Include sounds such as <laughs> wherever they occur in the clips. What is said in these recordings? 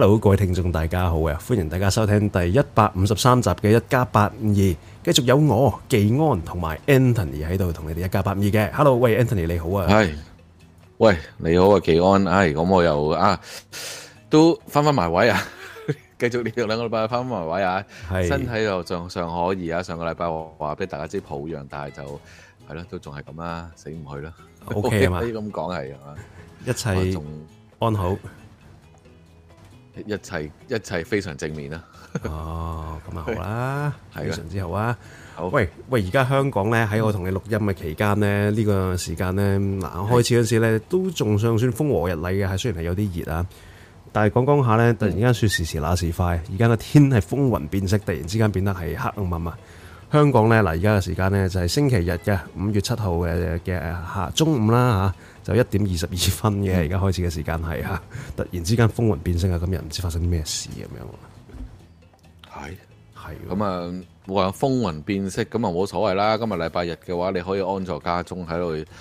hello，各位聽眾大家好啊，歡迎大家收聽第一百五十三集嘅一家八五二，繼續有我、技安同埋 Anthony 喺度同你哋一家八五二嘅。Hello，喂，Anthony 你好啊，係，喂，你好啊，技安，哎，咁我又啊，都翻翻埋位啊，繼續呢度兩個禮拜翻翻埋位啊，係，身體又仲尚可以啊，上個禮拜我話俾大家知抱恙，但係就係咯，都仲係咁啦，死唔去啦，OK 啊嘛，可以咁講係啊，一切仲安好。一切一切非常正面啦。 <laughs> 哦，咁啊好啦，非常之好啊！喂喂，而家香港呢，喺、嗯、我同你錄音嘅期間呢，呢、這個時間呢，嗱，開始嗰陣時咧都仲尚算風和日麗嘅，係雖然係有啲熱啊，但係講講下呢，突然間說時遲那時快，而家個天係風雲變色，突然之間變得係黑暗暗。香港呢，嗱，而家嘅時間呢，就係、是、星期日嘅五月七號嘅嘅吓中午啦吓。啊就一點二十二分嘅，而家開始嘅時間係啊！突然之間風雲變色啊！今日唔知發生啲咩事咁樣喎。係係咁啊！話風雲變色咁啊，冇所謂啦。今日禮拜日嘅話，你可以安坐家中喺度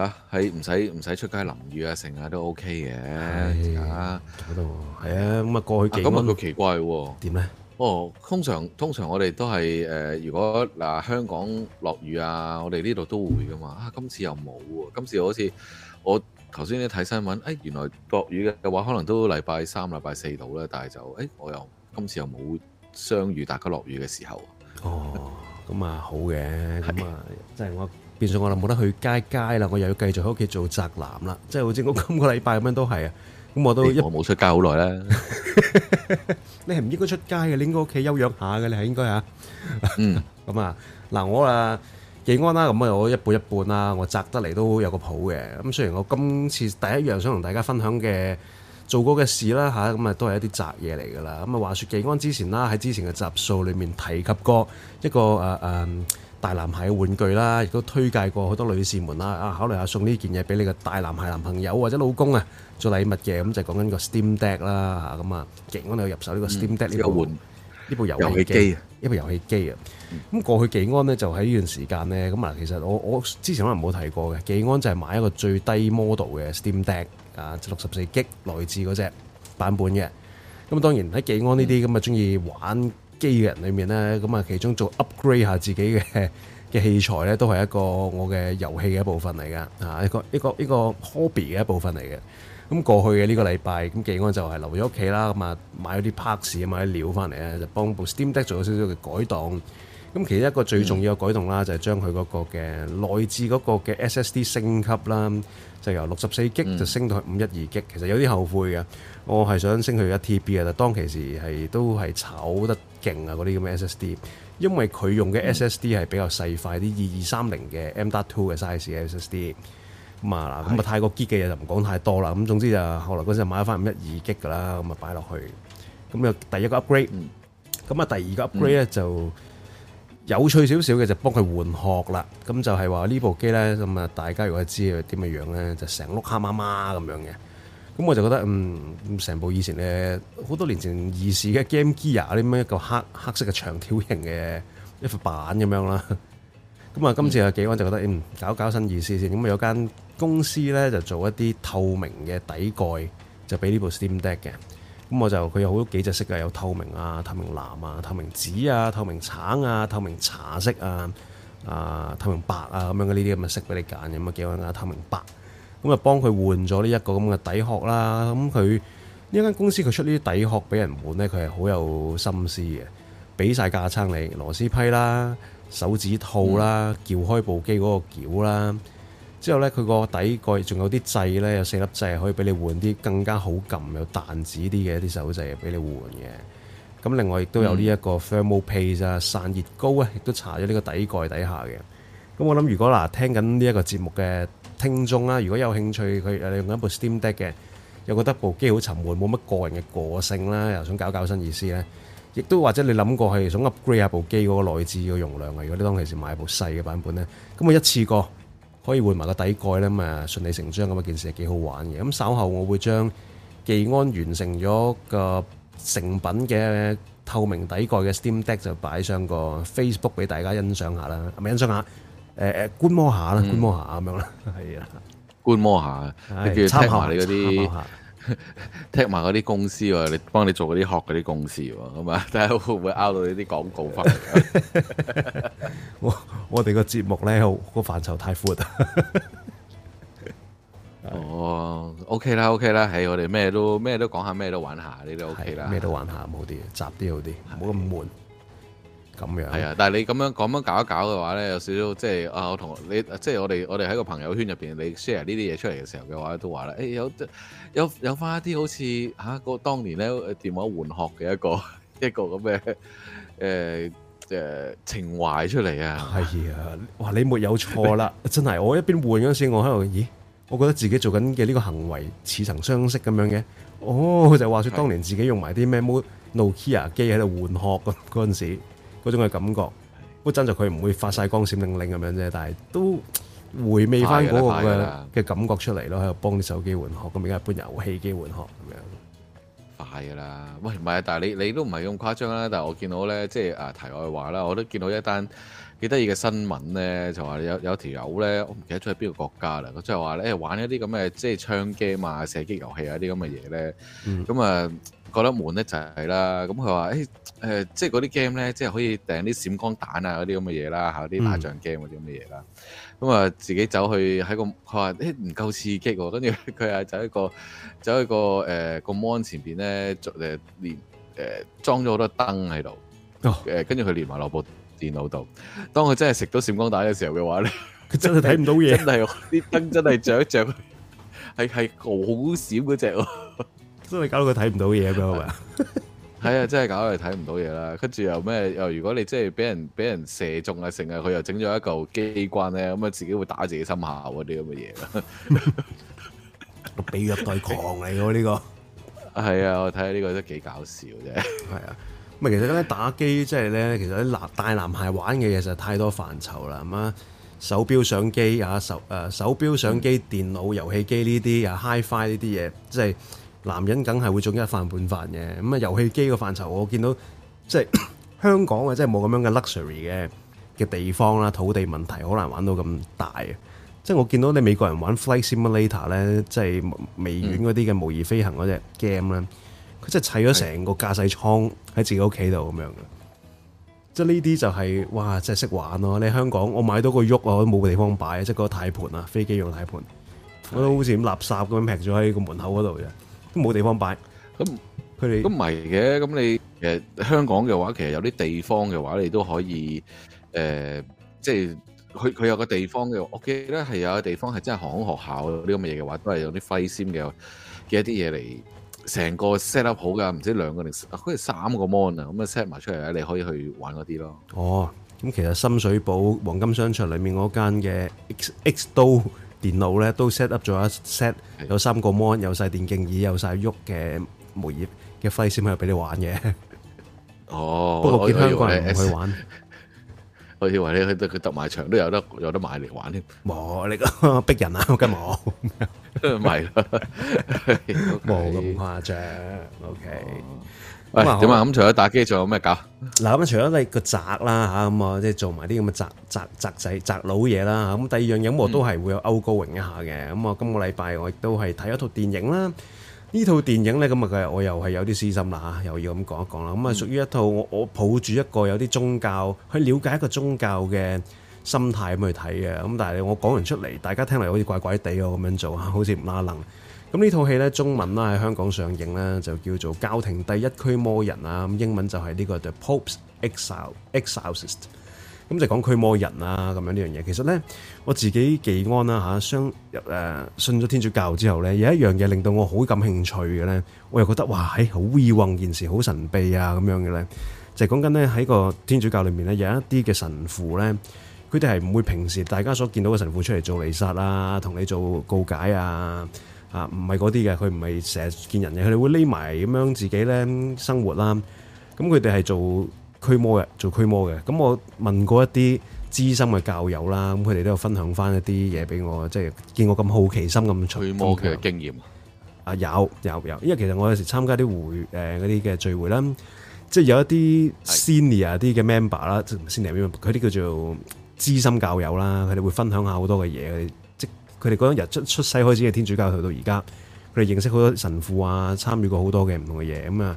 啊，喺唔使唔使出街淋雨啊，成日都 OK 嘅。度係啊，咁啊過去幾日咁啊，好奇怪喎、啊。點、啊、咧？哦，通常通常我哋都係誒、呃，如果嗱、呃、香港落雨啊，我哋呢度都會噶嘛。啊，今次又冇喎，今次好似～我頭先咧睇新聞，誒、哎、原來落雨嘅話，可能都禮拜三、禮拜四到啦。但係就誒、哎，我又今次又冇相遇大家落雨嘅時候。哦，咁啊好嘅，咁啊，即係、啊就是、我變相我就冇得去街街啦，我又要繼續喺屋企做宅男啦，即、就、係、是、好似我今個禮拜咁樣都係啊。咁我都一我冇出街好耐啦。 <laughs> 你係唔應該出街嘅，你應該屋企休養下嘅，你係應該吓。咁啊，嗱、嗯、我 <laughs> 啊。技安啦，咁啊我一半一半啦，我摘得嚟都有個譜嘅。咁雖然我今次第一樣想同大家分享嘅做過嘅事啦，嚇咁啊都係一啲摘嘢嚟㗎啦。咁啊話説技安之前啦，喺之前嘅集數裏面提及過一個誒誒大男孩嘅玩具啦，亦都推介過好多女士們啦，啊考慮下送呢件嘢俾你嘅大男孩男朋友或者老公啊做禮物嘅，咁就講緊個 Steam Deck 啦嚇。咁啊技安你有入手呢個 Steam Deck 呢個玩具呢部遊戲機啊？一個遊戲機啊，咁過去技安咧，就喺呢段時間咧咁啊，其實我我之前可能冇提過嘅，技安就係買一個最低 model 嘅 Steam Deck 啊，六十四 G 來自嗰隻版本嘅。咁啊，當然喺技安呢啲咁啊，中意玩機嘅人裏面咧，咁啊，其中做 upgrade 下自己嘅嘅器材咧，都係一個我嘅遊戲嘅一部分嚟噶啊，一個一個一個 hobby 嘅一部分嚟嘅。咁過去嘅呢個禮拜，咁技安就係留咗屋企啦，咁啊買咗啲 parts 啊，買啲料翻嚟咧，就幫部 Steam Deck 做咗少少嘅改動。咁其實一個最重要嘅改動啦，就係將佢嗰個嘅內置嗰個嘅 SSD 升級啦，就由六十四 G 就升到去五一二 G。其實有啲後悔嘅，我係想升去一 TB 啊，但當其時係都係炒得勁啊，嗰啲咁嘅 SSD，因為佢用嘅 SSD 係比較細塊啲二二三零嘅 M.2 嘅 size 嘅 SSD。咁啊太過 geek 嘅嘢就唔講太多啦。咁總之就後來嗰陣時買翻五一二 G 㗎啦，咁啊擺落去。咁又第一個 upgrade，咁啊第二個 upgrade 咧，就有趣少少嘅就幫佢換殼啦。咁、嗯、就係話呢部機咧，咁啊，大家如果知佢點嘅樣咧，就成碌黑麻麻咁樣嘅。咁我就覺得嗯，成部以前咧好多年前兒時嘅 Game Gear 呢，咁樣一個黑黑色嘅長條形嘅一副板咁樣啦。咁啊今次啊技安就覺得嗯，搞搞新意思先。咁啊有間。公司呢就做一啲透明嘅底蓋，就俾呢部 Steam Deck 嘅。咁我就佢有好幾隻色嘅，有透明啊、透明藍啊、透明紫啊、透明橙啊、透明茶色啊、啊、呃、透明白啊咁樣嘅呢啲咁嘅色俾你揀，咁啊幾好啊。透明白咁啊，幫佢換咗呢一個咁嘅底殼啦。咁佢呢間公司佢出呢啲底殼俾人換呢，佢係好有心思嘅，俾晒，架撐你螺絲批啦、手指套啦、嗯、撬開部機嗰個撬啦。之後咧，佢個底蓋仲有啲掣咧，有四粒掣可以俾你換啲更加好撳有彈指啲嘅一啲手掣俾你換嘅。咁另外亦都有呢一個 thermal paste 啊，散熱膏啊，亦都搽咗呢個底蓋底下嘅。咁我諗，如果嗱聽緊呢一個節目嘅聽眾啦，如果有興趣佢誒用緊一部 Steam Deck 嘅，又覺得部機好沉悶，冇乜個人嘅個性啦，又想搞搞新意思咧，亦都或者你諗過係想 upgrade 下部機嗰個內置個容量啊，如果你當其時買部細嘅版本咧，咁我一次過，可以換埋個底蓋咧，咁啊，順理成章咁啊，件事係幾好玩嘅。咁稍後我會將技安完成咗個成品嘅透明底蓋嘅 Steam Deck 就擺上個 Facebook 俾大家欣賞下啦，唔係欣賞下，誒誒觀摩下啦，觀摩下咁樣啦，係啊，觀摩下，你叫聽埋你嗰啲。踢埋嗰啲公司，你幫你做嗰啲學嗰啲公司，咁啊，睇下會唔會拗到你啲廣告翻嚟 <laughs> <laughs> 我我哋個節目咧，好個範疇太闊啊、 <laughs> oh, okay！哦，OK 啦，OK 啦，誒、hey,，我哋咩都咩都講下，咩都玩下，你都 OK 啦，咩都玩下，好啲，雜啲好啲，冇咁悶。咁樣係啊，但係你咁樣咁樣搞一搞嘅話咧，有少少即係啊，我同你即係我哋我哋喺個朋友圈入邊，你 share 呢啲嘢出嚟嘅時候嘅話，都話咧，誒、欸、有有有翻一啲好似嚇個當年咧電話換殼嘅一個一個咁嘅誒誒情懷出嚟啊，係啊，哇！你冇有錯啦，真係我一邊換嗰陣時我，我喺度咦，我覺得自己做緊嘅呢個行為似曾相識咁樣嘅，哦，就話説當年自己用埋啲咩 Nokia 機喺度換殼嗰嗰陣時。嗰種嘅感覺，嗰真就佢唔會發晒光閃令令咁樣啫，但係都回味翻嗰個嘅感覺出嚟咯，喺度幫你手機換殼，咁而家係幫遊戲機換殼咁樣，快噶啦！喂，唔係啊，但係你你都唔係咁誇張啦。但係我見到咧，即係題外話啦，我都見到一單幾得意嘅新聞咧，就話有有條友咧，我唔記得咗係邊個國家啦，佢即係話咧玩一啲咁嘅即係槍機啊、射擊遊戲啊啲咁嘅嘢咧，咁、嗯、啊～覺得悶咧就係啦，咁佢話誒誒，即係嗰啲 game 咧，即係可以掟啲閃光彈啊嗰啲咁嘅嘢啦，嚇啲打仗 game 嗰啲咁嘅嘢啦，咁、嗯、啊、嗯、自己走去喺、個，佢話誒唔夠刺激喎、啊，跟住佢係走一個走一個誒、呃、個 mon 前邊咧，誒連誒、呃、裝咗好多燈喺度，誒跟住佢連埋落部電腦度，當佢真係食到閃光彈嘅時候嘅話咧，佢真係睇唔到嘢， <laughs> 真係啲燈真係着一着，係係好閃嗰隻喎。真係搞到佢睇唔到嘢咁 <laughs> 啊！係、就、啊、是，真係搞到佢睇唔到嘢啦。跟住又咩又如果你即係俾人俾人射中啊，成日佢又整咗一嚿機關咧，咁啊，自己會打自己心口嗰啲咁嘅嘢。六臂虐待狂嚟嘅呢個，係 <laughs> 啊，我睇下呢個都幾搞笑啫。係啊，咁啊，其實咧打機即係咧，其實男大男孩玩嘅嘢就太多範疇啦。咁啊，手錶相機啊，手誒手錶相機、電腦、遊戲機呢啲啊，HiFi 呢啲嘢，即係。男人梗係會中一飯半飯嘅，咁啊，遊戲機個範疇我見到即係香港啊，即係冇咁樣嘅 luxury 嘅嘅地方啦，土地問題好難玩到咁大。即係我見到你美國人玩 flight simulator 咧，即係微軟嗰啲嘅模擬飛行嗰隻 game 咧，佢即係砌咗成個駕駛艙喺自己屋企度咁樣，即係呢啲就係、是、哇，真係識玩咯！你香港我買到一個喐啊，我都冇地方擺，即係個太盤啊，飛機用太盤，我都好似垃圾咁擗咗喺個門口嗰度嘅。都冇地方擺，咁佢哋都唔係嘅，咁你誒香港嘅話，其實有啲地方嘅話，你都可以誒、呃，即係佢佢有個地方嘅，我記得係有個地方係真係航空學校呢咁嘅嘢嘅話，都係有啲飛行嘅嘅一啲嘢嚟，成個 set up 好噶，唔知兩個定好似三個 mon 啊，咁啊 set 埋出嚟咧，你可以去玩嗰啲咯。哦，咁其實深水埗黃金商場裏面嗰間嘅 X X 刀。電腦咧都 set up 咗一 set 有三個 mon，有晒電競椅，有晒喐嘅模擬嘅飛先可以俾你玩嘅。哦，不過見香港人唔去玩。我以為你去得佢搭埋場都有得有得買嚟玩添。冇你個逼人啊，跟冇，唔係啦，冇咁誇張。OK。點、嗯、啊，咁除咗打機，仲有咩搞？嗱，咁除咗你個宅啦吓，咁啊，即係做埋啲咁嘅宅宅宅仔宅佬嘢啦，咁第二樣嘢我、嗯、都係會有歐高榮一下嘅。咁、嗯、啊，今個禮拜我亦都係睇一套電影啦。呢套電影咧，咁、嗯、啊，我我又係有啲私心啦吓，又要咁講一講啦。咁、嗯、啊，屬、嗯、於一套我我抱住一個有啲宗教去了解一個宗教嘅心態咁去睇嘅。咁但係我講完出嚟，大家聽嚟好似怪怪地咁樣做啊，好似唔拉楞。咁呢套戲咧，中文啦喺香港上映咧，就叫做《教廷第一驅魔人》啊，咁英文就係呢個 The Pope's Exorcist。咁就講驅魔人啊，咁樣呢樣嘢。其實咧，我自己技安啦嚇，相誒信咗天主教之後咧，有一樣嘢令到我好感興趣嘅咧，我又覺得哇，係好異幻現時，好神秘啊咁樣嘅咧，就講緊咧喺個天主教裏面咧，有一啲嘅神父咧，佢哋係唔會平時大家所見到嘅神父出嚟做彌撒啊，同你做告解啊。啊，唔係嗰啲嘅，佢唔係成日見人嘅，佢哋會匿埋咁樣自己咧生活啦。咁佢哋係做驅魔嘅，做驅魔嘅。咁我問過一啲資深嘅教友啦，咁佢哋都有分享翻一啲嘢俾我，即、就、係、是、見我咁好奇心咁出。驅魔嘅經驗啊，有有有，因為其實我有時參加啲會誒嗰啲嘅聚會啦，即係有一啲 senior 啲嘅 member 啦，senior m 佢啲叫做資深教友啦，佢哋會分享下好多嘅嘢。佢哋嗰日出出世開始嘅天主教，去到而家，佢哋認識好多神父啊，參與過好多嘅唔同嘅嘢。咁啊，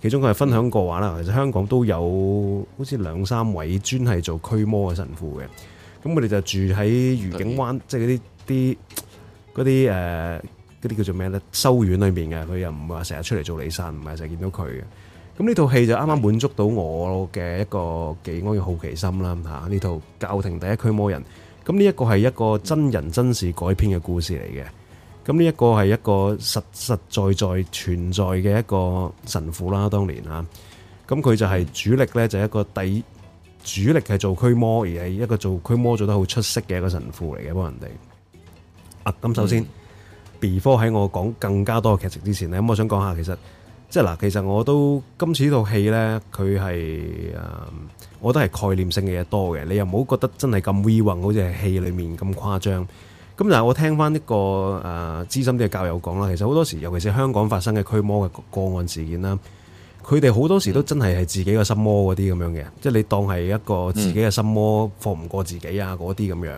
其中佢係分享過話啦，其實香港都有好似兩三位專係做驅魔嘅神父嘅。咁佢哋就住喺愉景灣，即係嗰啲啲嗰啲誒嗰啲叫做咩咧？修院裏面嘅，佢又唔會話成日出嚟做禮神，唔係成日見到佢嘅。咁呢套戲就啱啱滿足到我嘅一個技安嘅好奇心啦嚇。呢套《教廷第一驅魔人》。咁呢一個係一個真人真事改編嘅故事嚟嘅，咁呢一個係一個實實在在存在嘅一個神父啦，當年啊，咁佢就係主力呢就係、一個第主力係做驅魔，而係一個做驅魔做得好出色嘅一個神父嚟嘅，幫人哋。咁首先，before 喺、嗯、我講更加多嘅劇情之前呢，咁我想講下其實。即係嗱，其實我都今次呢套戲呢，佢係、呃、我都係概念性嘅嘢多嘅。你又唔好覺得真係咁 w e 好似係戲裏面咁誇張。咁但我聽翻一個誒、呃、資深啲嘅教友講啦，其實好多時，尤其是香港發生嘅驅魔嘅個案事件啦，佢哋好多時都真係係自己嘅心魔嗰啲咁樣嘅，即係你當係一個自己嘅心魔放唔過自己啊嗰啲咁樣。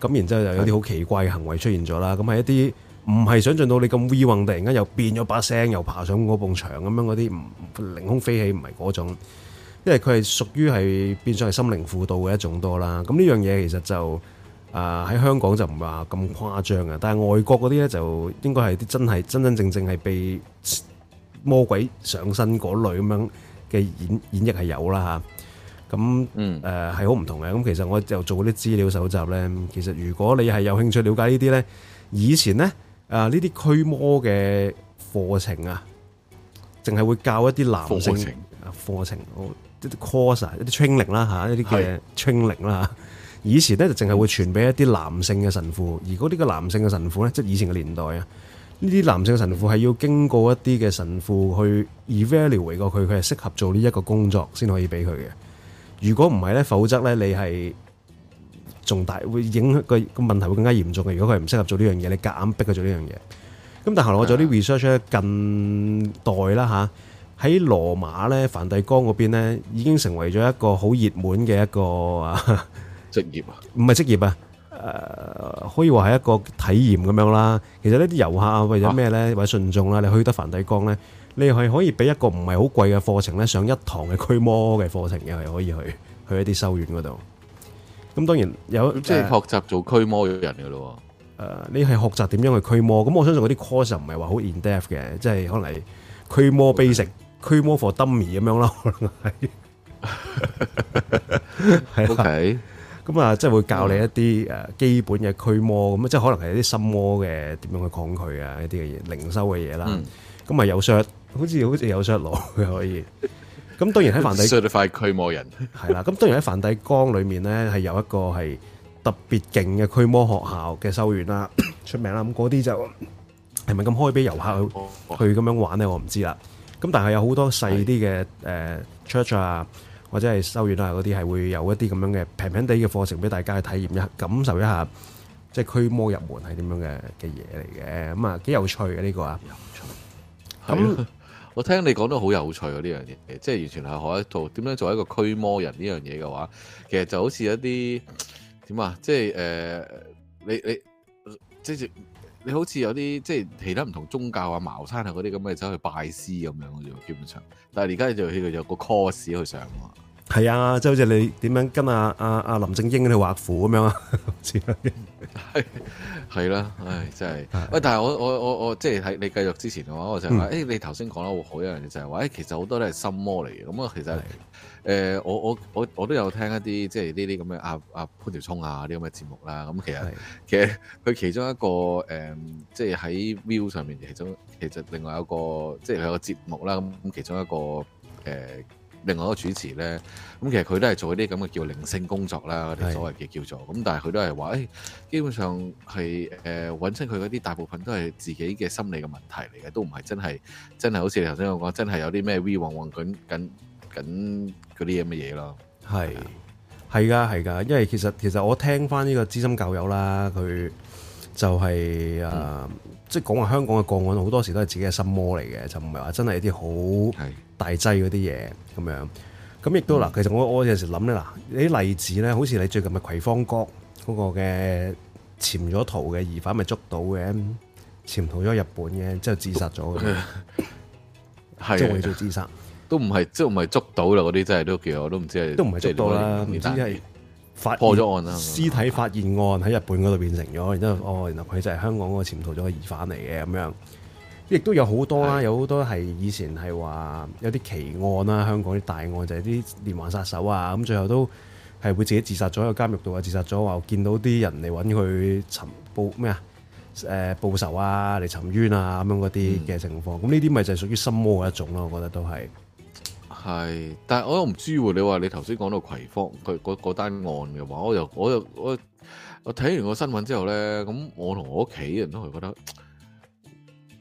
咁然之後就有啲好奇怪嘅行為出現咗啦。咁、嗯、係一啲。唔係想象到你咁威猛，突然間又變咗把聲，又爬上嗰埲牆咁樣嗰啲、唔凌空飛起，唔係嗰種，因為佢係屬於係變相係心靈輔導嘅一種多啦。咁呢樣嘢其實就啊喺香港就唔話咁誇張嘅，但係外國嗰啲咧就應該係啲真係真真正正係被魔鬼上身嗰類咁樣嘅演演繹係有啦嚇。咁嗯誒係好唔同嘅。咁其實我就做啲資料蒐集咧，其實如果你係有興趣了解呢啲咧，以前咧。啊！呢啲驅魔嘅課程啊，淨係會教一啲男性啊課程，即啲 course 一啲 training 啦嚇，一啲嘅 training 啦，啦以前咧就淨係會傳俾一啲男性嘅神父，而嗰啲嘅男性嘅神父咧，即係以前嘅年代啊，呢啲男性嘅神父係要經過一啲嘅神父去 evaluate 過佢，佢係適合做呢一個工作先可以俾佢嘅。如果唔係咧，否則咧你係。重大會影響個個問題會更加嚴重嘅。如果佢係唔適合做呢樣嘢，你夾硬逼佢做呢樣嘢。咁但係後來我做啲 research 咧，近代啦嚇，喺羅馬咧、梵蒂岡嗰邊咧，已經成為咗一個好熱門嘅一個職業啊！唔係職業啊，誒可以話係一個體驗咁樣啦。其實呢啲遊客為咗咩咧？或者信眾啦，你去得梵蒂岡咧，你係可以俾一個唔係好貴嘅課程咧，上一堂嘅驅魔嘅課程，又係可以去去一啲修院嗰度。咁當然有，即係學習做驅魔嘅人嘅咯、啊。誒、呃，你係學習點樣去驅魔？咁我相信嗰啲 course 唔係話好 in depth 嘅，即係可能係驅魔 basic、嗯、驅魔 for dummy 咁、嗯、樣啦，可能係。係 <laughs> 啊。 <laughs> 咁啊，即係會教你一啲誒基本嘅驅魔，咁、嗯、即係可能係一啲心魔嘅點樣去抗拒啊，一啲嘅嘢靈修嘅嘢啦。咁、嗯、啊，有 s 好似好似有 s h 佢可以。咁當然喺梵蒂 certified 驅魔人係啦。咁當然喺梵蒂岡裏面呢，係有一個係特別勁嘅驅魔學校嘅修院啦，出名啦。咁嗰啲就係咪咁開俾遊客去去咁樣玩呢？我唔知啦。咁但係有好多細啲嘅誒 church 啊，或者係修院啊嗰啲，係會有一啲咁樣嘅平平地嘅課程俾大家去體驗一下，感受一下即係、就是、驅魔入門係點樣嘅嘅嘢嚟嘅。咁啊幾有趣嘅呢、這個啊！有趣咁。我聽你講得好有趣喎，呢樣嘢，即係完全係學一套點樣做一個驅魔人呢樣嘢嘅話，其實就好似一啲點啊，即係、呃、你你即係你好似有啲即係其他唔同宗教啊、茅山啊嗰啲咁嘅走去拜師咁樣嘅啫，基本上，但係而家就佢有個 course 去上。係啊，即係好似你點樣跟阿阿阿林正英去畫符咁樣啊？係 <laughs> 啦，唉，真係。喂，但係我我我我即係喺你繼續之前嘅話，我就話，誒、嗯，你頭先講得好一樣嘢，就係話，誒，其實好多都係心魔嚟嘅。咁啊，其實誒、呃，我我我我都有聽一啲即係呢啲咁嘅阿阿潘紹聰啊呢啲咁嘅節目啦。咁、嗯、其實其實佢其中一個誒，即係喺 Viu 上面，其中其實另外一，就是，有一個即係佢個節目啦。咁其中一個誒。呃另外一個主持咧，咁其實佢都係做一啲咁嘅叫靈性工作啦，啲所謂嘅叫做，咁但係佢都係話，誒、欸、基本上係誒揾清佢嗰啲大部分都係自己嘅心理嘅問題嚟嘅，都唔係真係真係好似你頭先我講，真係有啲咩 V 旺旺緊緊緊嗰啲咁嘅嘢咯。係係㗎係㗎，因為其實其實我聽翻呢個資深教友啦，佢就係、是、啊。嗯即係講話香港嘅個案，好多時都係自己嘅心魔嚟嘅，就唔係話真係一啲好大劑嗰啲嘢咁樣。咁亦都嗱，其實我我有時諗咧，嗱，啲例子咧，好似你最近咪葵芳國嗰個嘅潛咗逃嘅疑犯，咪捉到嘅，潛逃咗日本嘅，之後自殺咗嘅，係即係做 <laughs> 自殺，係都唔係即係唔係捉到啦，嗰啲真係都幾，我都唔知係都唔係捉到啦，唔知係。發破咗案啦，屍體發現案喺日本嗰度變成咗，然之後、嗯、哦，然後佢就係香港個潛逃咗疑犯嚟嘅咁樣，亦都有好多啦，有好多係以前係話有啲奇案啦，香港啲大案就係啲連環殺手啊，咁最後都係會自己自殺咗喺監獄度啊，自殺咗話見到啲人嚟搵佢尋報咩啊？誒、呃、報仇啊，嚟尋冤啊咁樣嗰啲嘅情況，咁呢啲咪就係屬於心魔嘅一種咯、啊，我覺得都係。係，但係我又唔知喎。你話你頭先講到葵芳佢嗰單案嘅話，我又我又我我睇完個新聞之後咧，咁我同我屋企人都係覺得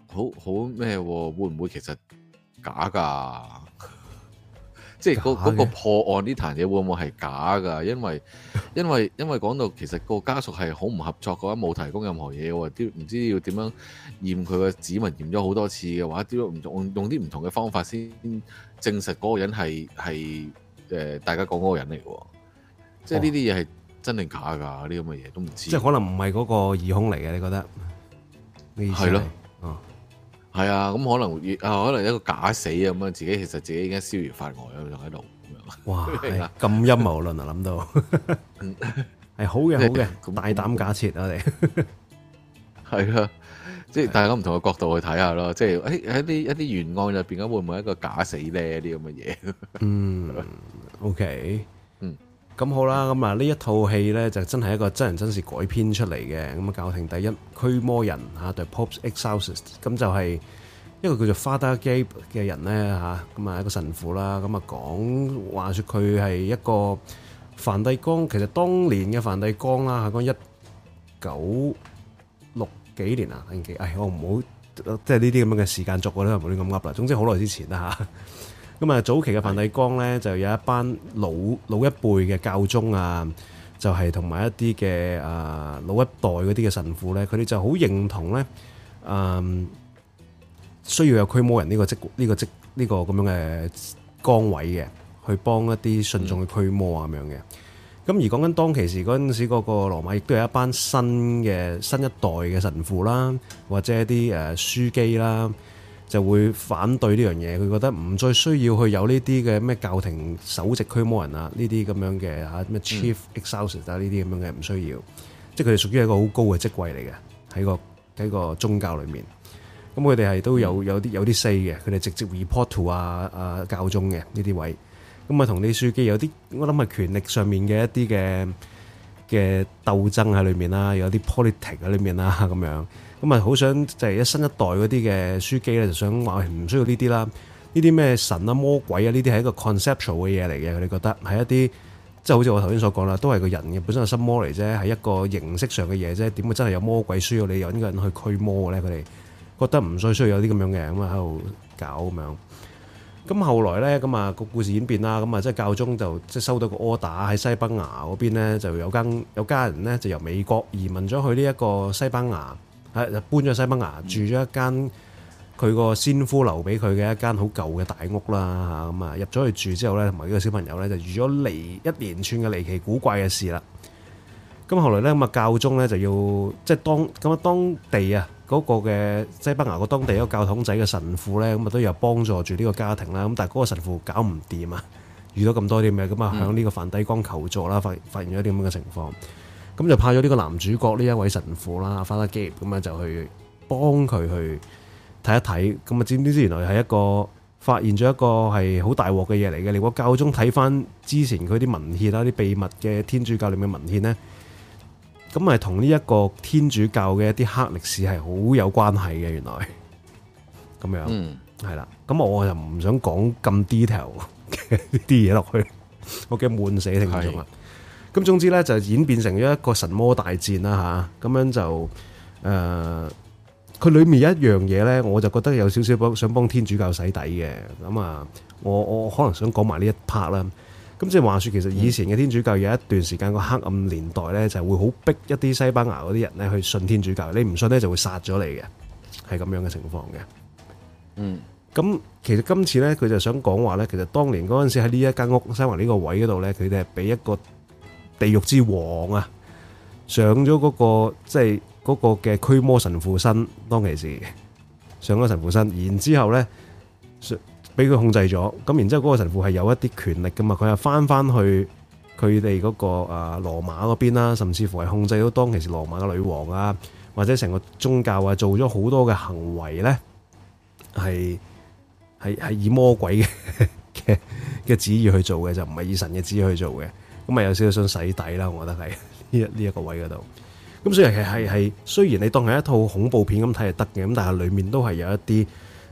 好好咩？會唔會其實假㗎？即係嗰嗰個破案呢壇嘢會唔會係假㗎？因為因為因為講到其實個家屬係好唔合作嘅話，冇提供任何嘢喎，啲唔知要點樣驗佢個指紋驗咗好多次嘅話，啲用用用啲唔同嘅方法先。證實嗰個人係係誒，大家講嗰個人嚟嘅。即係呢啲嘢係真定假噶？啲咁嘅嘢都唔知。即係可能唔係嗰個疑兇嚟嘅，你覺得？呢意思係咯，係啊，咁、哦嗯、可能啊，可能一個假死咁樣，自己其實自己已經逍遙法外咯，仲喺度。哇！咁陰謀論啊，諗 <laughs> 到係、嗯、 <laughs> 好嘅，好嘅、嗯，大膽假設啊。你係啊。即係大家唔同嘅角度去睇下咯，即係誒喺啲一啲原案入邊嘅，會唔會一個假死咧啲咁嘅嘢？嗯，OK，嗯，咁好啦，咁啊呢一套戲咧就真係一個真人真事改編出嚟嘅。咁啊教廷第一驅魔人嚇 The Pope Exorcist，咁就係一個叫做 Father Gabe 嘅人咧嚇，咁啊一個神父啦，咁啊講話説佢係一個梵蒂岡，其實當年嘅梵蒂岡啦，講一九。幾年啊？唔我唔好，即係呢啲咁樣嘅時間軸，我的都係冇亂咁噏啦。總之好耐之前啦、啊、吓，咁啊，早期嘅梵蒂岡咧，就有一班老老一輩嘅教宗啊，就係同埋一啲嘅誒老一代嗰啲嘅神父咧，佢哋就好認同咧，嗯、啊，需要有驅魔人呢個職呢、這個職呢、這個咁、這個、樣嘅崗位嘅，去幫一啲信眾去驅魔啊咁、嗯、樣嘅。咁而講緊當其時嗰陣時，嗰個羅馬亦都有一班新嘅新一代嘅神父啦，或者一啲誒書記啦，就會反對呢樣嘢。佢覺得唔再需要去有呢啲嘅咩教廷首席驅魔人這這、嗯、啊，呢啲咁樣嘅嚇咩 chief exorcist 啊，呢啲咁樣嘅唔需要。即係佢哋屬於一個好高嘅職位嚟嘅，喺個喺個宗教裏面。咁佢哋係都有有啲有啲 say 嘅，佢哋直接 report to 啊啊教宗嘅呢啲位。咁啊，同啲書記有啲，我諗係權力上面嘅一啲嘅嘅鬥爭喺裏面啦，有啲 politics 喺裏面啦，咁樣咁啊，好想就係、一、新一,一代嗰啲嘅書記咧，就想話唔需要呢啲啦，呢啲咩神啊、魔鬼啊，呢啲係一個 conceptual 嘅嘢嚟嘅，佢哋覺得係一啲即係好似我頭先所講啦，都係個人嘅本身係心魔嚟啫，係一個形式上嘅嘢啫，點會真係有魔鬼需要你揾個人去驅魔咧？佢哋覺得唔需需要有啲咁樣嘅咁啊喺度搞咁樣。咁後來咧，咁啊個故事演變啦，咁啊即係教宗就即係收到個 order 喺西班牙嗰邊咧，就有間有家人咧就由美國移民咗去呢一個西班牙，係就搬咗去西班牙住咗一間佢個先夫留俾佢嘅一間好舊嘅大屋啦嚇，咁啊入咗去住之後咧，同埋呢個小朋友咧就遇咗離一連串嘅離奇古怪嘅事啦。咁後來咧，咁啊教宗咧就要即係當咁啊當地啊。嗰、那個嘅西班牙個當地一個教堂仔嘅神父咧，咁啊都有幫助住呢個家庭啦。咁但係嗰個神父搞唔掂啊，遇到咁多啲咩咁啊，向呢個梵蒂岡求助啦。發發現咗啲咁嘅情況，咁就派咗呢個男主角呢一位神父啦，Father Gabe 咁啊就去幫佢去睇一睇。咁啊知唔知原來係一個發現咗一個係好大鑊嘅嘢嚟嘅？你估教宗睇翻之前佢啲文獻啦，啲秘密嘅天主教裏嘅文獻咧。咁係同呢一個天主教嘅一啲黑歷史係好有關係嘅，原來咁樣，嗯，係啦。咁我就唔想講咁 detail 嘅呢啲嘢落去，我驚悶死聽眾啦。咁總之咧就演變成咗一個神魔大戰啦吓。咁、啊、樣就誒，佢、呃、裏面一樣嘢咧，我就覺得有少少幫想幫天主教洗底嘅。咁啊，我我可能想講埋呢一 part 啦。咁即係話說，其實以前嘅天主教有一段時間個黑暗年代呢，就係、會好逼一啲西班牙嗰啲人呢去信天主教，你唔信呢，就會殺咗你嘅，係咁樣嘅情況嘅。嗯，咁其實今次呢，佢就想講話呢。其實當年嗰陣時喺呢一間屋，西環呢個位嗰度呢，佢哋係俾一個地獄之王啊，上咗嗰、嗰個即係嗰個嘅驅魔神父身，當其時上咗神父身，然之後呢俾佢控制咗，咁然之後嗰個神父係有一啲權力噶嘛，佢又翻翻去佢哋嗰個啊羅馬嗰邊啦，甚至乎係控制到當其時羅馬嘅女王啊，或者成個宗教啊，做咗好多嘅行為咧，係係係以魔鬼嘅嘅旨意去做嘅，就唔係以神嘅旨意去做嘅，咁啊有少少想洗底啦，我覺得係呢一呢一個位嗰度，咁雖然係係雖然你當係一套恐怖片咁睇係得嘅，咁但係裏面都係有一啲。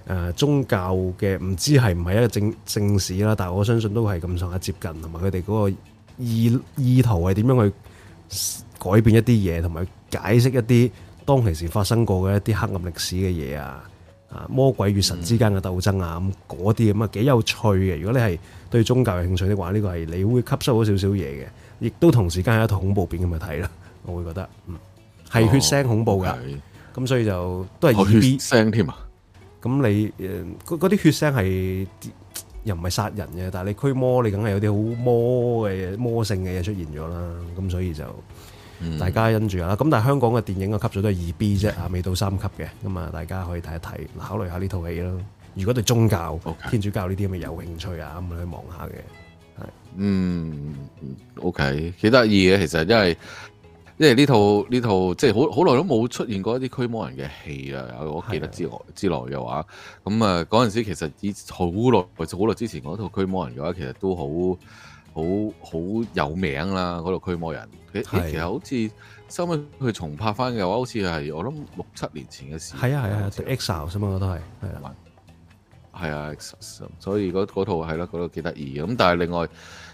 誒、啊、宗教嘅唔知係唔係一個正正史啦，但我相信都係咁上下接近，同埋佢哋嗰個意意圖係點樣去改變一啲嘢，同埋解釋一啲當其時發生過嘅一啲黑暗歷史嘅嘢啊，啊魔鬼與神之間嘅鬥爭啊，咁嗰啲咁啊幾有趣嘅。如果你係對宗教有興趣的話，呢、這個係你會吸收到少少嘢嘅，亦都同時間係一套恐怖片咁去睇啦。我會覺得，嗯，係血腥恐怖㗎，咁、哦 okay、所以就都係血腥添啊。咁你誒嗰嗰啲血腥係啲又唔係殺人嘅，但係你驅魔你梗係有啲好魔嘅魔性嘅嘢出現咗啦，咁所以就大家因住啦。咁但係香港嘅電影嘅級數都係二 B 啫，啊未到三級嘅，咁啊大家可以睇一睇，考慮下呢套戲咯。如果對宗教、天主教呢啲咁嘅有興趣啊，咁去望下嘅，係，嗯，OK，幾得意嘅其實，因為。即係呢套呢套，即係好好耐都冇出現過一啲驅魔人嘅戲啊！我記得之內之內嘅話，咁啊嗰陣時候其實以好耐，好耐之前嗰套驅魔人嘅話，其實都好好好有名啦。嗰套驅魔人，其實好似收尾去重拍翻嘅話，好似係我諗六七年前嘅事。係啊係啊，Excel 啫嘛，都係係啊，係啊，所以嗰套係啦，嗰套幾得意。咁但係另外。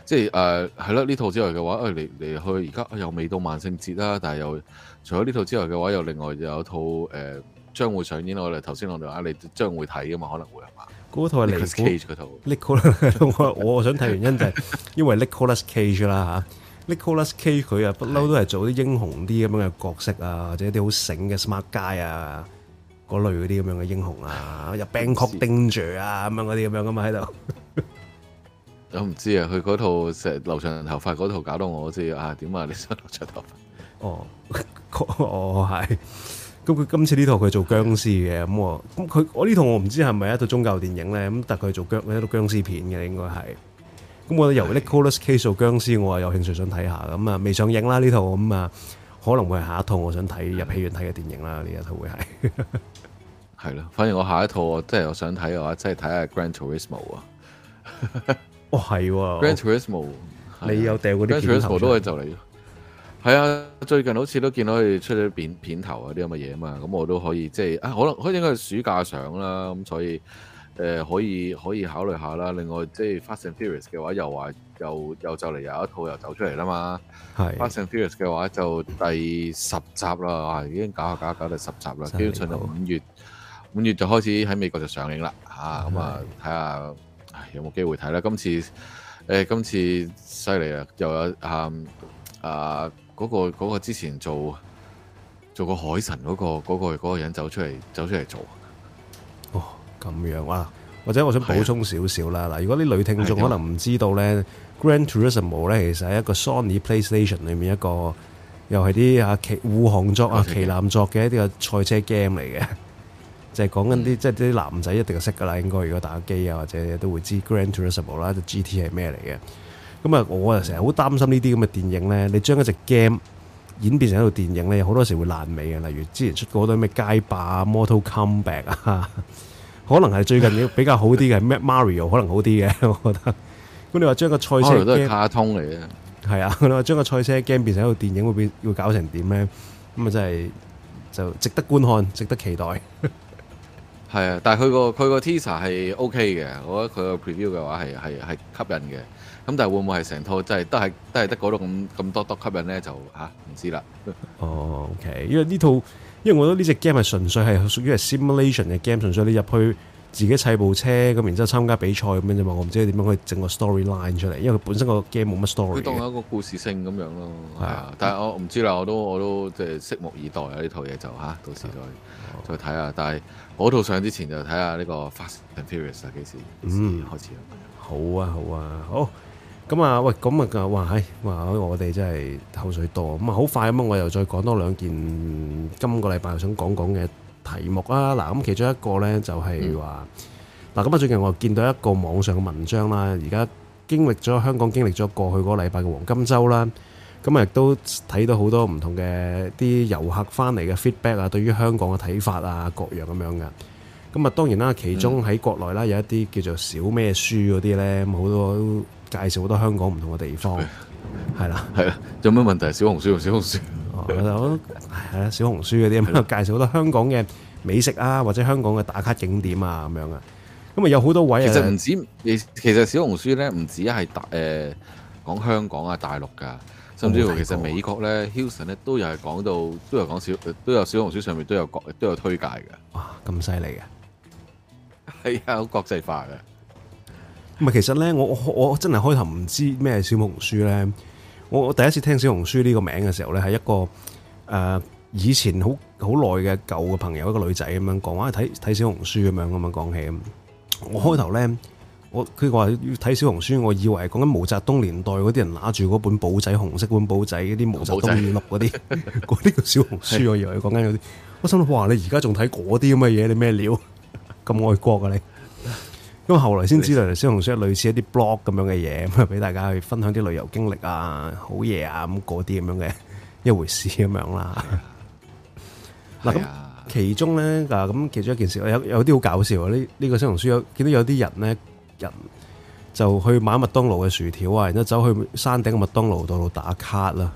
即係誒，係、呃、咯，呢套之外嘅話，誒嚟嚟去而家又未到萬聖節啦，但係又除咗呢套之外嘅話，又另外又有一套誒、呃、將會上演。我哋頭先我哋話你將會睇啊嘛，可能會係嘛？嗰套係 Nicolas Cage 嗰套。 <laughs> 我想睇原因就係因為 Nicolas Cage 啦嚇。 <laughs> Nicolas Cage 佢啊不嬲都係做啲英雄啲咁嘅角色啊，或者啲好醒嘅 smart guy 啊，嗰類嗰啲咁樣嘅英雄啊，Bangkok Danger 啊咁 <laughs> 樣嗰啲咁樣噶嘛喺度。我唔知，我知啊，佢嗰套成留長頭髮嗰套搞到我知啊，點啊？你想留長頭髮？哦，哦，係。咁佢今次呢套佢做殭屍嘅，咁我咁佢我呢套我唔知係咪一套宗教電影咧，咁但佢做僵，一套殭屍片嘅應該係。咁我由 Nicolas Cage 做殭屍，我話有興趣想睇下。咁啊，未上映啦呢套，咁啊，可能會係下一套我想睇入戲院睇嘅電影啦。呢一套會係，係咯。反而我下一套，我即係我真想睇嘅話，即係睇下 Gran Turismo 啊。 <laughs> 哦，係喎，Gran Turismo 你有掟嗰啲片頭，都係就嚟。係啊，最近好似都見到佢出咗片片頭東西啊，啲咁嘅嘢啊嘛，咁我都可以即係啊，可能佢應該暑假上啦，咁所以誒、呃、可以可以考慮下啦。另外即係 Fast and Furious 嘅話，又話又又就嚟有一套又走出嚟啦嘛。係 Fast and Furious 嘅話就第十集啦，啊、已經搞下搞下搞到第十集啦，基本上就五月，五月就開始喺美國就上映啦。吓，咁啊睇下。有冇機會睇咧？今次，誒、欸，今次犀利啊！又有啊啊嗰、那個、那個之前做做過海神嗰、那個、那個、那個人走出嚟走出嚟做哦，咁樣哇、啊！或者我想補充少少啦，嗱、啊，如果啲女聽眾可能唔知道咧，啊《Grand Turismo》咧，其實係一個 Sony PlayStation 裏面一個又係啲啊奇護航作啊，啊、旗艦作嘅一啲嘅賽車 game 嚟嘅。就係講緊啲，即係啲男仔一定識噶啦，應該。如果打機啊，或者都會知 Gran Turismo 啦，就 <music> GT 係咩嚟嘅。咁啊，我就成日好擔心呢啲咁嘅電影咧。你將一隻 game 演變成一套電影咧，好多時會爛尾嘅。例如之前出過好多咩街霸啊、Mortal Kombat 啊，可能係最近比較好啲嘅，Matt Mario 可能好啲嘅，我覺得。咁你話將個賽車的卡通嚟嘅，係啊，你話將個賽車 game 變成一套電影會變會搞成點咧？咁啊，真係就值得觀看，值得期待。係啊，但係佢個佢個 TSA 係 OK 嘅，我覺得佢個 preview 嘅話係係係吸引嘅。咁但係會唔會係成套即係都係都係得嗰種咁咁多多吸引咧？就吓，唔、啊、知啦。哦、oh，OK，因為呢套因為我覺得呢隻 game 係純粹係屬於係 simulation 嘅 game，純粹你入去自己砌部車咁，然之後，後參加比賽咁樣啫嘛。我唔知佢點樣可以整個 storyline 出嚟，因為佢本身個 game 冇乜 story。當係一個故事性咁樣咯。係啊，啊，但係我唔知啦，我都我都即係、就是、拭目以待這啊！呢套嘢就吓，到時、啊、再再睇下。Okay, 但係。我套上之前就睇下呢個《Fast and Furious》啊，幾時？嗯，開始好啊，好啊，好。咁啊，喂，咁啊，嘅哇唉哇，我哋真係口水多咁啊，好快咁啊！我又再講多兩件今個禮拜又想講講嘅題目啦。嗱、啊，咁其中一個咧就係話嗱，咁、嗯、啊最近我見到一個網上嘅文章啦。而家經歷咗香港經歷咗過去嗰個禮拜嘅黃金周啦。咁啊，亦都睇到好多唔同嘅啲遊客翻嚟嘅 feedback 啊，對於香港嘅睇法啊，各樣咁樣㗎。咁啊，當然啦，其中喺國內啦，有一啲叫做小咩書嗰啲咧，好多都介紹好多香港唔同嘅地方，係 <laughs> 啦是的，係 <laughs> 啦。有咩問題 <laughs> 小？小紅書同小紅書，我都係啦。小紅書嗰啲咁啊，介紹好多香港嘅美食啊，或者香港嘅打卡景點啊，咁樣嘅。咁啊，有好多位其實唔止，其實小紅書咧唔止係大誒講香港啊，大陸噶。甚至乎，其實美國咧，Hilson 咧，都有係講到，都有講小，都有小紅書上面都有講，都有推介嘅。哇！咁犀利嘅，係啊，好國際化嘅。唔係，其實咧，我我真係開頭唔知咩小紅書咧，我我第一次聽小紅書呢個名嘅時候咧，係一個誒、呃、以前好好耐嘅舊嘅朋友一個女仔咁樣講，話睇睇小紅書咁樣，咁啊講起咁，我開頭咧。嗯佢話要睇小紅書，我以為講緊毛澤東年代嗰啲人拿住嗰本簿仔，紅色本簿仔嗰啲毛澤東語錄嗰啲，嗰啲叫小紅書。的我以為講緊嗰啲，我心諗：哇！你而家仲睇嗰啲咁嘅嘢？你咩料？咁愛國噶、啊、你？咁後來先知道，小紅書係類似一啲 blog 咁樣嘅嘢，咁啊俾大家去分享啲旅遊經歷啊、好嘢啊咁嗰啲咁樣嘅一回事咁樣啦。嗱，咁其中咧，咁其中一件事，有有啲好搞笑啊！呢、這、呢個小紅書有見到有啲人呢。人就去買麥當勞嘅薯條啊，然之後走去山頂嘅麥當勞道度打卡啦。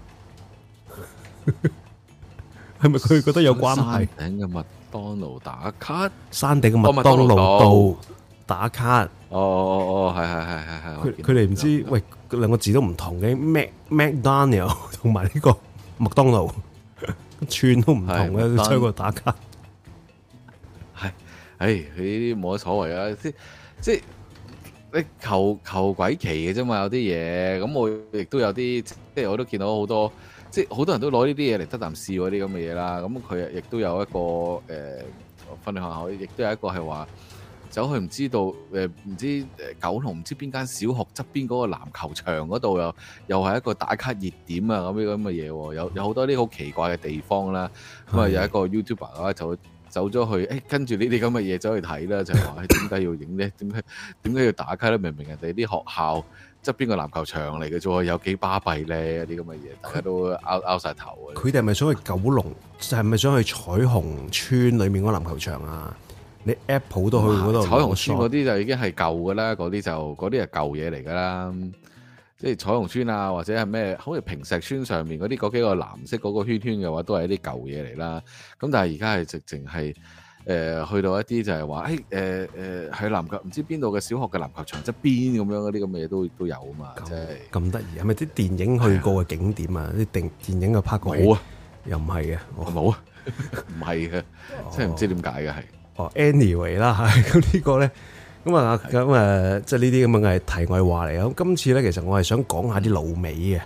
係咪佢覺得有關係？山頂嘅麥當勞打卡，山頂嘅麥當勞道打卡。哦哦哦，係係係係係。佢佢哋唔知，喂，兩個字都唔同嘅，Mac McDonald 同埋呢個麥當勞，這個、當勞串都唔同嘅，出去個打卡。係，唉、 <laughs> 哎，佢冇乜所謂啊，即即。求求鬼奇嘅啫嘛，有啲嘢咁，我亦都有啲，即係我都見到好多，即係好多人都攞呢啲嘢嚟得啖笑啲咁嘅嘢啦。咁佢亦都有一個誒、呃、分享學校，亦都有一個係話走去唔知道唔、呃、知道、呃、九龍唔知邊間小學側邊嗰個籃球場嗰度又又係一個打卡熱點啊，咁樣咁嘅嘢，有有好多啲好奇怪嘅地方啦。咁啊，有一個 YouTuber 嗰度。走咗去，誒、哎，跟住呢啲咁嘅嘢走去睇啦，就話，哎，點解要影咧？點解點解要打卡咧？明明人，人哋啲學校側邊個籃球場嚟嘅啫，有幾巴閉咧？啲咁嘅嘢，大家都拗拗晒頭啊！佢哋係咪想去九龍？就係咪想去彩虹村裏面嗰個籃球場啊？你 Apple 都去嗰度。彩虹村嗰啲就已經係舊嘅啦，嗰啲就嗰啲係舊嘢嚟噶啦。即係彩虹村啊，或者係咩？好似坪石村上面嗰啲嗰幾個藍色嗰個圈圈嘅話，都係一啲舊嘢嚟啦。咁但係而家係直情係誒去到一啲就係話，誒誒喺籃球唔知邊度嘅小學嘅籃球場側邊咁樣嗰啲咁嘅嘢都都有啊嘛，麼真係咁得意係咪啲電影去過嘅景點啊？啲、哎、電電影嘅拍過好啊？又唔係啊？冇啊？唔係嘅，真係唔知點解嘅係。哦，哦，anyway 啦，咁、哎、 <laughs> 呢個咧。咁啊，咁啊，即係呢啲咁嘅題外話嚟啊！咁今次咧，其實我係想講下啲滷味嘅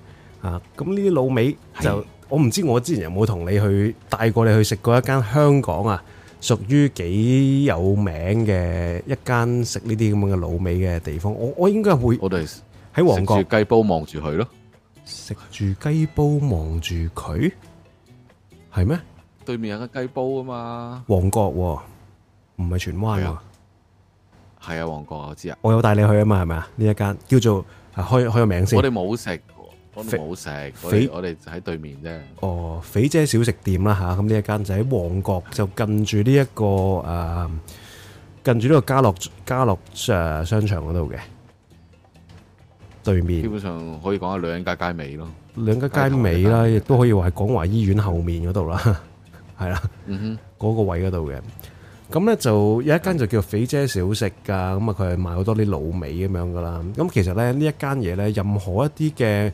啊，咁呢啲滷味就我唔知我之前有冇同你去帶過你去食過一間香港啊，屬於幾有名嘅一間食呢啲咁嘅滷味嘅地方。我我應該會，我哋喺旺角雞煲望住佢咯，食住雞煲望住佢係咩？對面有間雞煲啊嘛，旺角唔係荃灣啊。係啊，旺角我知啊，我有帶你去啊嘛，係咪啊？呢一間叫做開開個名先，我哋冇食，我冇食，肥我哋喺對面啫。哦，肥姐小食店啦吓，咁、啊、呢一間就喺旺角，就近住呢一個誒、啊，近住呢個家樂家樂商場嗰度嘅對面。基本上可以講係兩間街尾咯，兩家街尾啦，亦都可以話係廣華醫院後面嗰度啦，係、嗯、啦，嗰、那個位嗰度嘅。咁咧就有一間就叫肥姐小食噶，咁啊佢係賣好多啲滷味咁樣噶啦。咁其實咧呢一間嘢咧，任何一啲嘅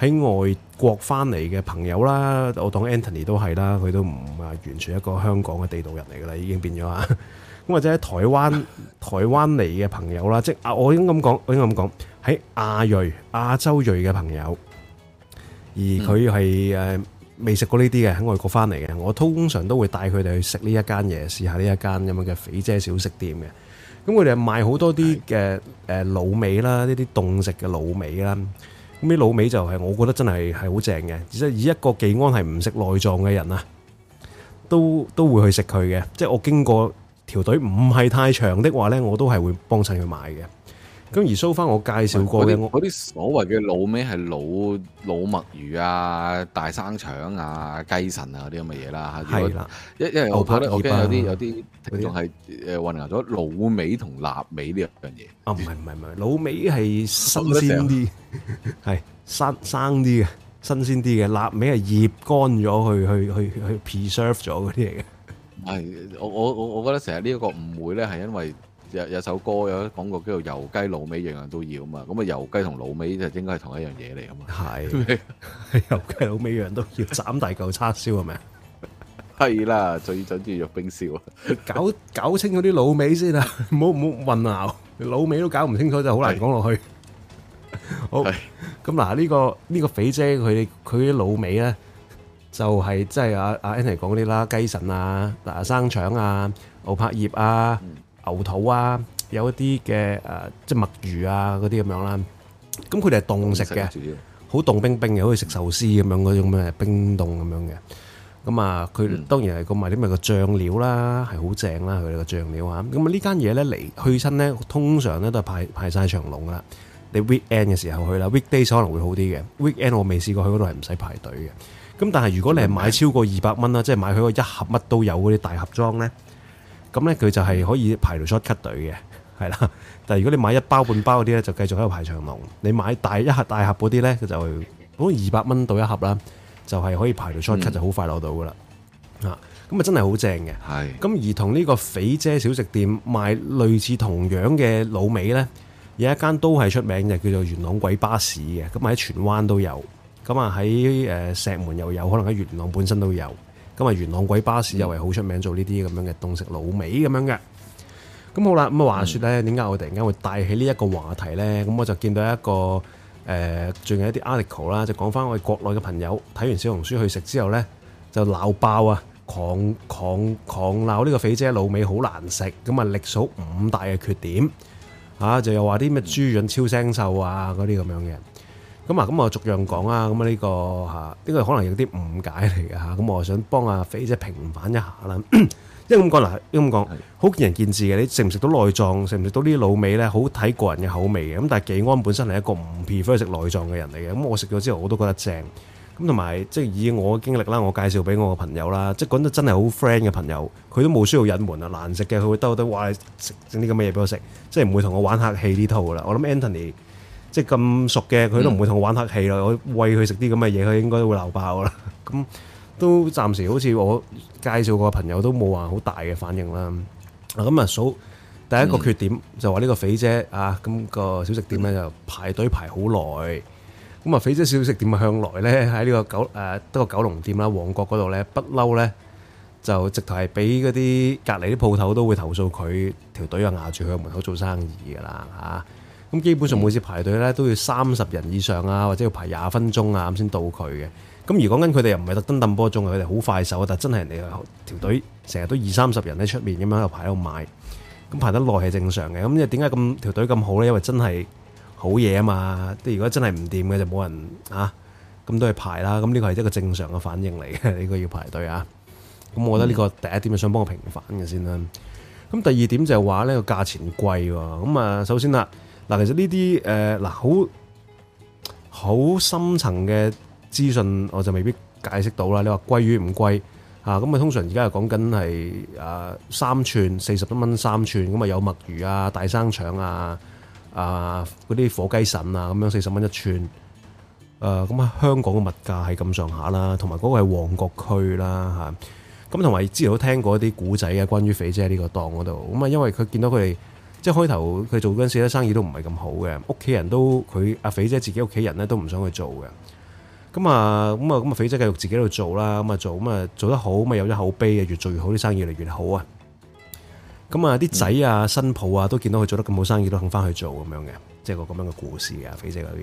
喺外國翻嚟嘅朋友啦，我當 Anthony 都係啦，佢都唔係完全一個香港嘅地道人嚟噶啦，已經變咗啊。咁或者喺台灣台灣嚟嘅朋友啦，即啊我應該咁講，我應該咁講喺亞裔、亞洲裔嘅朋友，而佢係未食過呢啲嘅喺外國翻嚟嘅，我通常都會帶佢哋去食呢一間嘢，試下呢一間咁樣嘅肥姐小食店嘅。咁佢哋賣好多啲嘅誒滷味啦，呢啲凍食嘅滷味啦。咁啲滷味就係我覺得真係係好正嘅，即係以一個技安係唔食內臟嘅人啊，都都會去食佢嘅。即係我經過條隊唔係太長的話呢，我都係會幫襯佢買嘅。咁而收翻我介紹過嘅，嗰啲所謂嘅滷味係滷滷墨魚啊、大生腸啊、雞腎啊嗰啲咁嘅嘢啦。係啦，一因為我怕咧，我驚有啲有啲聽眾係誒混淆咗滷味同臘味呢樣嘢。啊，唔係唔係唔係，滷味係新鮮啲，係生生啲嘅，新鮮啲嘅，臘味係醃乾咗去去去去 preserve 咗嗰啲嚟嘅。係，我我我我覺得成日呢一個誤會咧，係因為。有有首歌有講過，叫做油雞滷味樣樣都要啊嘛，咁啊油雞同滷味就應該係同一樣嘢嚟啊嘛，係油雞滷味樣都要，斬大嚿叉燒係咪啊？係啦，最準之用冰燒啊！搞搞清楚啲滷味先啦，唔好唔好混淆，滷味都搞唔清楚就好難講落去。好，咁嗱呢個呢個肥姐佢佢啲滷味咧，就係即係阿阿 Andy 講嗰啲啦，雞腎啊、嗱生腸啊、牛柏葉啊。牛肚啊，有一啲嘅誒，即係墨魚啊，嗰啲咁樣啦。咁佢哋係凍食嘅，好凍冰冰嘅，好似食壽司咁樣嗰種咩冰凍咁樣嘅。咁啊，佢當然係個埋啲咪個醬料啦，係好正啦。佢哋個醬料啊。咁啊，呢間嘢咧嚟去親咧，通常咧都係排排晒長龍噶啦。你 weekend 嘅時候去啦，weekdays 可能會好啲嘅。weekend 我未試過去嗰度係唔使排隊嘅。咁但係如果你係買超過二百蚊啦，即係買佢嗰一盒乜都有嗰啲大盒裝咧。咁呢，佢就係可以排到 short cut 隊嘅，係啦。但係如果你買一包半包嗰啲呢，就繼續喺度排長龍。你買大一盒大盒嗰啲呢，就好二百蚊到一盒啦，就係可以排到 short cut 就好快攞到噶啦。啊、嗯，咁啊真係好正嘅。係。咁而同呢個肥姐小食店賣類似同樣嘅老味呢，有一間都係出名嘅，叫做元朗鬼巴士嘅。咁喺荃灣都有，咁啊喺石門又有，可能喺元朗本身都有。咁啊，元朗鬼巴士又係好出名做呢啲咁樣嘅凍食滷味咁樣嘅。咁好啦，咁啊話説呢，點解我突然間會帶起呢一個話題呢？咁我就見到一個誒，最、呃、近一啲 article 啦，就講翻我哋國內嘅朋友睇完小紅書去食之後呢，就鬧爆啊，狂狂狂鬧呢個肥姐滷味好難食，咁啊歷數五大嘅缺點啊，就又話啲咩豬潤超腥臭啊，嗰啲咁樣嘅。咁、這個、啊，咁啊，我逐樣講啊，咁啊，呢個嚇呢個可能有啲誤解嚟嘅嚇，咁、啊、我想幫阿肥姐平反一下啦。因為咁講嗱，咁講、啊，好見仁見智嘅，你食唔食到內臟，食唔食到啲老味咧，好睇個人嘅口味嘅。咁但係技安本身係一個唔 prefer 食內臟嘅人嚟嘅，咁我食咗之後我都覺得正。咁同埋即係以我嘅經歷啦，我介紹俾我嘅朋友啦，即係講得真係好 friend 嘅朋友，佢都冇需要隱瞞啊，難食嘅佢會兜兜，哇！整啲咁嘅嘢俾我食，即係唔會同我玩客氣呢套啦。我諗 Anthony。即係咁熟嘅，佢都唔會同我玩客氣啦。我餵佢食啲咁嘅嘢，佢應該都會鬧爆啦。咁 <laughs> 都暫時好似我介紹個朋友都冇話好大嘅反應啦。咁啊數第一個缺點就話呢個肥姐啊，咁個小食店咧就排隊排好耐。咁啊肥姐小食店向來咧喺呢個九得、啊嗰個九龍店啦、旺角嗰度咧，不嬲咧就直頭係俾嗰啲隔離啲鋪頭都會投訴佢條隊啊壓住佢門口做生意㗎啦嚇。咁基本上每次排隊咧都要三十人以上啊，或者要排廿分鐘啊咁先到佢嘅。咁如果跟佢哋又唔係特登抌波鐘，佢哋好快手，但真係人哋條隊成日都二三十人喺出面咁樣喺度排喺度買，咁排得耐係正常嘅。咁又點解咁條隊咁好呢？因為真係好嘢啊嘛。即如果真係唔掂嘅就冇人啊，咁都係排啦。咁呢個係一個正常嘅反應嚟嘅，呢個要排隊啊。咁我覺得呢個第一點就想幫我平反嘅先啦。咁第二點就係話呢個價錢貴喎。咁啊首先啦。嗱，其實呢啲誒，嗱、呃，好好深層嘅資訊，我就未必解釋到啦。你話貴與唔貴啊？咁啊，通常而家又講緊係啊三串，四十多蚊三串，咁啊有墨魚啊、大生腸啊、啊嗰啲火雞腎啊，咁、啊、樣四十蚊一串。誒、啊，咁啊，香港嘅物價係咁上下啦，同埋嗰個係旺角區啦，嚇、啊。咁同埋之前都聽過一啲古仔啊，關於肥姐呢個檔嗰度，咁啊，因為佢見到佢哋。即係開頭佢做嗰陣時咧，生意都唔係咁好嘅，屋企人都佢阿肥姐自己屋企人咧都唔想去做嘅。咁啊，咁啊，咁啊，肥姐繼續自己喺度做啦，咁啊做，咁啊做,做得好，咁啊有咗口碑啊，越做越好，啲生意越嚟越,越好啊。咁啊，啲、嗯、仔啊、新抱啊都見到佢做得咁好生意，都肯翻去做咁樣嘅，即係個咁樣嘅故事啊。肥姐嗰邊，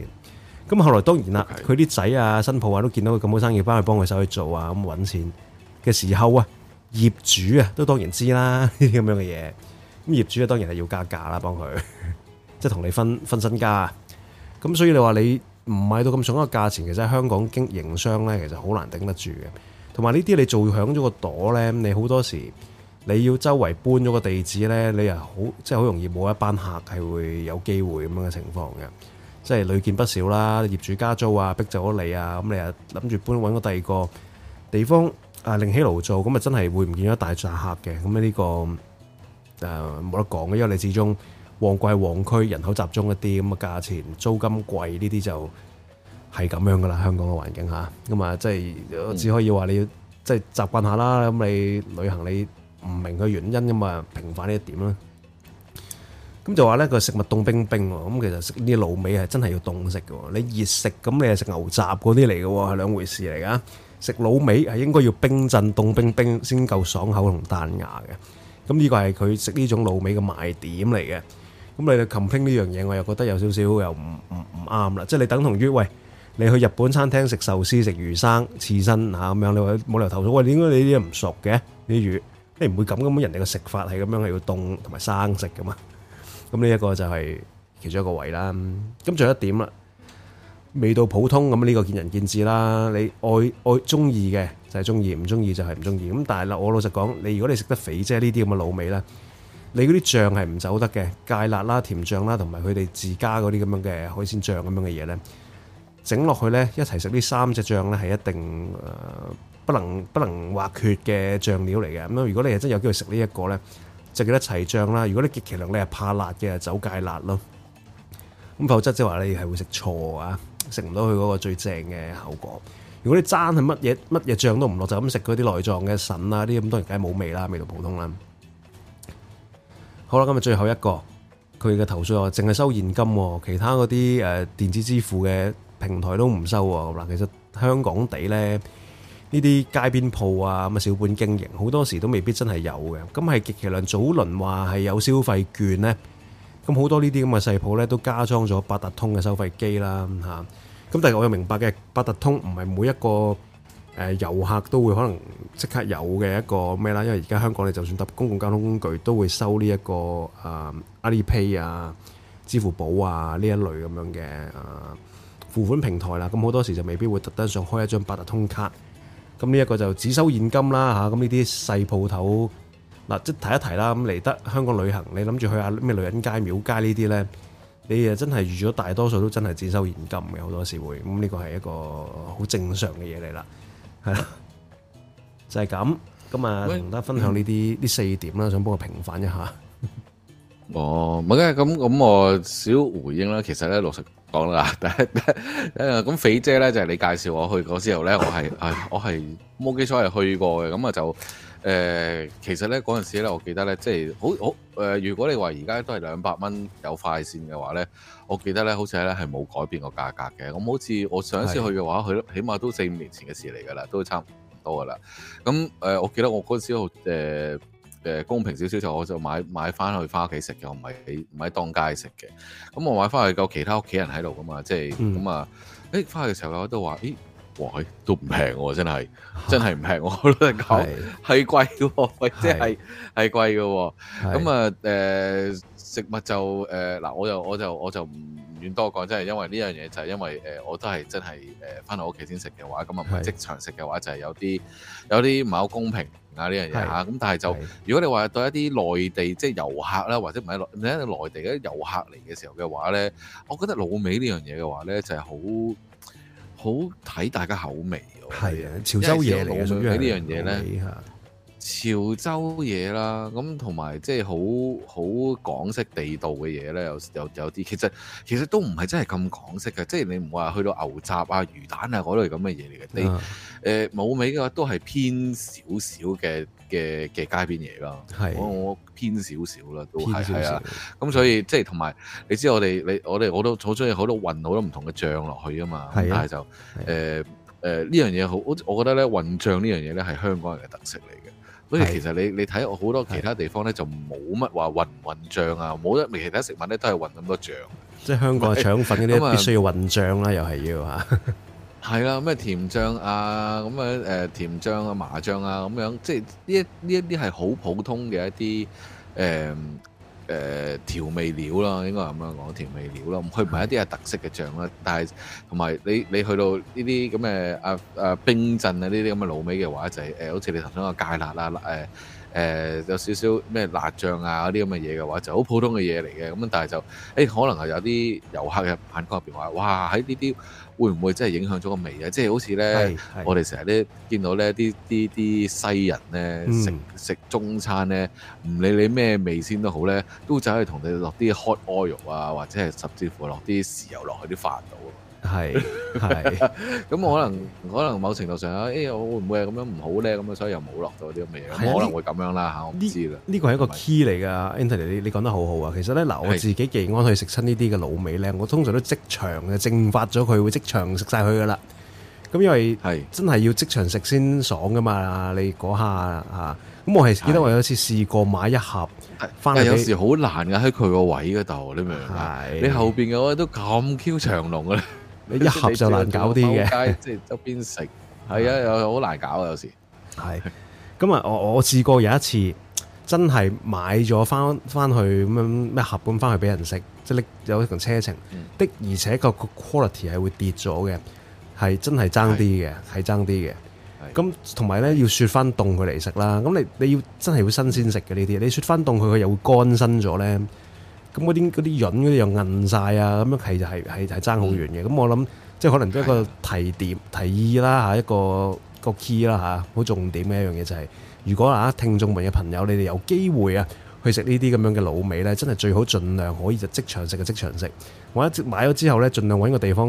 咁後來當然啦，佢啲仔啊、新抱啊都見到佢咁好生意，翻去幫佢手去做啊，咁搵錢嘅時候啊，業主啊都當然知啦，呢啲咁樣嘅嘢。咁業主咧當然係要加價啦，幫佢即係同你分分身家。咁所以你話你唔買到咁重一個價錢，其實喺香港經營商呢，其實好難頂得住嘅。同埋呢啲你做響咗個朵呢，你好多時你要周圍搬咗個地址呢，你又好即係好容易冇一班客係會有機會咁樣嘅情況嘅，即係屢見不少啦。業主加租啊，逼走咗你啊，咁你又諗住搬揾個第二個地方啊，另起爐灶，咁啊真係會唔見咗一大柞客嘅。咁呢個誒，冇得講嘅，因為你始終旺季旺區人口集中一啲，咁啊價錢租金貴呢啲就係咁樣噶啦，香港嘅環境吓，咁啊即係只可以話你要即係習慣下啦。咁你旅行你唔明佢原因，咁啊平反呢一點啦。咁就話呢個食物凍冰冰喎，咁其實食啲鹵味係真係要凍食嘅，你熱食咁你係食牛雜嗰啲嚟嘅，係兩回事嚟噶。食鹵味係應該要冰鎮凍冰冰先夠爽口同彈牙嘅。咁呢個係佢食呢種老味嘅賣點嚟嘅，咁你哋 camping 呢樣嘢，我又覺得有少少又唔唔唔啱啦，即係你等同於喂，你去日本餐廳食壽司、食魚生、刺身嚇咁樣，你話冇理由投訴，喂，點解你呢啲唔熟嘅啲魚？你唔會咁嘅，咁人哋嘅食法係咁樣係要凍同埋生食㗎嘛？咁呢一個就係其中一個位啦。咁仲有一點啦，味道普通，咁呢個見仁見智啦。你愛愛中意嘅。就係中意，唔中意就係唔中意。咁但係啦，我老實講，你如果你食得肥姐呢啲咁嘅滷味咧，你嗰啲醬係唔走得嘅，芥辣啦、甜醬啦，同埋佢哋自家嗰啲咁樣嘅海鮮醬咁樣嘅嘢咧，整落去咧一齊食呢三隻醬咧係一定誒、呃、不能不能或缺嘅醬料嚟嘅。咁啊，如果你係真有機會食呢一個咧，就記得齊醬啦。如果你極其量你係怕辣嘅，就走芥辣咯。咁否則即係話你係會食錯啊，食唔到佢嗰個最正嘅效果。如果你爭係乜嘢乜嘢醬都唔落，就咁食嗰啲內臟嘅腎啦，啲咁當然梗係冇味啦，味道普通啦。好啦，今日最後一個，佢嘅投訴話淨係收現金，其他嗰啲誒電子支付嘅平台都唔收喎。嗱，其實香港地咧呢啲街邊鋪啊咁嘅小本經營，好多時都未必真係有嘅。咁係極其量早輪話係有消費券咧，咁好多呢啲咁嘅細鋪咧都加裝咗八達通嘅收費機啦，嚇。咁但係我又明白嘅，八達通唔係每一個誒遊客都會可能即刻有嘅一個咩啦，因為而家香港你就算搭公共交通工具，都會收呢一個誒 Alipay 啊、支付寶啊呢一類咁樣嘅誒付款平台啦。咁好多時就未必會特登上開一張八達通卡。咁呢一個就只收現金啦嚇。咁呢啲細鋪頭嗱，即係提一提啦。咁嚟得香港旅行，你諗住去下咩女人街、廟街呢啲呢？你啊真係預咗，大多數都真係只收現金嘅，好多時會咁，呢個係一個好正常嘅嘢嚟啦，係啦，就係咁咁啊，同大家分享呢啲呢四點啦，想幫我平反一下。哦，唔咁咁我少回應啦，其實咧，老實講啦，咁肥姐咧就係、是、你介紹我去過之後咧，我係係 <laughs> 我係冇基礎係去過嘅，咁啊就。呃、其實咧嗰陣時咧，我記得咧，即係好好誒、如果你話而家都係兩百蚊有快線嘅話咧，我記得咧好似咧係冇改變個價格嘅。咁、嗯、好似我上一次去嘅話，佢都起碼都四五年前嘅事嚟㗎啦，都差唔多㗎啦。咁、嗯呃、我記得我嗰陣時好誒、呃、公平少少就我就買買翻去翻屋企食嘅，我唔係唔係當街食嘅。咁、嗯、我買翻去夠其他屋企人喺度㗎嘛，即係咁啊！返、嗯、翻、欸、去嘅時候我都話，咦～哇！誒都唔平喎，真係真係唔平喎，我都係講係貴喎，即係係貴嘅。咁啊誒食物就誒嗱，我就我就我就唔唔願多講，即係因為呢樣嘢就係因為誒，我都係真係誒翻到屋企先食嘅話，咁啊唔係即場食嘅話就係有啲有啲唔係好公平啊呢樣嘢啊。咁但係就如果你話對一啲內地即係遊客啦，或者唔係內唔係內地嗰啲遊客嚟嘅時候嘅話咧，我覺得老味呢樣嘢嘅話咧就係好。好睇大家口味，係啊，潮州嘢嚟嘅呢樣嘢咧。潮州嘢啦，咁同埋即係好好港式地道嘅嘢咧，有有有啲其實其實都唔係真係咁港式嘅，即係你唔話去到牛雜啊、魚蛋啊嗰類咁嘅嘢嚟嘅。你誒冇味嘅話，都係偏少少嘅嘅嘅街邊嘢咯。係我偏少少啦，都係係啊。咁所以即係同埋你知我哋你我哋好多好中意好多混好多唔同嘅醬落去啊嘛。是啊，但係就誒誒呢樣嘢好我覺得咧混醬呢樣嘢咧係香港人嘅特色嚟。所以其實你你睇我好多其他地方咧，就冇乜話混混醬啊，冇得其他食物咧都係混咁多醬、啊。即係香港嘅腸粉嗰啲 <laughs> 必須要混醬啦、啊，又係要嚇。係 <laughs> 啦、啊，咩甜醬啊，咁啊誒甜醬啊、麻醬啊咁樣，即係呢一呢一啲係好普通嘅一啲誒誒、呃、調味料咯，應該係咁樣講調味料咯。佢唔係一啲係特色嘅醬啦，但係同埋你你去到呢啲咁嘅啊啊冰鎮啊呢啲咁嘅鹵味嘅話就係、是、誒，好、呃、似你頭先講芥辣啊誒誒、呃、有少少咩辣醬啊嗰啲咁嘅嘢嘅話就好普通嘅嘢嚟嘅。咁但係就誒、欸，可能係有啲遊客嘅眼光入邊話，哇喺呢啲。在這些會唔會真係影響咗個味啊？即係好似咧，我哋成日咧見到咧啲啲啲西人咧食食中餐咧，唔理你咩味先都好咧，都走去同你落啲 hot oil 啊，或者係甚至乎落啲豉油落去啲飯度。係，係，咁可能可能某程度上咧，誒，我會唔會係咁樣唔好咧？咁啊，所以又冇落到啲咁嘅嘢，可能會咁樣啦吓，我唔知啦。呢個係一個 key 嚟噶，Anthony，你你講得好好啊。其實咧，嗱，我自己既安去食親呢啲嘅老味咧，我通常都即場嘅，蒸發咗佢會即場食晒佢噶啦。咁因為係真係要即場食先爽噶嘛。你嗰下吓，咁我係記得我有次試過買一盒，返嚟有時好難噶喺佢個位嗰度，你明唔明？你後邊嘅我都咁 Q 長龍噶咧。你一盒就難搞啲嘅， <laughs> 即係側邊食，係啊，又好難搞啊，有時係。咁啊，我我試過有一次， <laughs> 真係買咗翻翻去咁樣咩盒搬翻去俾人食，即係拎有一同車程、嗯、的而且確個 quality 係會跌咗嘅，係真係爭啲嘅，係爭啲嘅。咁同埋咧要雪翻凍佢嚟食啦，咁你你要真係要新鮮食嘅呢啲，你雪翻凍佢佢又會乾身咗咧。咁嗰啲嗰啲韌嗰啲又韌曬啊！咁樣係就係係係爭好遠嘅。咁我諗即係可能都係一個提點提議啦嚇，一個個 key 啦嚇，好重點嘅一樣嘢就係如果啊，聽眾們嘅朋友，你哋有機會啊，去食呢啲咁樣嘅滷味咧，真係最好，儘量可以就即場食嘅即場食。或者買咗之後咧，儘量揾個地方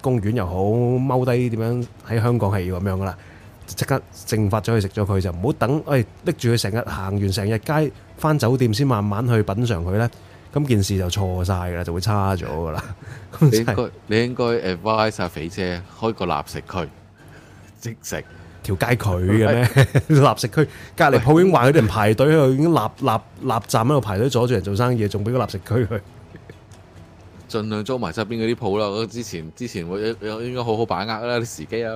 公園又好踎低，點樣喺香港係要咁樣噶啦，即刻蒸發咗去食咗佢就唔好等。喂，拎住佢成日行完成日街，翻酒店先慢慢去品嚐佢咧。咁件事就錯晒噶啦，就會差咗噶啦。你應該你應該、, <laughs> 就是、該 advise 下、啊、肥姐，開個立食區，即食條街佢嘅咩？立 <laughs> 食 <laughs> 區隔籬鋪已經話有啲人排隊喺度，已 <laughs> 經立立站喺度排隊，阻住人做生意，仲俾個立食區去？盡 <laughs> 量租埋側邊嗰啲鋪啦。我之前之前我應該好好把握啦啲時機啊。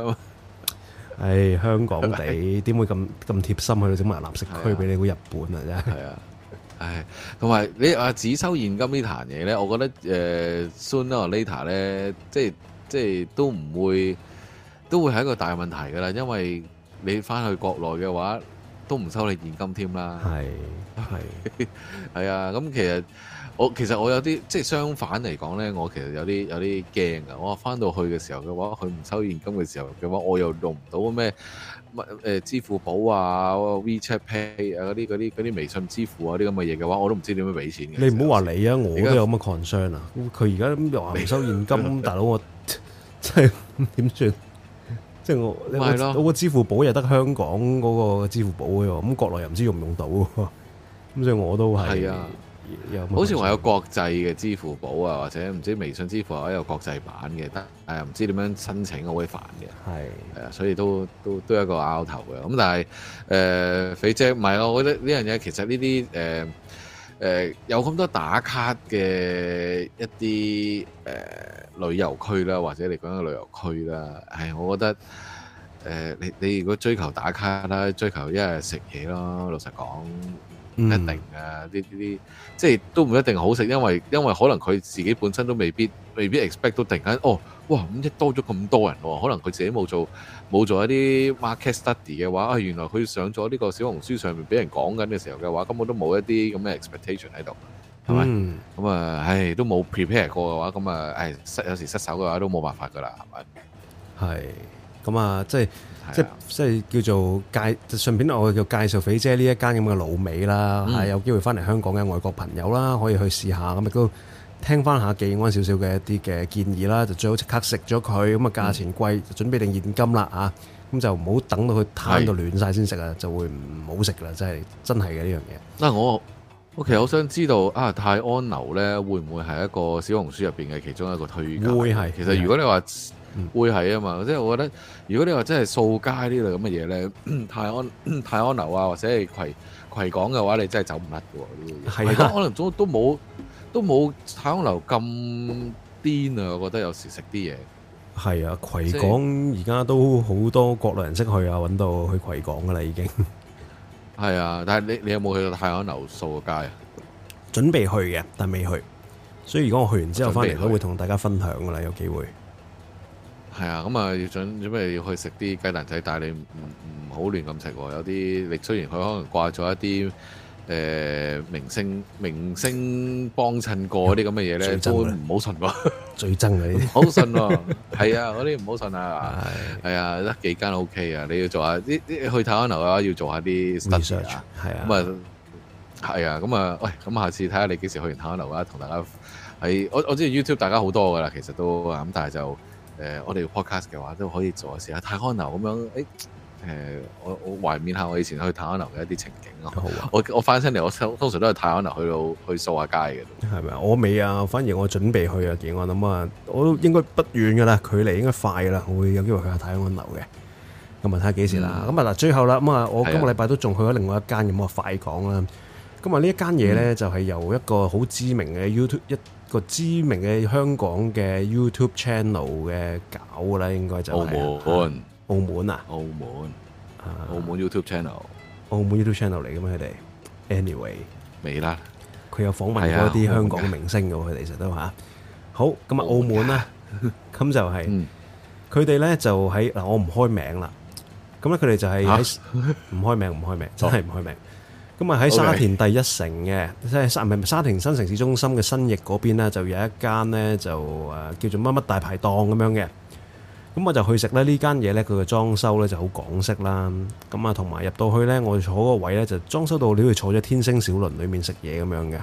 係、 <laughs> 哎、香港地，點 <laughs> 會咁咁貼心去整埋立食區俾你？好 <laughs> 日本啊，真係。唉、哎，同埋你啊，只收現金這壇呢壇嘢咧，我覺得誒、呃、sooner or later 咧，即係即係都唔會，都會係一個大問題噶啦，因為你翻去國內嘅話，都唔收你現金添啦。係係係啊，咁其實我其實我有啲即係相反嚟講咧，我其實有啲有啲驚㗎，我翻到去嘅時候嘅話，佢唔收現金嘅時候嘅話，我又用唔到咩？乜、嗯、支付寶啊，WeChat Pay 啊，嗰啲啲啲微信支付啊，啲咁嘅嘢嘅話，我都唔知點樣俾錢嘅。你唔好話你啊，我都有乜 concern 啊？佢而家又話唔收現金， <laughs> 大佬我即係點算？即 <laughs> 係麼 <laughs> 我你是我我個支付寶又得香港嗰個支付寶嘅喎，咁國內又唔知用唔用到喎。咁 <laughs> 所以我都係。有有好似我有國際嘅支付寶啊，或者唔知微信支付有冇一個國際版嘅？得誒，唔知點樣申請，好鬼煩嘅。係係啊，所以都都都一個拗頭嘅。咁但係誒、呃，肥姐唔係啊，我覺得呢樣嘢其實呢啲誒誒有咁多打卡嘅一啲誒、呃、旅遊區啦，或者你講嘅旅遊區啦，係我覺得誒、呃、你你如果追求打卡啦，追求一日食嘢咯，老實講、嗯、一定啊。呢啲啲。即係都唔一定好食，因為因為可能佢自己本身都未必未必 expect 到突然間哦，哇咁一多咗咁多人喎、哦，可能佢自己冇做冇做一啲 market study 嘅話，啊原來佢上咗呢個小紅書上面俾人講緊嘅時候嘅話，根本都冇一啲咁嘅 expectation 喺度，係、嗯、咪？咁啊，唉，都冇 prepare 過嘅話，咁啊，唉，失有時失手嘅話都冇辦法噶啦，係咪？係，咁啊、就係，即係。即係叫做介，順便我又介紹肥姐呢一間咁嘅老味啦，係、嗯、有機會翻嚟香港嘅外國朋友啦，可以去試下。咁亦都聽翻下技安少少嘅一啲嘅建議啦，就最好即刻食咗佢。咁啊價錢貴，就準備定現金啦、嗯、啊！咁就唔好等到佢攤到暖晒先食啊，就會唔好食啦，真係真係嘅呢樣嘢。嗱我我其實我想知道啊，泰安樓呢會唔會係一個小紅書入邊嘅其中一個推介？會係。其實如果你話會係啊嘛，即係我覺得如果你話真係掃街呢類咁嘅嘢咧，泰安泰安樓啊，或者係葵葵港嘅話，你真係走唔甩嘅。係啊，可能都都冇都冇泰安樓咁癲啊！我覺得有時食啲嘢係啊，葵港而家都好多國內人識去啊，搵到去葵港噶啦已經。係啊，但係你你有冇去到泰安樓掃街啊？準備去嘅，但未去。所以如果我去完之後翻嚟，都會同大家分享噶啦，有機會。係啊，咁啊，要準準備要去食啲雞蛋仔，但係你唔唔好亂咁食喎。有啲你雖然佢可能掛咗一啲誒明星明星幫襯過啲咁嘅嘢咧，一般唔好信喎。最憎嘅啲，好信喎，係啊，嗰啲唔好信啊，係啊，得幾間 OK 啊。你要做下啲啲去泰安樓嘅話，要做下啲 research，係啊，咁啊，係啊，咁啊，喂，咁下次睇下你幾時去完泰安樓啊，同大家喺我我知 YouTube 大家好多噶啦，其實都咁，但係就。誒、呃嗯，我哋 podcast 嘅話都可以做下試下太安樓咁樣，誒、欸，誒、呃，我我懷緬下我以前去太安樓嘅一啲情景啊！我我翻身嚟，我通常都去太安樓去到去掃下街嘅。係咪啊？我未啊，反而我準備去啊！而我諗啊，我都應該不遠噶啦，距離應該快噶啦，我會有機會去下太安樓嘅。咁啊睇下幾時啦！咁啊嗱，最後啦咁啊，我今個禮拜都仲去咗另外一間，咁啊快講啦！咁啊呢一間嘢咧、嗯、就係、是、由一個好知名嘅 YouTube 一。個知名嘅香港嘅 YouTube channel 嘅搞啦，應該就係澳門，澳門啊，澳門，澳門 YouTube channel，澳門 YouTube channel 嚟噶嘛佢哋？Anyway，未啦，佢有訪問嗰啲香港嘅明星嘅喎佢哋，實得嚇。好，咁啊澳門啦，咁就係佢哋咧就喺嗱我唔開名啦。咁咧佢哋就係唔開名，唔開名，真係唔開名。咁啊喺沙田第一城嘅即係沙唔係沙田新城市中心嘅新翼嗰邊咧，就有一間咧就誒叫做乜乜大排檔咁樣嘅。咁我就去食咧呢間嘢咧，佢嘅裝修咧就好港式啦。咁啊同埋入到去咧，我坐嗰個位咧就裝修到你好似坐咗天星小輪裏面食嘢咁樣嘅。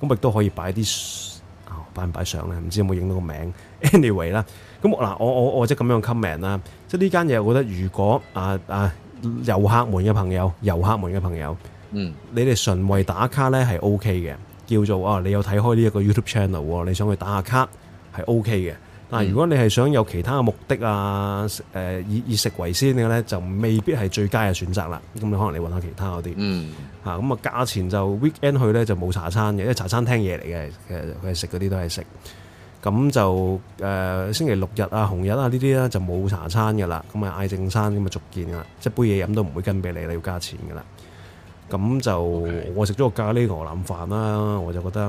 咁亦都可以擺啲啊，擺唔擺相咧？唔知有冇影到個名。anyway 啦，咁嗱我我我即係咁樣 comment 啦。即係呢間嘢，我覺得如果啊啊遊客們嘅朋友、遊客們嘅朋友。嗯，你哋純為打卡咧係 O K 嘅，叫做啊，你有睇開呢一個 YouTube channel，你想去打下卡係 O K 嘅。但係如果你係想有其他嘅目的啊，呃、以以食為先嘅咧，就未必係最佳嘅選擇啦。咁你可能你搵下其他嗰啲嗯嚇咁啊，加、嗯啊、錢就 weekend 去咧就冇茶餐嘅，因為茶餐廳嘢嚟嘅，其實佢係食嗰啲都係食咁就誒、呃、星期六日啊、紅日啊呢啲啦就冇茶餐噶啦，咁啊嗌正餐咁啊逐件啦，即係杯嘢飲都唔會跟俾你，你要加錢噶啦。咁就、okay。我食咗個咖喱牛腩飯啦，我就覺得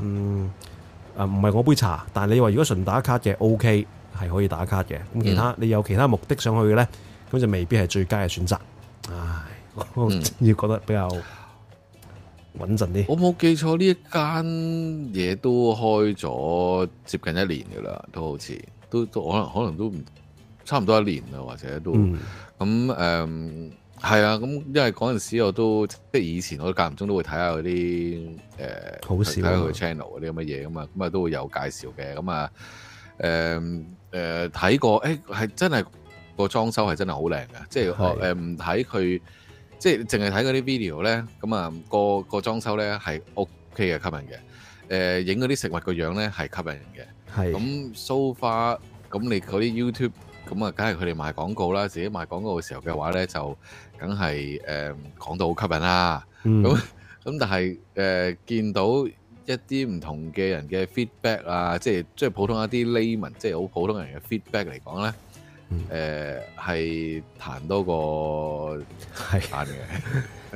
啊，唔係我杯茶，但係你話如果純打卡嘅 OK 係可以打卡嘅，咁其他、嗯、你有其他目的上去嘅咧，咁就未必係最佳嘅選擇。唉、嗯，要覺得比較穩陣啲。我冇記錯呢一間嘢都開咗接近一年噶啦，都好似都都可能可能都唔差唔多一年啦，或者都咁誒。嗯係啊，咁因為嗰陣時我都即係以前，我間唔中都會睇下嗰啲誒，睇佢 channel 嗰啲咁嘅嘢咁啊，咁啊都會有介紹嘅，咁啊誒誒睇過，誒、欸、係真係、個裝修係真係好靚嘅，即係唔睇佢即係淨係睇嗰啲 video 咧，咁啊、個、個裝修咧係 O K 嘅吸引嘅，誒影嗰啲食物個樣咧係吸引嘅，係咁 so far 咁你嗰啲 YouTube。咁啊，梗係佢哋賣廣告啦。自己賣廣告嘅時候嘅話咧，就梗係誒講到好吸引啦。咁咁，但係誒見到一啲唔同嘅人嘅 feedback 啊，即係即係普通一啲 layman，即係好普通人嘅 feedback 嚟講咧，誒係彈多個係嘅。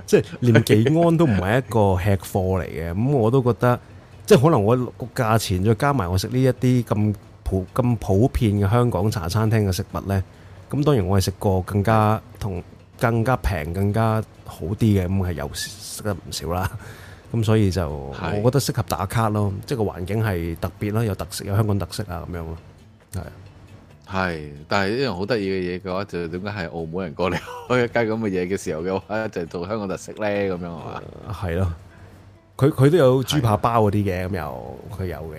即係連技安都唔係一個吃貨嚟嘅。咁我都覺得，即係可能我個價錢再加埋我食呢一啲咁。普咁普遍嘅香港茶餐廳嘅食物呢，咁當然我係食過更加同更加平、更加好啲嘅，咁係又食得唔少啦。咁所以就我覺得適合打卡咯，即係個環境係特別啦，有特色，有香港特色啊咁樣咯。係但係一樣好得意嘅嘢嘅話，就點解係澳門人過嚟開一間咁嘅嘢嘅時候嘅話，就做香港特色呢？咁樣係嘛？係咯，佢佢、呃、都有豬扒包嗰啲嘅，咁又佢有嘅。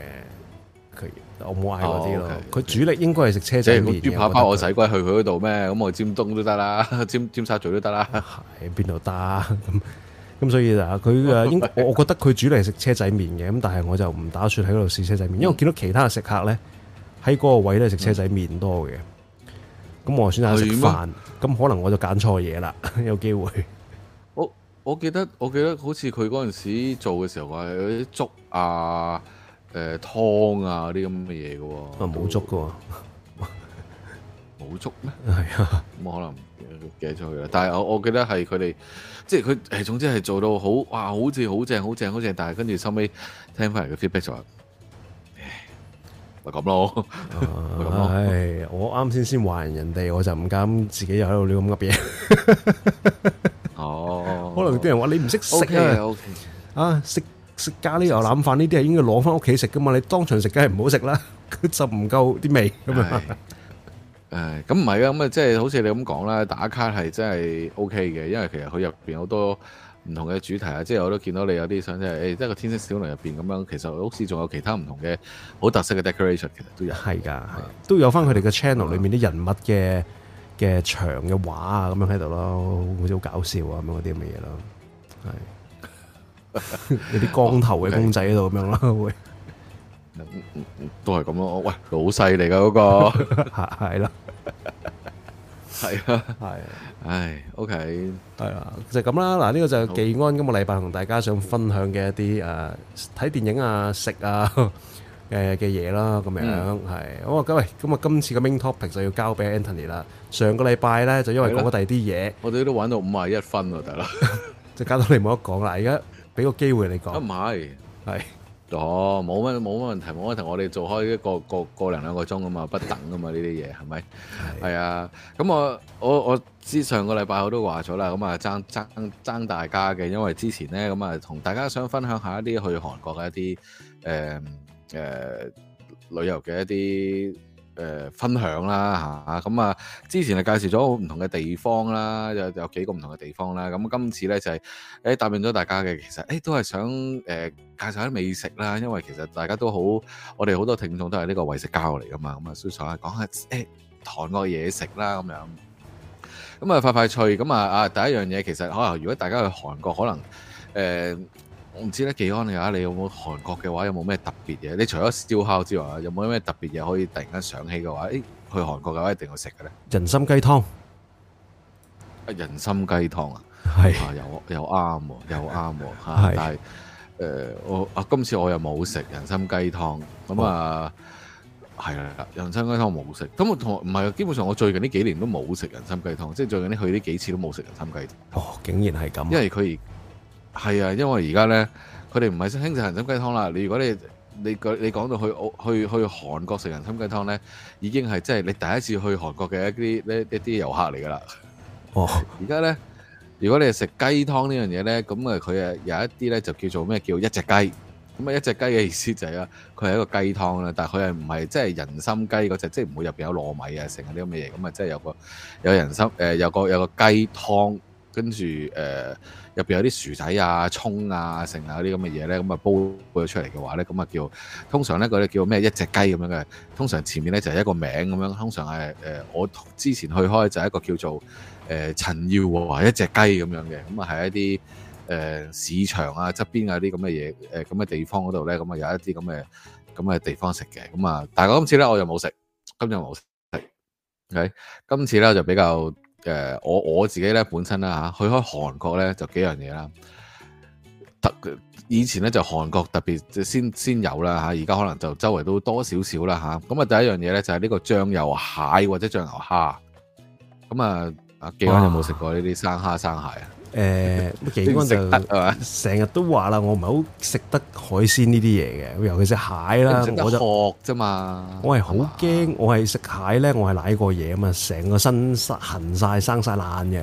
我冇嗌嗰啲咯，佢、oh, okay, okay, okay. 主力應該係食車仔麵。即、嗯、係我丟我使鬼去佢嗰度咩？咁我尖東都得啦，尖尖沙咀都得啦。喺邊度得咁咁？所以啊，佢啊，應該 <laughs> 我覺得佢主力係食車仔麵嘅。咁但係我就唔打算喺嗰度試車仔麵，因為我見到其他嘅食客咧喺嗰個位咧食車仔麵多嘅。咁、嗯、我選擇煮飯，咁可能我就揀錯嘢啦。有機會。我我記得，我記得好似佢嗰陣時做嘅時候話有啲粥啊。誒，湯啊啲咁嘅嘢嘅，冇粥嘅，冇粥咩？係啊，咁可能記咗去啦。了了 <laughs> 但係我我記得係佢哋，即係佢誒，總之係做到好哇，好似好正，好正，好正。但係跟住收尾聽翻嚟嘅 feedback 就話，咪咁咯。係 <laughs> 我啱先先話人哋，我就唔敢自己又喺度呢咁噏嘢。 <laughs> 哦, <laughs> 哦，可能啲人話你唔識食啊，食。食咖喱牛腩飯呢啲係應該攞翻屋企食噶嘛，你當場食梗係唔好食啦，佢就唔夠啲味咁啊！誒，咁唔係啊，咁啊，即係好似你咁講啦，打卡係真係 OK 嘅，因為其實佢入邊好多唔同嘅主題啊，即係我都見到你有啲想即係即係個天色小樓入邊咁樣，其實屋企仲有其他唔同嘅好特色嘅 decoration，其實都有係噶、嗯，都有翻佢哋嘅 channel 裏面啲人物嘅嘅牆嘅畫啊，咁、嗯、樣喺度咯，好似好搞笑啊咁嗰啲咁嘅嘢咯，係。有啲光頭嘅公仔喺度咁樣啦，會都係咁咯。喂，老細嚟噶嗰個，係啦，係啊，係。唉，OK，係啊，就係咁啦。嗱，呢個就係技安今個禮拜同大家想分享嘅一啲誒，睇電影啊，食啊，誒嘅嘢啦，咁樣係。好啊，咁喂，咁啊，今次嘅 main topic 就要交俾 Anthony 啦。上個禮拜咧，就因為講第二啲嘢，我哋都玩到五廿一分啊，大佬，即係搞到你冇得講啦。而家。俾個機會你講，啊唔係，係，哦，冇乜冇乜問題，冇乜問題，我哋做開一個一個一個零兩個鐘啊嘛，不等啊嘛，呢啲嘢係咪？係啊，咁我我我知上個禮拜我都話咗啦，咁啊爭爭爭大家嘅，因為之前咧咁啊同大家想分享下一啲去韓國嘅一啲誒誒旅遊嘅一啲。誒、呃、分享啦嚇咁啊，啊！之前係介紹咗好唔同嘅地方啦，有有幾個唔同嘅地方啦。咁、啊、今次咧就係、是、誒、欸、答應咗大家嘅，其實誒、欸、都係想誒、呃、介紹下啲美食啦，因為其實大家都好，我哋好多聽眾都係呢個為食家嚟噶嘛。咁啊，所以想講下誒、欸、韓國嘢食啦，咁樣咁啊快快脆咁啊啊第一樣嘢其實可能如果大家去韓國可能誒。呃我唔知咧，技安嘅話，你有冇韓國嘅話有冇咩特別嘢？你除咗燒烤之外，有冇咩特別嘢可以突然間想起嘅話？誒，去韓國嘅話一定要食嘅咧。人參雞湯啊！人參雞湯啊！係啊，又又啱喎，又啱喎嚇。但係誒，我啊今次我又冇食人參雞湯咁啊，係啦，人參雞湯冇食。咁我同唔係，基本上我最近呢幾年都冇食人參雞湯，即係最近呢去呢幾次都冇食人參雞湯。哦，竟然係咁，因為佢。係啊，因為而家咧，佢哋唔係興食人參雞湯啦。你如果你你講你講到去去去韓國食人參雞湯咧，已經係即係你第一次去韓國嘅一啲咧一啲遊客嚟㗎啦。哦，而家咧，如果你係食雞湯呢樣嘢咧，咁啊佢啊有一啲咧就叫做咩叫一隻雞。咁啊一隻雞嘅意思就係啊，佢係一個雞湯啦，但係佢係唔係即係人參雞嗰隻，即係唔會入邊有糯米啊，成日啲咁嘅嘢。咁啊即係有個有人參誒有個有個雞湯跟住誒。入面有啲薯仔啊、蔥啊、剩啊啲咁嘅嘢咧，咁啊煲煲咗出嚟嘅話咧，咁啊叫通常咧嗰啲叫咩一隻雞咁樣嘅，通常前面咧就係一個名咁樣，通常係誒我之前去開就係一個叫做誒、呃、陳耀華一隻雞咁樣嘅，咁啊係一啲誒、呃、市場啊側邊啊啲咁嘅嘢誒咁嘅地方嗰度咧，咁啊有一啲咁嘅咁嘅地方食嘅，咁啊但係今次咧我又冇食，今日冇食，OK，今次咧就比較。誒，我我自己咧本身啦嚇，去開韓國咧就幾樣嘢啦。特以前咧就韓國特別先先有啦嚇，而家可能就周圍都多少少啦嚇。咁啊第一樣嘢咧就係、是、呢個醬油蟹或者醬油蝦。咁啊，阿技安有冇食過呢啲生蝦生蟹啊？誒、呃、幾蚊就成日都話啦，我唔係好食得海鮮呢啲嘢嘅，尤其是蟹啦，得學我就殼啫嘛。我係好驚，我係食蟹咧，我係舐過嘢啊嘛，成個身痕晒生晒爛嘅。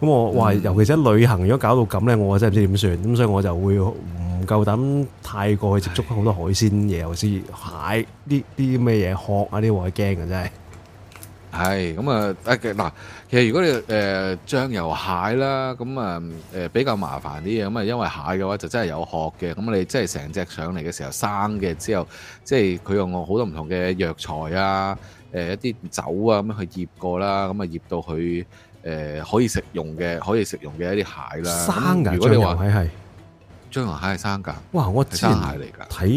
咁我話，尤其是旅行如果搞到咁咧，我真係唔知點算。咁、嗯、所以我就會唔夠膽太過去接觸好多海鮮嘢，或者蟹啲啲咩嘢殼啊啲，我係驚嘅真係。係咁啊！嗱、啊。其實如果你誒、呃、醬油蟹啦，咁啊誒比較麻煩啲嘅，咁啊因為蟹嘅話就真係有殼嘅，咁你即係成隻上嚟嘅時候生嘅，之後即係佢用好多唔同嘅藥材啊，誒一啲酒啊咁去醃過啦，咁啊醃到佢誒可以食用嘅，可以食用嘅一啲蟹啦。生㗎、嗯、如果你話係醬油蟹係醬油蟹係生㗎。哇！我之前睇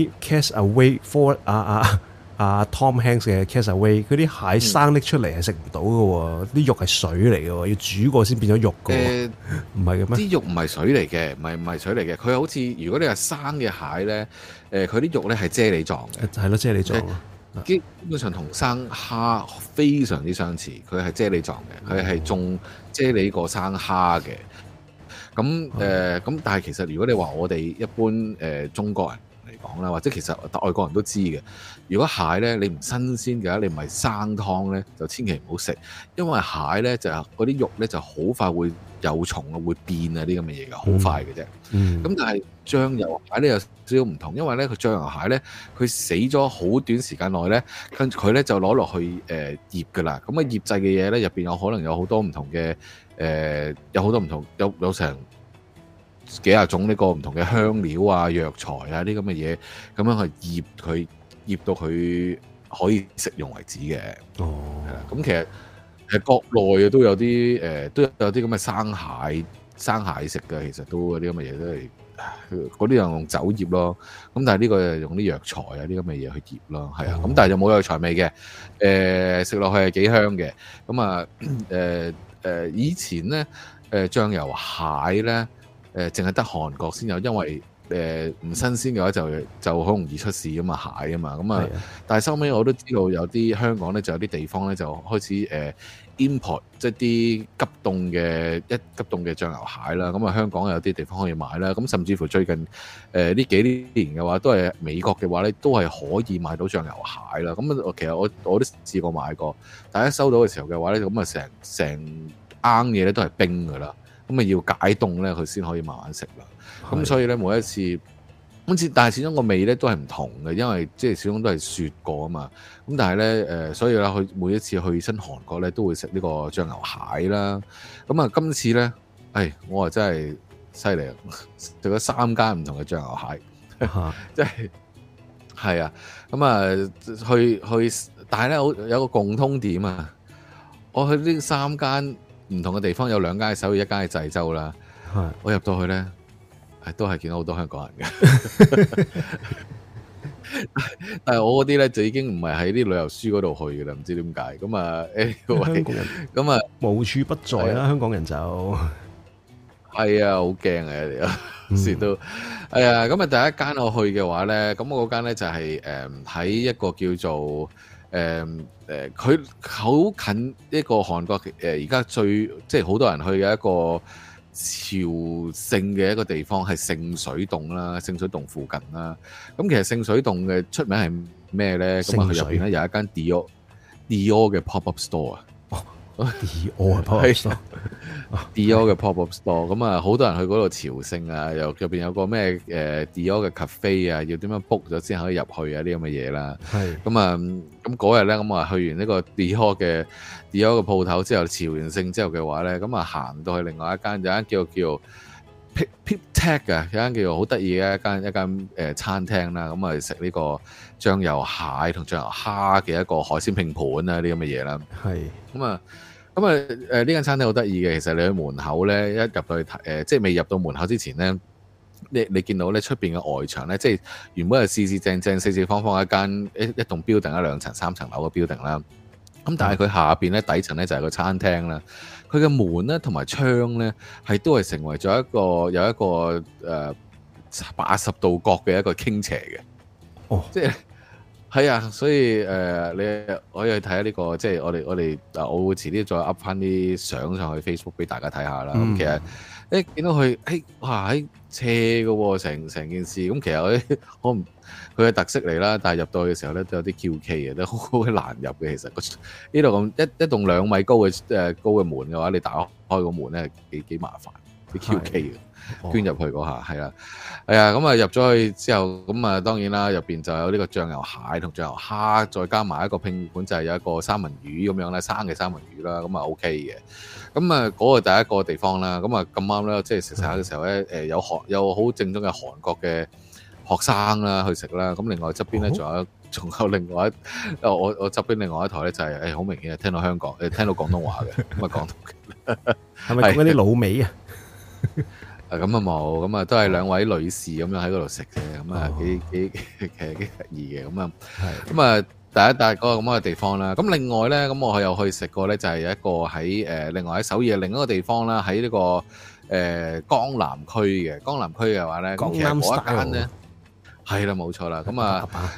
《Cast Away》for 啊啊！阿 Tom Hanks 嘅 Cast Away 嗰啲蟹生拎出嚟係食唔到嘅喎，啲、嗯、肉係水嚟嘅喎，要煮過先變咗肉嘅。唔係嘅咩？啲肉唔係水嚟嘅，唔係唔係水嚟嘅。佢好似如果你係生嘅蟹咧，誒，佢啲肉咧係啫喱狀嘅，係咯，啫喱狀。基本上同生蝦非常之相似，佢係啫喱狀嘅，佢係仲啫喱過生蝦嘅。咁誒，咁、嗯呃、但係其實如果你話我哋一般誒、呃、中國人嚟講啦，或者其實外國人都知嘅。如果蟹咧你唔新鮮嘅話，你唔係生湯咧，就千祈唔好食，因為蟹咧就嗰啲肉咧就好快會有蟲啊，會變啊啲咁嘅嘢嘅，好快嘅啫。咁、嗯、但係醬油蟹呢，有少少唔同，因為咧佢醬油蟹咧佢死咗好短時間內咧，跟住佢咧就攞落去誒醃嘅啦。咁啊醃製嘅嘢咧入面有可能有好多唔同嘅、呃、有好多唔同有有成幾廿種呢個唔同嘅香料啊、藥材啊啲咁嘅嘢，咁樣去醃佢。醃到佢可以食用為止嘅，哦、oh. 嗯，係啦。咁其實誒國內啊都有啲誒、呃、都有啲咁嘅生蟹生蟹食嘅，其實都有啲咁嘅嘢都係嗰啲用酒醃咯。咁但係呢個係用啲藥材啊啲咁嘅嘢去醃咯，係啊。咁但係就冇藥材味嘅，誒食落去係幾香嘅。咁啊誒誒以前咧誒、呃、醬油蟹咧誒淨係得韓國先有，因為，誒、呃、唔新鮮嘅話就就好容易出事噶嘛，蟹啊嘛，咁啊，但係收尾我都知道有啲香港咧，就有啲地方咧就開始誒、呃、import 即係啲急凍嘅一急凍嘅醬油蟹啦，咁啊香港有啲地方可以買啦，咁甚至乎最近誒呢、呃、幾年嘅話都係美國嘅話咧，都係可以買到醬油蟹啦，咁啊其實我我都試過買過，但係一收到嘅時候嘅話咧，咁啊成成啱嘢咧都係冰噶啦，咁啊要解凍咧佢先可以慢慢食啦。咁所以咧，每一次，咁次但係始終個味咧都係唔同嘅，因為即係始終都係雪過啊嘛。咁但係咧，誒、呃，所以咧，佢每一次去新韓國咧都會食呢個醬油蟹啦。咁、嗯、啊，今次咧，誒、哎，我啊真係犀利，食咗三間唔同嘅醬油蟹，即係係啊。咁 <laughs> 啊，嗯、去去，但係咧我有一個共通點啊。我去呢三間唔同嘅地方，有兩間喺首爾，一間喺濟州啦。我入到去咧。誒，都係見到好多香港人嘅，但係我嗰啲咧就已經唔係喺啲旅遊書嗰度去㗎啦，唔知點解。咁啊，香港人，咁啊無處不在啦，香港人就係啊，好驚啊！有時都係啊。咁啊，第一間我去嘅話咧，咁我嗰間咧就係誒喺一個叫做誒誒，佢好近一個韓國誒，而家最即係好多人去嘅一個。朝聖嘅一個地方係聖水洞啦，聖水洞附近啦。咁其實聖水洞嘅出名係咩咧？咁啊入邊咧有一間 Dior Dior 嘅 pop up store 啊，Dior 嘅 pop up store。哦、 <laughs> Dior 嘅 pop, <laughs> pop up store。咁、哦、啊，好多人去嗰度朝聖啊，又入邊有個咩誒 Dior 嘅 cafe 啊，要點樣 book 咗先可以入去啊？啲咁嘅嘢啦。係。咁啊，咁嗰日咧，咁啊去完呢個 Dior 嘅。而有個鋪頭之後，朝源勝之後嘅話咧，咁啊行到去另外一間有一間叫叫 Peep Peep Tech 嘅一間叫做好得意嘅一間一間誒、呃、餐廳啦，咁啊食呢個醬油蟹同醬油蝦嘅一個海鮮拼盤啊，呢啲咁嘅嘢啦。係咁啊，咁啊誒呢間餐廳好得意嘅，其實你去門口咧一入到去睇、呃、即係未入到門口之前咧，你你見到咧出邊嘅外牆咧，即係原本係四四正正、四四方方一間一一棟 building 一兩層、三層樓嘅 building 啦。咁但係佢下面咧底層咧就係個餐廳啦，佢嘅門咧同埋窗咧係都係成為咗一個有一個誒八十度角嘅一個傾斜嘅，哦即，即係係啊，所以誒，你可以去睇下呢個，即係我哋我哋，我會遲啲再 up 返啲相上去 Facebook 俾大家睇下啦。咁、嗯、其實誒見到佢誒哇喺斜嘅喎，成成件事咁，其實我我唔～佢嘅特色嚟啦，但係入到去嘅時候咧，都有啲 QK 嘅，都好難入嘅。其實呢度咁一一棟兩米高嘅、呃、高嘅門嘅話，你打開個門咧，幾幾麻煩，啲 QK 嘅，捐入、哦、去嗰下係啦，係啊，咁啊入咗去之後，咁啊當然啦，入面就有呢個醬油蟹同醬油蝦，再加埋一個拼盤就係、是、有一個三文魚咁樣咧，生嘅三文魚啦，咁啊 OK 嘅，咁啊嗰個第一個地方啦，咁啊咁啱咧，即係食食下嘅時候咧，呃、有韓有好正宗嘅韓國嘅。學生啦去食啦，咁另外側邊咧，仲有仲有另外一，我我側邊另外一台咧就係誒，好明顯係聽到香港，誒聽到廣東話嘅，咁啊廣東嘅啦，係咪講緊啲老味啊？啊咁啊冇，咁啊都係兩位女士咁樣喺嗰度食嘅，咁啊幾幾其實幾得意嘅，咁啊係，咁啊第一笪嗰個咁嘅地方啦。咁另外咧，咁我係又去食過咧，就係有一個喺，誒另外喺首爾另一個地方啦，喺呢個誒江南區嘅江南區嘅話咧，其實嗰一間咧。係啦，冇錯啦。咁、嗯、啊、嗯嗯嗯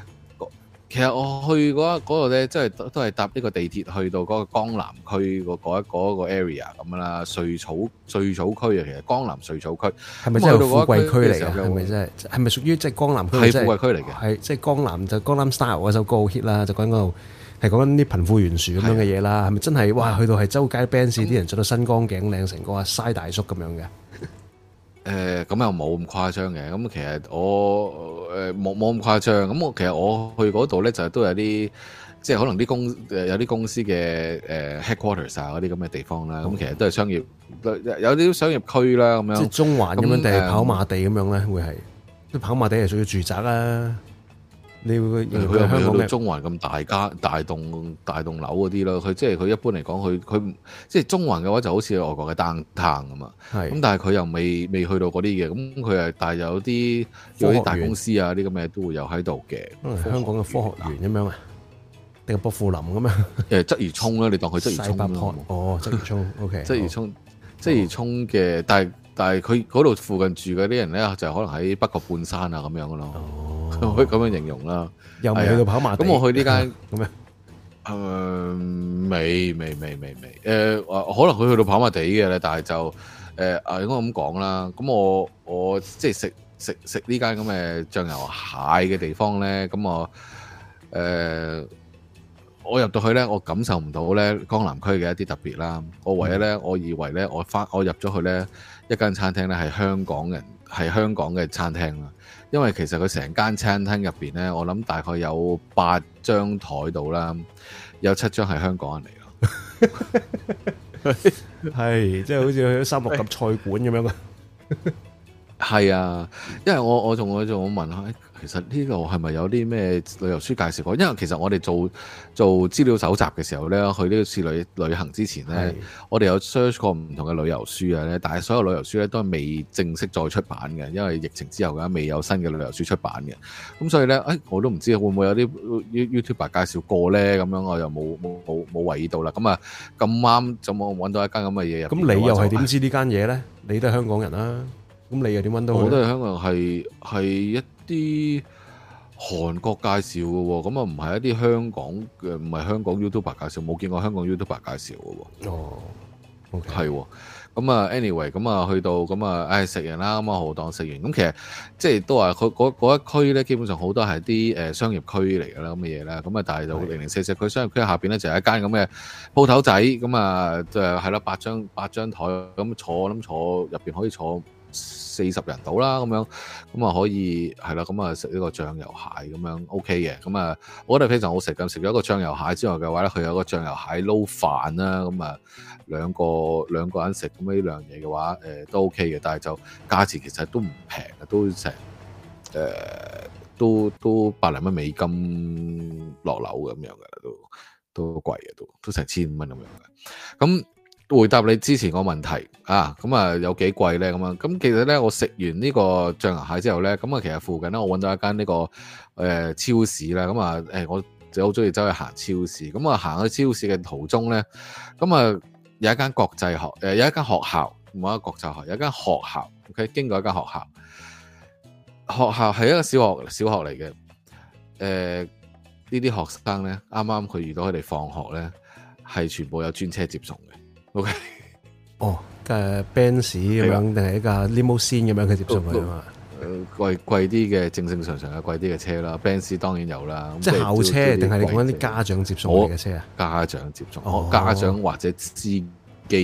嗯，其實我去嗰度咧，即係都係搭呢個地鐵去到嗰個江南區、那個嗰一、那個、area 咁啦。瑞草瑞草區啊，其實江南瑞草區係咪真係富貴區嚟？係咪真係？係咪屬於即係江南區？係富貴區嚟嘅。係即係江南就江南 style 嗰首歌好 hit 啦，就講緊嗰度係講緊啲貧富懸殊咁樣嘅嘢啦。係咪真係？哇！去到係周街 band 啲、嗯、人做到新光頸領成個晒大叔咁樣嘅。誒、呃、咁又冇咁誇張嘅，咁其實我誒冇冇咁誇張，咁我其實我去嗰度咧就都有啲，即係可能啲公誒有啲公司嘅誒、呃、Headquarters 啊嗰啲咁嘅地方啦，咁、嗯、其實都係商業，有啲商業區啦咁樣。即係中環咁樣定係跑馬地咁樣咧，會、呃、係，即跑馬地係屬於住宅啦、啊。你佢佢又冇佢中環咁大家大棟大棟樓嗰啲咯，佢即係佢一般嚟講，佢佢即係中環嘅話就好似外國嘅蛋騰咁啊，咁但係佢又未未去到嗰啲嘅，咁佢係但係有啲有啲大公司啊啲咁嘅都會有喺度嘅，香港嘅科學園咁樣啊，定係薄扶林咁啊？誒，鰂魚涌啦，你當佢鰂魚涌 <laughs> 哦，鰂魚涌，OK， <laughs> 鰂魚涌，鰂魚涌嘅，但係。但係佢嗰度附近住嗰啲人咧，就可能喺北角半山啊咁樣嘅咯。哦，可以咁樣形容啦。又冇去到跑馬地？咁、啊、我去呢間咁樣？誒、 <laughs> 呃，未未未未未誒，可能佢去到跑馬地嘅咧，但係就誒、呃、應該咁講啦。咁我我即係食食食呢間咁嘅醬油蟹嘅地方咧，咁我誒、呃、我入到去咧，我感受唔到咧江南區嘅一啲特別啦。我唯一咧、嗯，我以為咧，我翻我入咗去咧。一間餐廳咧係香港人，係香港嘅餐廳啦。因為其實佢成間餐廳入邊咧，我諗大概有八張台度啦，有七張係香港人嚟咯。係， <laughs> <laughs> <laughs> 即係好似去咗三六級菜館咁樣嘅。係 <laughs> 啊，因為我我仲我仲問下。其實呢度係咪有啲咩旅遊書介紹過？因為其實我哋做做資料搜集嘅時候呢，去呢個次旅旅行之前呢，我哋有 search 過唔同嘅旅遊書啊，但係所有旅遊書呢都係未正式再出版嘅，因為疫情之後㗎，未有新嘅旅遊書出版嘅。咁所以咧、哎，我都唔知會唔會有啲 YouTuber 介紹過呢。咁樣我又冇冇冇冇為意到啦。咁啊咁啱，就冇揾到一間咁嘅嘢？咁你又係點知呢間嘢呢？你都係香港人啦、啊。咁你又點揾到？我都係香港人，係係一啲韓國介紹嘅喎。咁啊，唔係一啲香港嘅，唔係香港 YouTuber 介紹，冇見過香港 YouTuber 介紹嘅喎。哦，OK，係喎。咁啊，anyway，咁啊，去到咁啊，唉、哎，食完啦，咁啊，好當食完。咁其實即係都話佢嗰一區咧，基本上好多係啲誒商業區嚟嘅啦，咁嘅嘢啦。咁啊，但係就零零四四。佢商業區下邊咧就係一間咁嘅鋪頭仔。咁啊，就係啦，八張八張台咁坐，咁坐入邊可以坐。四十人到啦，咁樣咁啊可以係啦，咁啊食呢個醬油蟹咁樣 OK 嘅，咁啊我覺得非常好食，咁食咗一個醬油蟹之外嘅話咧，佢有個醬油蟹撈飯啦，咁啊兩個兩個人食咁呢樣嘢嘅話，誒、呃、都 OK 嘅，但係就價錢其實都唔平，都成誒、呃、都都百零蚊美金落樓咁樣嘅，都都貴嘅，都都，都成千五蚊咁樣嘅，咁。回答你之前個問題啊，咁啊有幾貴咧？咁啊咁其實咧，我食完呢個醬油蟹之後咧，咁啊其實附近咧，我揾到一間呢個誒超市啦。咁啊誒，我就好中意走去行超市。咁啊行去超市嘅途中咧，咁啊有一間國際學誒、呃、有一間學校，唔係一個國際學，有一間學校。佢經過一間學校，學校係一個小學，小學嚟嘅。誒呢啲學生咧，啱啱佢遇到佢哋放學咧，係全部有專車接送嘅。O、okay. K，哦，架 Benz 咁樣，定係一架 Limousine 咁樣去接送佢啊嘛？誒，貴貴啲嘅正正常常嘅貴啲嘅車啦，Benz 當然有啦。即係校車定係你講啲家長接送嘅車啊？家長接送，哦，家長或者司機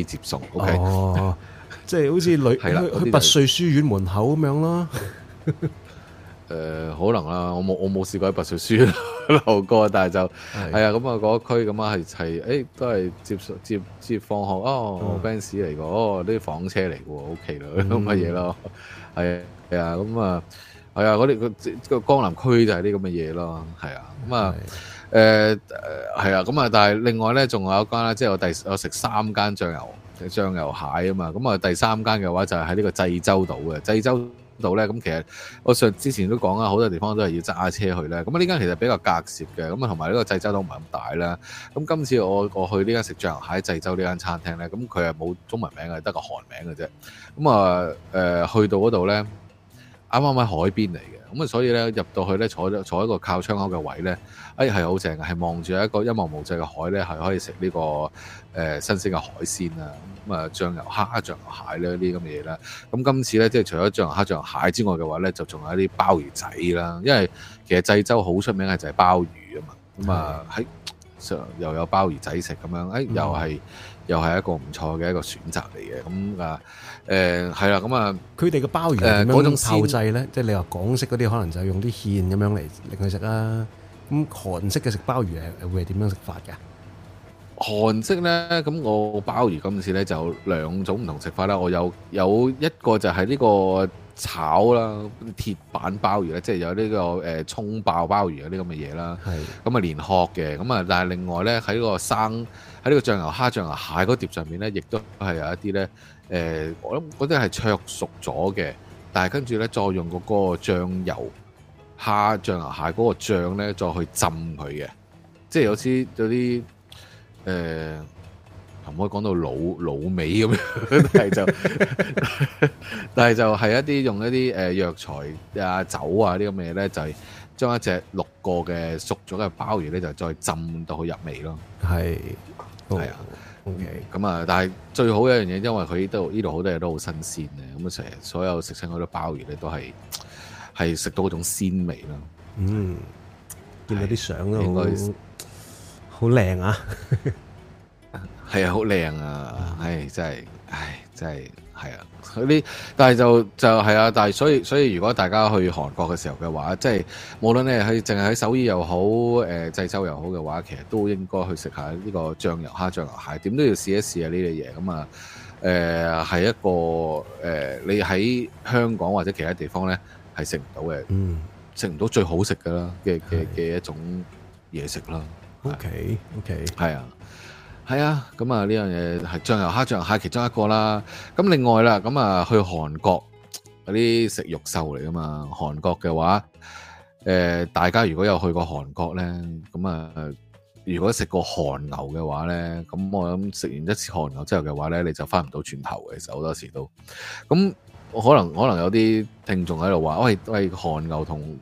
接送，O K，即係好似女去去拔萃書院門口咁樣咯。 <laughs> 誒、呃、可能啦，我冇我冇試過喺白水書流過，但係就係啊咁啊嗰區咁啊係係誒都係接接接放學哦，Benz 嚟個哦啲房車嚟個 O K 啦咁嘅嘢咯，係係啊咁啊係啊嗰啲個江南區就係啲咁嘅嘢咯，係啊咁啊誒係啊咁啊但係另外咧仲有一間啦，即係我第我食三間醬油醬油蟹啊嘛，咁啊第三間嘅話就係喺呢個濟州島嘅濟州。度咧，咁其實我上之前都講啦，好多地方都係要揸車去咧。咁啊，呢間其實比較隔涉嘅，咁啊，同埋呢個濟州島唔係咁大啦。咁今次我我去呢間食醬油蟹濟州呢間餐廳咧，咁佢係冇中文名嘅，得個韓名嘅啫。咁啊，誒，去到嗰度咧，啱啱喺海邊嚟嘅。咁啊，所以咧入到去咧坐咗坐一個靠窗口嘅位咧，哎係好正嘅，係望住一個一望無際嘅海咧，係可以食呢、這個誒、呃、新鮮嘅海鮮啊，咁、嗯、啊醬油蝦、醬油蟹咧呢啲咁嘅嘢啦。咁、嗯、今次咧即係除咗醬油蝦、醬油蟹之外嘅話咧，就仲有一啲鮑魚仔啦。因為其實濟州好出名嘅就係鮑魚啊嘛，咁啊喺上又有鮑魚仔食咁樣，哎又係。嗯又係一個唔錯嘅一個選擇嚟嘅，咁啊，誒係啦，咁啊，佢哋嘅鮑魚點樣炮製咧？即係你話港式嗰啲，可能就用啲芡咁樣嚟令佢食啦。咁韓式嘅食鮑魚係會係點樣食法嘅？韓式咧，咁我鮑魚今次咧就有兩種唔同食法啦。我有有一個就係呢個炒啦，鐵板鮑魚咧，即係有呢個誒葱爆鮑魚啊啲咁嘅嘢啦。係。咁啊連殼嘅，咁啊但係另外咧喺個生。喺呢個醬油蝦、醬油蟹嗰碟上面咧，亦都係有一啲咧，誒、呃，我諗嗰啲係灼熟咗嘅，但係跟住咧，再用個嗰個醬油蝦、醬油蟹嗰個醬咧，再去浸佢嘅，即係有啲有啲，誒、呃，唔可以講到老老味咁樣，但係就， <laughs> <laughs> 但係就係一啲用一啲誒藥材啊酒啊啲咁嘅嘢咧，就係、是、將一隻六個嘅熟咗嘅鮑魚咧，就再浸到佢入味咯，係。係，oh，啊，OK，咁啊，嗯、但係最好的一樣嘢，因為佢依度依度好多嘢都好新鮮嘅，咁啊成日所有食親嗰啲鮑魚咧都係係食到嗰種鮮味咯。嗯，見到啲相都好，好靚啊！係 <laughs> 啊，好靚啊是是！唉，真係，唉，真係。係啊，呢但係就就係、是、啊，但係所以所以如果大家去韓國嘅時候嘅話，即、就、係、是、無論你喺淨係喺首爾又好，誒、呃、濟州又好嘅話，其實都應該去食下呢個醬油蝦、醬油蟹，點都要試一試啊呢嘅嘢，咁啊誒係一個誒、呃、你喺香港或者其他地方咧係食唔到嘅，嗯，食唔到最好食嘅啦嘅嘅嘅一種嘢食啦。啊、OK OK，係啊。係啊，咁啊呢樣嘢係醬油蝦、醬油蟹其中一個啦。咁另外啦，咁啊去韓國嗰啲食肉獸嚟噶嘛？韓國嘅話，誒、呃、大家如果有去過韓國呢，咁啊如果食過韓牛嘅話呢，咁我諗食完一次韓牛之後嘅話呢，你就翻唔到轉頭嘅。其實好多時都，咁可能可能有啲聽眾喺度話，喂喂韓牛同。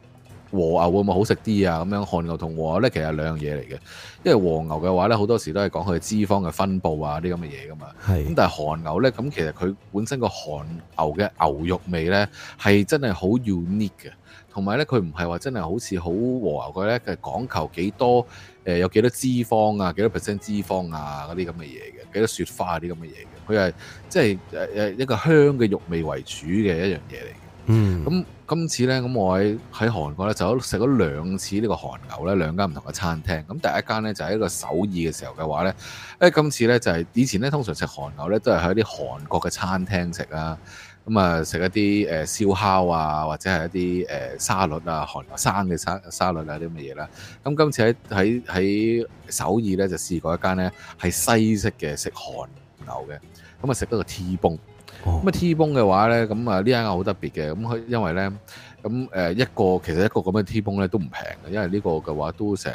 和牛會唔會好食啲啊？咁樣韓牛同和，和牛咧，其實兩樣嘢嚟嘅。因為和牛嘅話咧，好多時都係講佢脂肪嘅分布啊，啲咁嘅嘢噶嘛。係。咁但係韓牛咧，咁其實佢本身個韓牛嘅牛肉味咧，係真係好 unique 嘅。同埋咧，佢唔係話真係好似好和牛佢咧，佢係講求幾多誒、呃、有幾多脂肪啊，幾多 percent 脂肪啊嗰啲咁嘅嘢嘅，幾多雪花啲咁嘅嘢嘅。佢係即係誒誒一個香嘅肉味為主嘅一樣嘢嚟嘅。嗯。咁、嗯。今次呢，咁我喺喺韓國咧就食咗兩次呢個韓牛，呢兩間唔同嘅餐廳。咁第一間呢，就係一個首爾嘅時候嘅話呢。誒今次呢、就是，就係以前呢，通常食韓牛呢，都係喺啲韓國嘅餐廳食啊。咁啊食一啲誒、呃、燒烤啊，或者係一啲誒、呃、沙律啊，韓牛生嘅沙沙律啊啲乜嘢啦。咁、啊、今次喺喺喺首爾呢，就試過一間呢，係西式嘅食韓牛嘅，咁啊食咗個 T 咁、哦、啊，T-bone 嘅話咧，咁啊呢間啊好特別嘅，咁佢因為咧，咁誒一個其實一個咁嘅 T-bone 咧都唔平嘅，因為呢個嘅話都成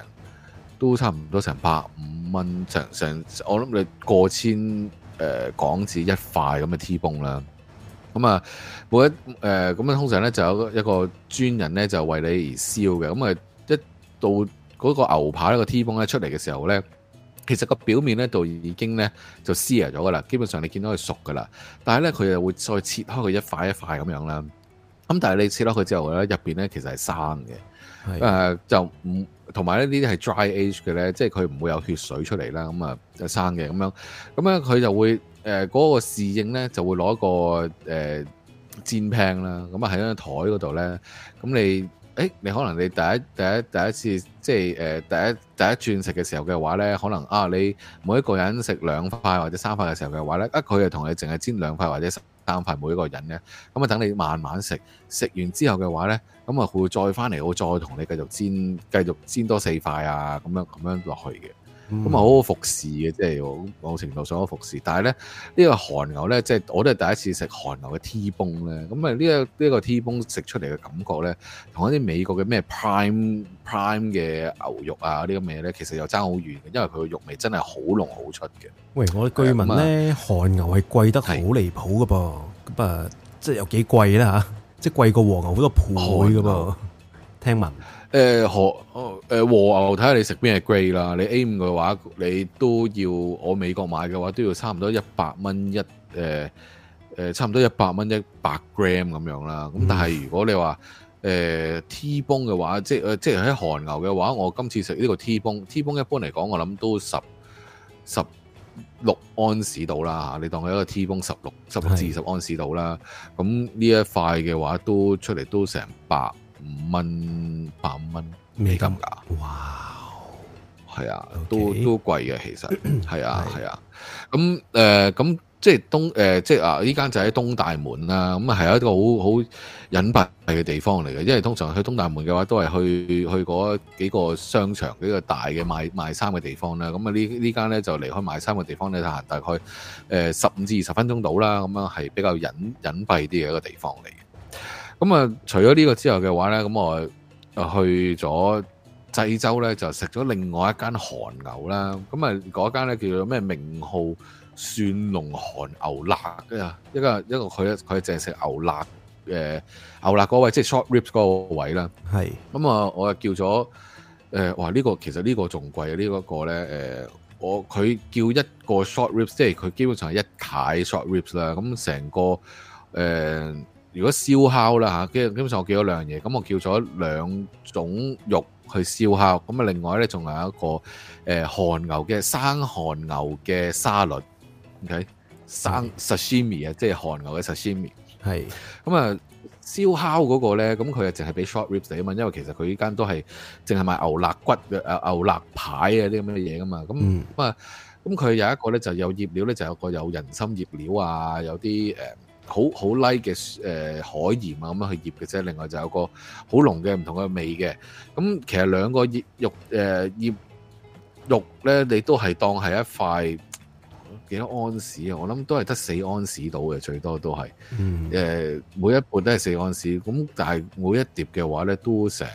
都差唔多成百五蚊，成成我諗你過千誒、呃、港紙一塊咁嘅 T-bone 啦。咁啊，每一誒咁樣通常咧就有一個專人咧就為你而燒嘅，咁啊一到嗰個牛扒呢個 T-bone 咧出嚟嘅時候咧。其實個表面咧就已經咧就 sear 咗噶啦，基本上你見到佢熟噶啦，但係咧佢又會再切開佢一塊一塊咁樣啦。咁但係你切開佢之後咧，入邊咧其實係生嘅，誒、呃、就唔同埋呢啲係 dry aged 嘅咧，即係佢唔會有血水出嚟啦。咁啊就生嘅咁樣，咁咧佢就會誒嗰、呃那個侍應咧就會攞一個誒、呃、煎 pan 啦，咁啊喺張台嗰度咧，咁你。誒，你可能你第一第一第一次即係、呃、第一第一轉食嘅時候嘅話呢，可能啊你每一個人食兩塊或者三塊嘅時候嘅話呢，啊佢啊同你淨係煎兩塊或者三塊每一個人呢，咁啊等你慢慢食，食完之後嘅話呢，咁啊會再翻嚟我再同你繼續煎繼續煎多四塊啊，咁樣咁樣落去嘅。咁啊好好服侍嘅，即係某程度上好服侍。但係咧呢、這個韓牛咧，即係我都係第一次食韓牛嘅 T-bone 咧。咁啊呢一呢一個 T-bone 食出嚟嘅感覺咧，同一啲美國嘅咩 Prime Prime 嘅牛肉啊，呢啲咁嘢咧，其實又爭好遠嘅，因為佢嘅肉味真係好濃好出嘅。喂，我據聞咧、嗯，韓牛係貴得好離譜嘅噃，咁啊即係有幾貴啦吓，即係貴、啊、貴過和牛好多倍嘅噃，聽聞。誒和誒和牛，睇下你食邊隻 grade 啦。你 A 五嘅話，你都要我美國買嘅話，都要差唔多元一百蚊一誒誒，差唔多一百蚊一百 gram 咁樣啦。咁但係如果你話誒、呃、T 崩嘅話，即誒即係喺韓牛嘅話，我今次食呢個 T-bone，T-bone 一般嚟講，我諗都十十六安士到啦嚇。你當佢一個 T-bone 十六十六至十安士到啦。咁呢一塊嘅話都出嚟都成百五蚊八五蚊美金㗎，哇！係啊，Okay. 都都貴嘅，其實係啊係啊。咁誒，咁即係東誒，即係、呃、啊，呢間、啊、就喺東大門啦。咁啊，係一個好好隱蔽嘅地方嚟嘅。因為通常去東大門嘅話，都係去去嗰幾個商場，幾個大嘅賣賣衫嘅地方啦。咁啊，這呢呢間咧就離開賣衫嘅地方咧，行大概誒十五至二十分鐘到啦。咁樣係比較隱隱蔽啲嘅一個地方嚟嘅。咁、嗯、啊，除咗呢個之後嘅話咧，咁、嗯、我去咗濟州咧，就食咗另外一間韓牛啦。咁啊，嗰間咧叫做咩名號蒜蓉韓牛肋啊，一個一個佢咧佢凈係食牛肋誒、呃、牛肋嗰位，即係 short ribs 嗰個位啦。係咁啊，我啊叫咗誒、呃，哇！呢、這個其實呢個仲貴啊，呢、這個個咧誒、呃，我佢叫一個 short ribs，即係佢基本上係一攤 short ribs 啦、嗯。咁成個誒。呃如果燒烤啦嚇，基基本上我叫咗兩樣嘢，咁我叫咗兩種肉去燒烤，咁啊另外咧仲有一個誒韓牛嘅生韓牛嘅沙律，OK，生 sashimi 啊，即係韓牛嘅 sashimi，係咁啊燒烤嗰個咧，咁佢啊淨係俾 short ribs 啊嘛，因為其實佢依間都係淨係賣牛肋骨嘅啊牛肋排啊啲咁嘅嘢噶嘛。咁咁啊咁佢有一個咧就有醃料咧就有個有人參醃料啊，有啲誒。好好 like 嘅誒海鹽啊，咁樣去醃嘅啫。另外就有個好濃嘅唔同嘅味嘅。咁其實兩個醃肉誒醃肉咧，你都係當係一塊幾多安士啊？我諗都係得四安士到嘅，最多都係、嗯呃。每一半都係四安士。咁但係每一碟嘅話咧，都成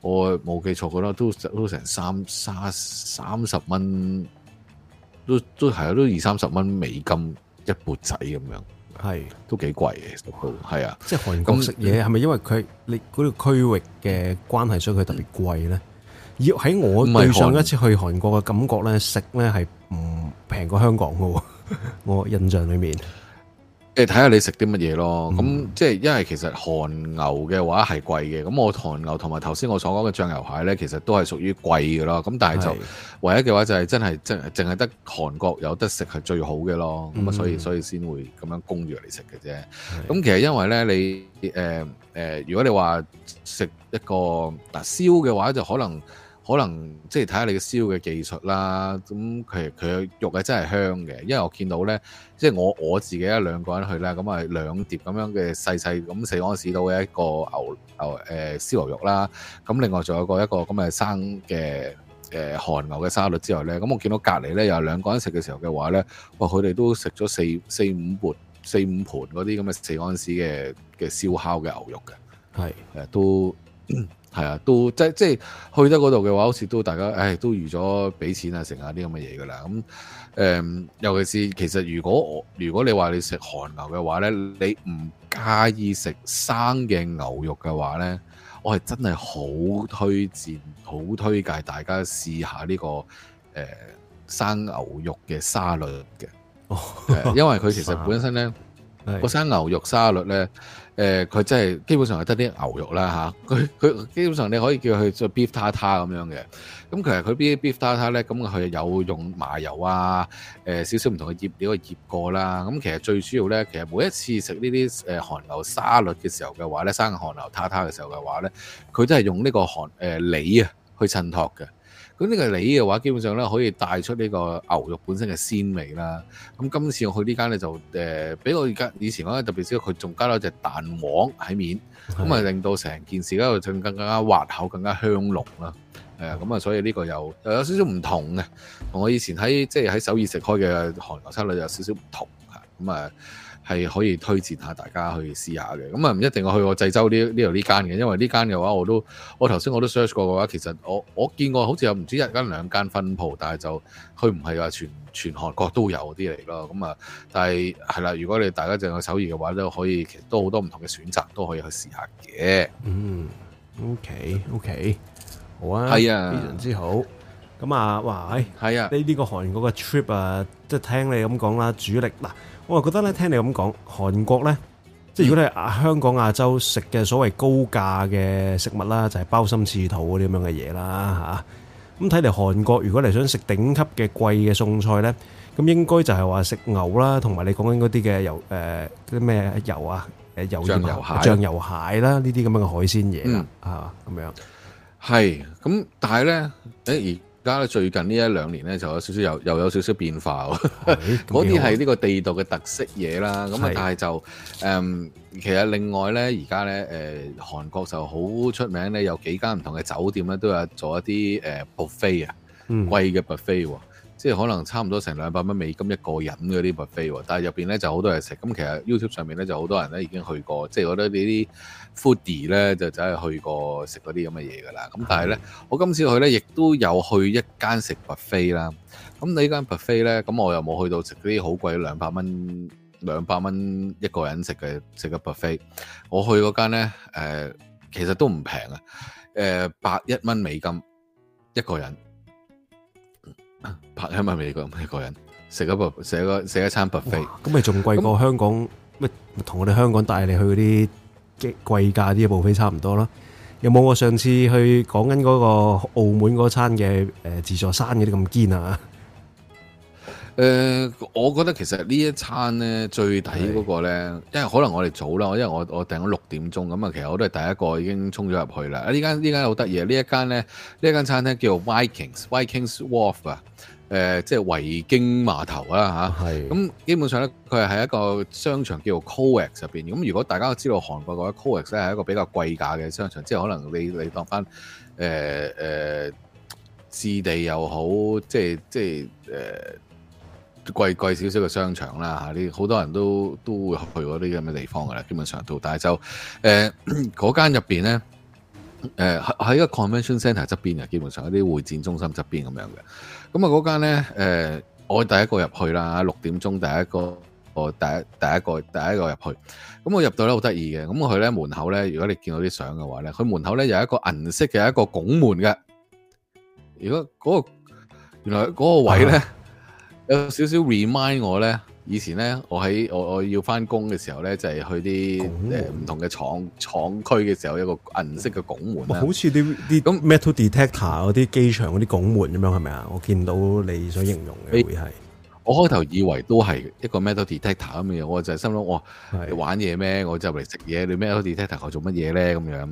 我冇記錯嘅啦，都都成三三三十蚊，都都係都二三十蚊美金一盤仔咁樣。係，是都幾貴嘅，其實都係啊！即係韓國食嘢係咪因為佢、嗯、你嗰、嗰個區域嘅關係，所以佢特別貴咧？要喺我對上一次去韓國嘅感覺咧，食咧係唔平過香港嘅喎， <laughs> 我印象裏面。睇下你食啲乜嘢咯，咁即係，因為其實韓牛嘅話係貴嘅，咁我韓牛同埋頭先我所講嘅醬油蟹呢，其實都係屬於貴嘅咯，咁但係就唯一嘅話就係真係，真係淨係得韓國有得食係最好嘅咯，咁、嗯、啊所以所以先會咁樣供住嚟食嘅啫。咁其實因為呢，你、呃呃、如果你話食一個嗱燒嘅話，就可能。可能即係睇下你嘅燒嘅技術啦，咁其實佢佢嘅肉係真係香嘅，因為我見到咧，即係我我自己一兩個人去咧，咁啊兩碟咁樣嘅細細咁四安士到嘅一個牛牛誒燒牛肉啦，咁另外仲有個一個咁嘅生嘅誒韓牛嘅沙律之外咧，咁我見到隔離咧有兩個人食嘅時候嘅話咧，哇佢哋都食咗四四五盤四五盤嗰啲咁嘅四安士嘅嘅燒烤嘅牛肉嘅，係誒都。係啊，都即即係去得嗰度嘅話，好似都大家，唉，都預咗俾錢啊，食下啲咁嘅嘢噶啦。咁誒、嗯，尤其是其實如果我如果你，你話你食韓牛嘅話呢，你唔介意食生嘅牛肉嘅話呢，我係真係好推薦、好推介大家試下呢、呢個、呃、生牛肉嘅沙律嘅、哦。因為佢其實本身呢個生牛肉沙律呢。誒、呃、佢真係基本上係得啲牛肉啦嚇，佢、啊、佢基本上你可以叫佢做 beef 塔塔咁樣嘅，咁、嗯、其實佢邊啲 beef 塔塔咧？咁、嗯、佢有用麻油啊，誒、呃、少少唔同嘅醃料去醃過啦。咁、嗯、其實最主要咧，其實每一次食呢啲誒韓牛沙律嘅時候嘅話咧，生嘅韓牛塔塔嘅時候嘅話咧，佢都係用呢個韓誒梨啊去襯托嘅。咁、這、呢個梨嘅話，基本上咧可以帶出呢個牛肉本身嘅鮮味啦。咁今次我去呢間咧就誒、呃，比我而家以前嗰間特別少，佢仲加咗隻蛋黃喺面，咁啊令到成件事咧就更加更加滑口、更加香濃啦。啊、呃，咁啊，所以呢個有又有少少唔同嘅，同我以前喺即係喺首爾食開嘅韓牛餐類有少少唔同咁啊～、嗯呃係可以推薦下大家去試下嘅，咁啊唔一定我去過濟州呢呢度呢間嘅，因為呢間嘅話我都我頭先我都 search 過嘅話，其實我我見過好似有唔止一間兩間分鋪，但係就佢唔係話全全韓國都有啲嚟咯，咁啊，但係係啦，如果你大家淨係去首爾嘅話，都可以其實都好多唔同嘅選擇，都可以去試下嘅。嗯，OK OK，好啊，係啊，非常之好。咁啊，哇，係啊，呢呢個韓國嘅 trip 啊，即係聽你咁講啦，主力嗱。我覺得咧，聽你咁講，韓國咧，即係如果你係亞香港亞洲食嘅所謂高價嘅食物啦，就係包心刺肚嗰啲咁樣嘅嘢啦，嚇。咁睇嚟韓國，如果你想食頂級嘅貴嘅餸菜咧，咁應該就係話食牛啦，同埋你講緊嗰啲嘅油誒，啲咩油啊，誒醬油蟹啊，醬油蟹啦，呢啲咁樣嘅海鮮嘢，嚇咁樣。係，咁但係咧，誒。而家咧，最近呢一兩年咧，就有少少，又又有少少變化喎，嗰啲係呢個地道嘅特色嘢啦。咁啊，但係就誒、嗯，其實另外咧，而家咧誒韓國就好出名咧，有幾間唔同嘅酒店咧都有做一啲誒、呃、buffet 啊、嗯，貴嘅 buffet 喎。即係可能差唔多成兩百蚊美金一個人嗰啲 buffet 喎，但係入邊咧就好多嘢食。咁其實 YouTube 上面咧就好多人咧已經去過，即係我覺得呢啲 foodie 咧就真係去過食嗰啲咁嘅嘢㗎啦。咁但係咧，我今次去咧亦都有去一間食 buffet 啦。咁呢間 buffet 咧，咁我又冇去到食啲好貴兩百蚊兩百蚊一個人食嘅食嘅 buffet。我去嗰間咧，誒、呃、其實都唔平啊，誒百一蚊美金一個人。拍香萬美金一個人食一個食一個食一餐 buffet 咁咪仲貴過香港，咪同我哋香港帶你去嗰啲貴價啲嘅 buffet 差唔多咯？有冇我上次去講緊嗰個澳門嗰餐嘅誒自助餐嗰啲咁堅啊？誒、呃，我覺得其實呢一餐咧最抵嗰個咧，因為可能我哋早啦，我因為我我訂咗六點鐘，咁啊其實我都係第一個已經衝咗入去啦、呃。啊呢間呢間好得意，呢一間咧呢一間餐廳叫做 Vikings，Vikings Wharf 啊，誒即係維京碼頭啦嚇。係。咁基本上咧，佢係喺一個商場叫做 COEX 入邊。咁、嗯、如果大家都知道韓國嗰個 COEX 咧係一個比較貴價嘅商場，即係可能你你當翻誒誒質地又好，即係即係誒。呃貴貴少少嘅商場啦，吓呢好多人都都會去嗰啲咁嘅地方噶啦，基本上都。到大洲誒嗰間入邊咧，誒喺喺一個 Convention Centre 側邊啊，基本上一啲會展中心側邊咁樣嘅。咁啊嗰間咧，誒、呃、我第一個入去啦，六點鐘第一個我第一第一個第一個入去。咁、嗯、我入到咧好得意嘅，咁我去咧門口咧，如果你見到啲相嘅話咧，佢門口咧有一個銀色嘅一個拱門嘅。如果嗰、嗰個原來嗰個位咧？啊有少少 remind 我咧，以前咧，我喺我我要翻工嘅時候咧，就係、是、去啲誒唔同嘅廠廠區嘅時候，有一個銀色嘅拱門，好似啲啲咁 metal detector 嗰啲機場嗰啲拱門咁樣，係咪啊？我見到你所形容嘅會係，我開頭以為都係一個 metal detector 咁嘅、哦，我就係心諗，哇，玩嘢咩？我就嚟食嘢，你 metal detector 我做乜嘢咧？咁樣，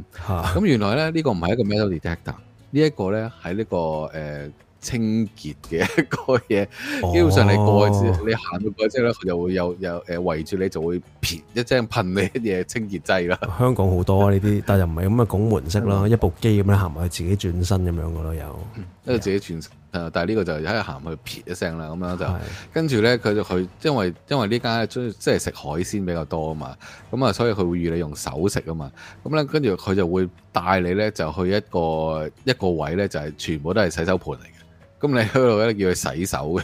咁 <laughs> 原來咧呢、呢個唔係一個 metal detector，呢個呢是一個咧喺呢個誒。呃清潔嘅一個嘢、哦，基本上你過之後，你行到過之後咧，就會有又誒圍住你，就會撇一聲噴你一嘢清潔劑啦。香港好多呢、啊、啲，這些 <laughs> 但又唔係咁嘅拱門式啦，一部機咁樣行埋去，自己轉身咁樣嘅咯。有，因為自己轉但係呢個就喺度行去撇一聲啦，咁樣就跟住咧，佢就去，因為因為呢間中即係食海鮮比較多啊嘛，咁啊，所以佢會預你用手食啊嘛，咁咧跟住佢就會帶你咧就去一個一個位咧，就係、是、全部都係洗手盤嚟。咁你喺度定要去洗手嘅，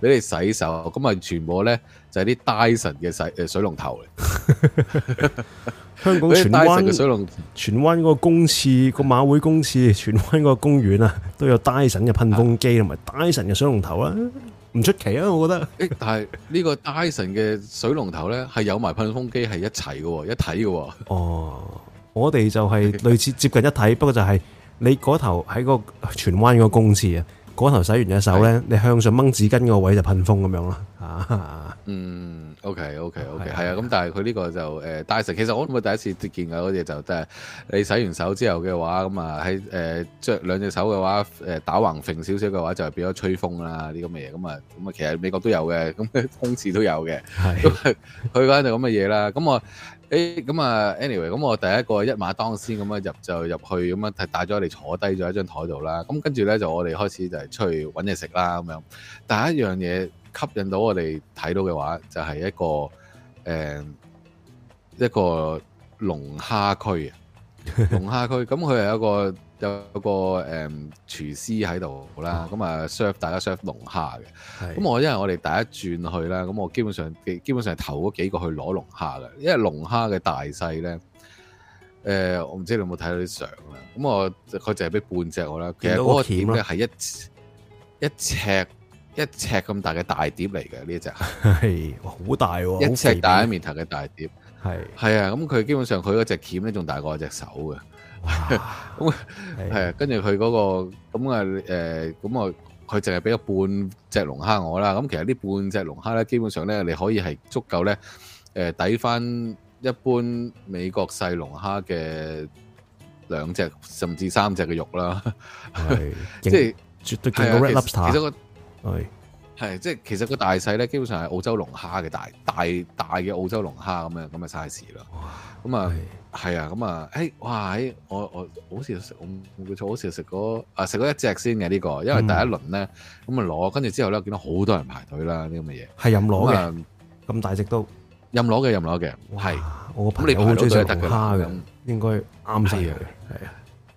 俾你洗手，咁啊全部咧就係啲戴森嘅洗誒水龍頭。 <laughs> 香港荃灣嘅水龍，荃灣個公廁、個馬會公廁、荃灣個公園啊，都有戴森嘅噴風機同埋戴森嘅水龍頭啦，唔出奇啊！我覺得。但係呢個戴森嘅水龍頭咧係有埋噴風機係一齊嘅，一體嘅。哦，我哋就係類似接近一體， <laughs> 不過就係、是。你嗰頭喺個荃灣嗰個公廁啊，嗰頭洗完隻手咧，你向上掹紙巾嗰個位就噴風咁樣咯。啊，嗯，OK，OK，OK，係啊。咁但係佢呢個就誒第一次，其實我都冇第一次見嘅嗰啲嘢，就真係你洗完手之後嘅話，咁啊喺誒著兩隻手嘅話，誒打橫揈少少嘅話，就係變咗吹風啦，啲咁嘅嘢。咁啊，咁啊，其實美國都有嘅，咁嘅公廁都有嘅，係，佢嗰陣就咁嘅嘢啦。咁啊。誒咁啊，anyway，咁我第一個一馬當先咁啊入就入去咁啊，樣帶咗我哋坐低咗喺張枱度啦。咁跟住咧就我哋開始就係出去搵嘢食啦咁樣。但一樣嘢吸引到我哋睇到嘅話，就係、是、一個誒、欸、一個龍蝦區啊，龍蝦區。咁佢係一個。有個誒、嗯、廚師喺度啦，咁啊 serve 大家 serve 龍蝦嘅，咁我因為我哋第一轉去啦，咁我基本上基本上係頭嗰幾個去攞龍蝦嘅，因為龍蝦嘅大細咧，誒、呃、我唔知你有冇睇到啲相啦，咁我佢淨係俾半隻我啦，其實嗰個碟咧係一一尺一尺咁大嘅大碟嚟嘅呢一隻，係好大喎，一尺大一面頭嘅大碟，係係啊，咁佢基本上佢嗰隻鉗咧仲大過隻手嘅。咁係啊，跟住佢嗰個咁啊，誒、嗯，咁、呃、啊，佢淨係俾個半隻龍蝦我啦。咁其實呢半隻龍蝦咧、 <laughs> 就是，基本上咧，你可以係足夠咧，誒，抵翻一般美國細龍蝦嘅兩隻甚至三隻嘅肉啦。係，即係絕對其實個係係即係其實個大細咧，基本上係澳洲龍蝦嘅大大大嘅澳洲龍蝦咁樣咁嘅 size 咯。咁、那、啊、個。係啊，咁啊，誒，哇，誒，我我好似食，我冇錯，好似食過，啊，食過一隻先嘅呢個，因為第一輪咧，咁啊攞，跟住、嗯、之後咧我見到好多人排隊啦，呢咁嘅嘢，係任攞嘅，咁、嗯、大隻都任攞嘅任攞嘅，係哇，咁是你好中意食蝦嘅，應該啱先嘅，係啊。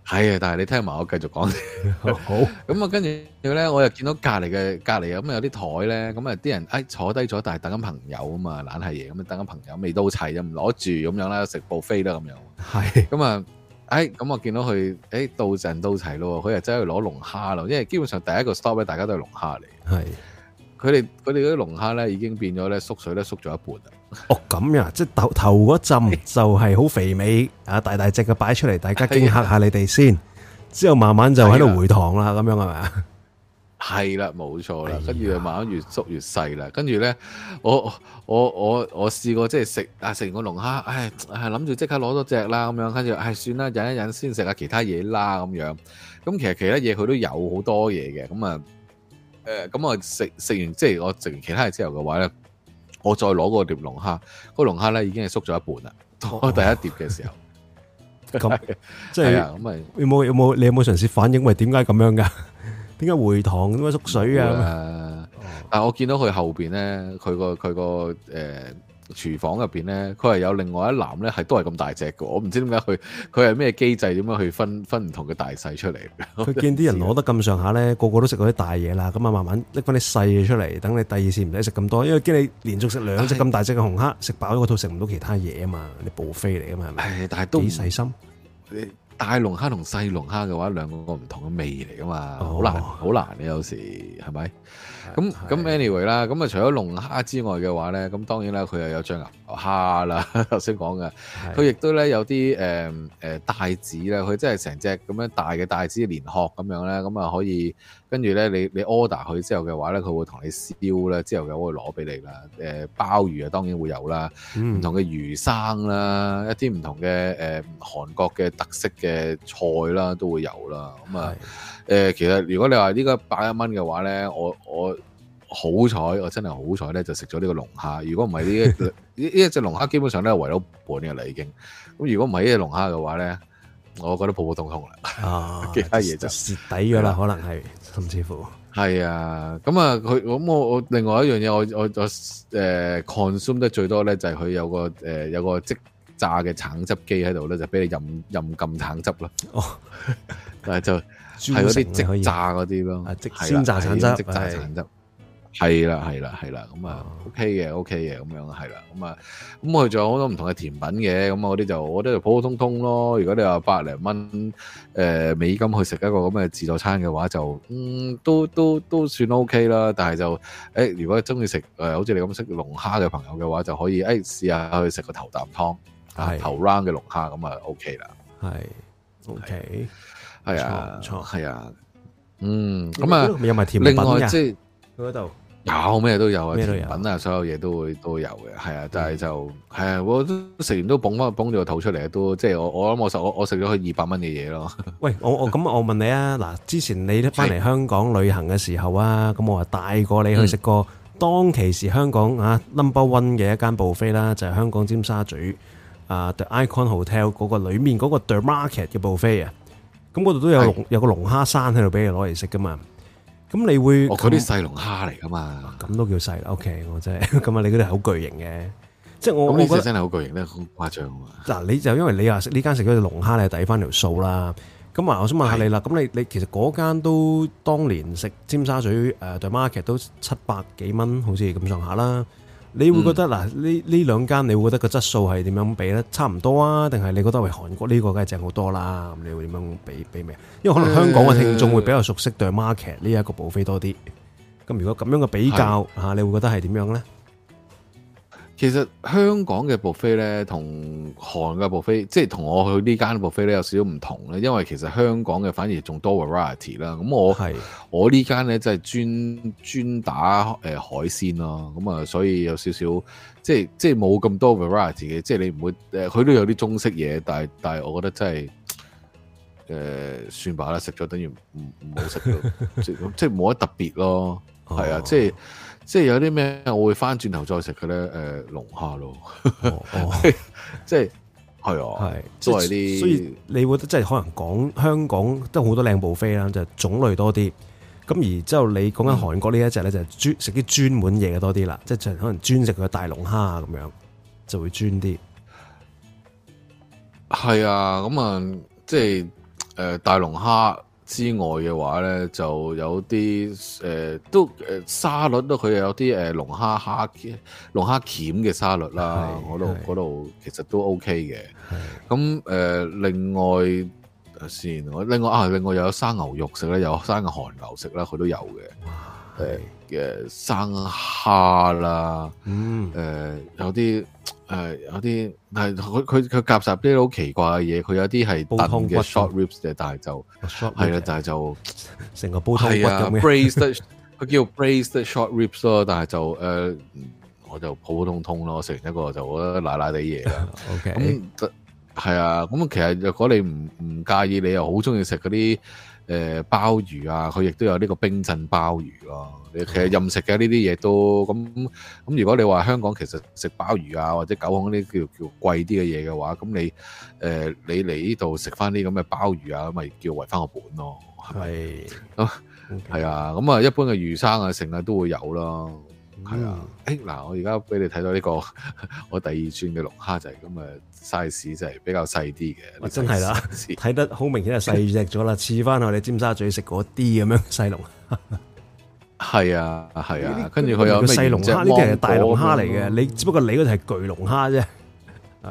係啊，但係你聽埋我繼續講。好，咁啊，跟住咧，我又見到隔離嘅隔離咁有啲台咧，咁啊啲人誒、哎、坐低咗，但係等緊朋友啊嘛，懶係嘢咁啊，等緊朋友未到齊就唔攞住咁樣啦，食 buffet 啦咁樣。係，咁啊，誒，咁、哎、我見到佢誒、哎、到陣到齊咯，佢又走去攞龍蝦咯，因為基本上第一個 stop 咧，大家都係龍蝦嚟。係，佢哋佢哋嗰啲龍蝦咧已經變咗咧縮水咧縮咗一半。哦，咁樣，即係頭頭嗰陣就係好肥美啊，大大隻嘅，擺出嚟，大家驚嚇下你哋先，之後慢慢就喺度回塘啦，咁樣係咪啊？係啦，冇錯啦，跟住慢慢越縮越細啦，跟住咧，我我我我試過即係食啊，食完個龍蝦，唉，係諗住即刻攞多隻啦，咁樣跟住，唉算啦，忍一忍先食下其他嘢啦，咁樣。咁其實其他嘢佢都有好多嘢嘅，咁啊，誒，咁我食食完即係我食完其他嘢之後嘅話咧。我再攞嗰碟龍蝦，嗰、那個、龍蝦咧已經係縮咗一半啦。到我第一碟嘅時候，咁、哦、 <laughs> 即係咁咪？你冇有冇你有冇嘗試反應？喂，點解咁樣㗎？點解回塘？點解縮水啊？但係我見到佢後邊咧，佢個佢個誒。呃廚房入邊咧，佢係有另外一籃咧，係都係咁大隻嘅。我唔知點解佢佢係咩機制，點樣去分分唔同嘅大細出嚟。佢見啲人攞得咁上下咧， <laughs> 個個都食嗰啲大嘢啦，咁啊慢慢拎翻啲細嘢出嚟，等你第二次唔使食咁多，因為驚你連續食兩隻咁大隻嘅紅蝦，食飽咗套，食唔到其他嘢啊嘛，你暴飛嚟嘅嘛，係咪？但係都幾細心。大龍蝦同細龍蝦嘅話，兩個唔同嘅味嚟噶嘛，好難、哦、好難你有時係咪？咁 anyway 啦，咁除咗龍蝦之外嘅話呢，咁當然啦，佢又有醬油。蝦啦，頭先講嘅，佢亦都咧有啲誒、呃呃、大帶子呢。佢真係成隻咁樣大嘅帶子連殼咁樣咧，咁啊可以跟住咧你你 order 佢之後嘅話咧，佢會同你燒咧之後嘅會攞俾你啦。誒、呃、鮑魚啊，當然會有啦，唔、嗯、同嘅魚生啦，一啲唔同嘅誒韓國嘅特色嘅菜啦都會有啦。咁啊、呃、其實如果你話呢個百一蚊嘅話咧，我我。好彩，我真係好彩咧，就食咗呢個龍蝦。如果唔係呢一呢一隻龍蝦， <laughs> 基本上咧係為咗本嘅啦，已經。咁如果唔係呢隻龍蝦嘅話咧，我覺得普普通通啦。啊，其他嘢就蝕底咗啦，可能係甚至乎係啊。咁啊，佢、嗯、咁我我另外一樣嘢，我我我誒、呃、consume 得最多咧，就係佢有個誒、呃、有個即榨嘅橙汁機喺度咧，就俾你任任撳橙汁啦。但、哦、係 <laughs> 就係啲即榨啲咯，即鮮榨橙汁，啊啊啊啊、即榨橙汁。係啦，係啦，係啦，咁啊，O K 嘅，O K 嘅，咁樣係啦，咁啊，咁佢仲有好多唔同嘅甜品嘅，咁啊嗰啲就，我覺得就普普通通咯。如果你話百零蚊，誒、呃、美金去食一個咁嘅自助餐嘅話，就，嗯，都都都算 O K 啦。但係就，誒、欸，如果中意食，誒、呃，好似你咁識龍蝦嘅朋友嘅話，就可以，誒、欸，試下去食個頭啖湯，啊，頭 round 嘅龍蝦，咁啊，O K 啦。係，O K，係啊，錯，係啊，嗯，咁啊，有埋甜品噶，佢嗰度。有咩都有啊，甜品啊，所有嘢都會都有嘅，係啊，但就係就係啊，我都食完都捧翻捧住個肚出嚟，都即係我我諗我食我佢食咗二百蚊嘅嘢咯。喂，我我咁我問你啊，嗱，之前你翻嚟香港旅行嘅時候時、嗯、啊，咁我啊帶過你去食過當其時香港啊 number one 嘅一間布菲啦，就係、是、香港尖沙咀啊、the、icon hotel 嗰個裡面嗰、那個 the market 嘅布菲啊，咁嗰度都有有個龍蝦山喺度俾你攞嚟食噶嘛。咁你會？哦，嗰啲細龍蝦嚟噶嘛？咁都叫細？O K，我真係咁啊！ <laughs> 你嗰啲係好巨型嘅， <laughs> 即係我咁呢隻真係好巨型，都好誇張啊！嗱，你就因為你話食呢間食咗隻龍蝦，你抵翻條數啦。咁啊，我想問下你啦。咁你你其實嗰間都當年食尖沙咀誒大、呃、market 都七百幾蚊，好似咁上下啦。你會覺得嗱呢呢兩間你會覺得個質素係點樣比呢差唔多啊，定係你覺得係韓國呢個梗係正好多啦、啊？你會點樣比比咩？因為可能香港嘅聽眾會比較熟悉、欸、對 market 呢一個 buffet 多啲。咁如果這樣嘅比較吓，你會覺得係點樣呢？其實香港嘅 buffet 咧，同韓嘅 buffet，即係同我去呢間 buffet 咧有少少唔同咧，因為其實香港嘅反而仲多 variety 啦。咁我係我呢間咧即係專專打誒海鮮咯，咁啊，所以有少少即係即係冇咁多 variety 嘅，即係你唔會誒，佢都有啲中式嘢，但係但係我覺得真係誒、呃、算吧啦，食咗等於唔唔好食， <laughs> 即即冇乜特別咯，係、哦、啊，即係。即係有啲咩，我會翻轉頭再食嘅咧，誒、呃，龍蝦咯，哦哦、 <laughs> 即係係啊，即係啲。所以你覺得即係可能講香港都好多靚部飛啦，就是，種類多啲。咁而之後你講緊韓國呢一隻咧、嗯，就專食啲專門嘢多啲啦，即係可能專食佢嘅大龍蝦啊咁樣，就會專啲。係啊，咁啊、就是，即係誒，大龍蝦。之外嘅話咧，就有啲誒、呃、都誒、呃、沙律咯，佢有啲誒、呃、龍蝦蝦龍蝦鉗嘅沙律啦，嗰度嗰度其實都 OK 嘅。咁誒另外先，另外，等等，另外啊，另外又有生牛肉食咧，有生嘅韓牛食啦，佢都有嘅。嘅生蝦啦，嗯，誒、呃、有啲誒、呃、有啲，但係佢佢佢夾雜啲好奇怪嘅嘢，佢有啲係煲湯骨 short ribs 嘅，但係就係啦，但係就成個煲湯骨咁、啊、樣。啊 braised 佢叫 braised short ribs 咯，但係就誒，我就普普通通咯，食完一個就覺得奶奶哋嘢啦。 <laughs> OK，咁、嗯、係、嗯、啊，咁、嗯、其實若果你唔唔介意，你又好中意食嗰啲。誒、呃、鮑魚啊，佢亦都有呢個冰鎮鮑魚咯、啊。你其實任食嘅呢啲嘢都咁咁。如果你話香港其實食鮑魚啊或者九孔啲叫叫貴啲嘅嘢嘅話，咁你誒、呃、你嚟呢度食翻啲咁嘅鮑魚啊，咁咪叫為翻個本咯。係咪係啊？咁啊，okay. 一般嘅魚生啊，成日都會有咯。係啊，誒、嗯、嗱、欸，我而家俾你睇到呢、這個我第二串嘅龍蝦就係咁啊，size 就係、是、比較細啲嘅。真係啦，睇得好明顯係細隻咗啦，似 <laughs> 翻我哋尖沙咀食嗰啲咁樣細龍。係啊係啊，啊欸、跟住佢有細龍蝦呢？其實係大龍蝦嚟嘅，你只不過你嗰隻係巨龍蝦啫。係。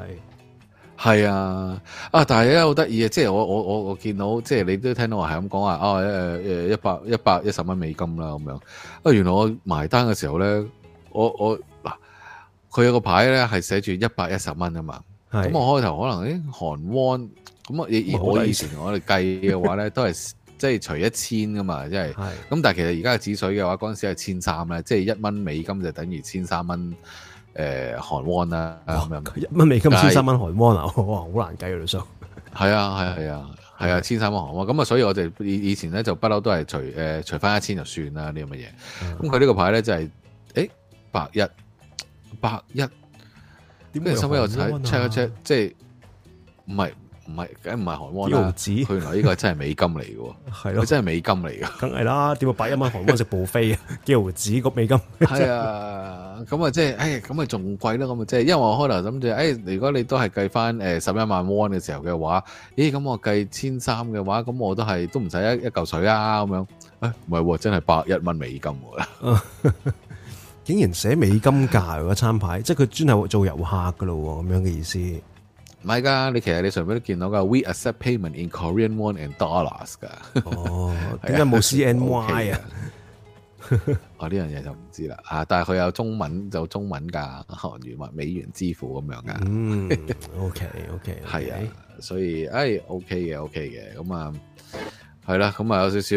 係啊，啊！但係咧好得意啊，即係我我我我見到，即係你都聽到我係咁講話，啊誒誒一百一百一十蚊美金啦咁樣，啊原來我埋單嘅時候咧，我我嗱佢有個牌咧係寫住一百一十蚊啊嘛，咁我開頭可能誒韓元咁我以我以前我哋計嘅話咧， <laughs> 都係即係除一千㗎嘛，即係咁但係其實而家嘅止水嘅話，嗰陣時係千三咧，即係一蚊美金就等於千三蚊。誒、呃、韓圜啦，一蚊美金千三蚊韓圜啊，哇，好難計嗰度數，係啊，係啊，係啊，係啊，千三蚊韓圜咁啊，所以我哋以以前咧就不嬲都係除誒除翻一千就算啦呢咁嘅嘢。咁佢呢個牌咧就係、係，誒百一百一查，點解收尾又睇 check 一 check，即係唔係？唔係，梗唔係韓灣啦。幾毫子？原來呢個真係美金嚟嘅，係咯，真係美金嚟嘅。梗係啦，點會百一蚊韓灣食 buffet 啊，幾毫子個美金？係 <laughs> 啊，咁啊，即、哎、係，誒，咁啊，仲貴啦，咁啊，即係，因為我開頭諗住，誒、哎，如果你都係計翻，誒，十一萬 won 嘅時候嘅話，咦、哎，咁我計千三嘅話，咁我都係都唔使一一嚿水啊，咁樣，唔、哎、係，真係百一蚊美金， <laughs> 竟然寫美金價嗰餐牌， <laughs> 即係佢專係做遊客噶咯，咁樣嘅意思。唔係噶，你其實你上邊都見到噶，we accept payment in Korean won and dollars 噶。哦，點解冇 CNY 啊？哦，呢樣嘢就唔知啦嚇，但係佢有中文就中文噶，韓元或美元支付咁樣噶。嗯，OK OK，係啊，所以誒 OK 嘅 OK 嘅咁啊。係啦，咁啊有少少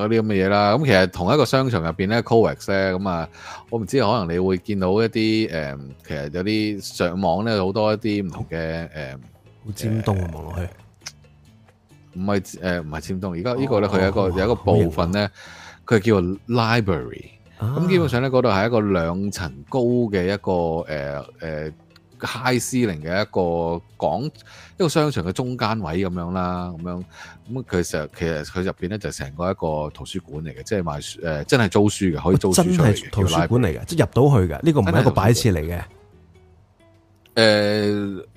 嗰啲咁嘅嘢啦。咁其實同一個商場入邊咧，Coex 咧，咁啊，我唔知道可能你會見到一啲誒、嗯，其實有啲上網咧好多一啲唔同嘅誒、嗯，好尖東嘅網絡。唔係誒，唔係、呃、尖東。而家呢個咧，佢、哦、有一個、哦、有一個部分咧，佢、啊、叫做 Library、啊。咁基本上咧，嗰度係一個兩層高嘅一個誒誒。呃呃 High ceiling 嘅一個廣，一個商場嘅中間位咁樣啦，咁樣咁其實其實佢入邊咧就成個一個圖書館嚟嘅，即係賣書誒、呃，真係租書嘅，可以租書真係圖書館嚟嘅，即係入到去嘅，呢、這個唔係一個擺設嚟嘅。誒、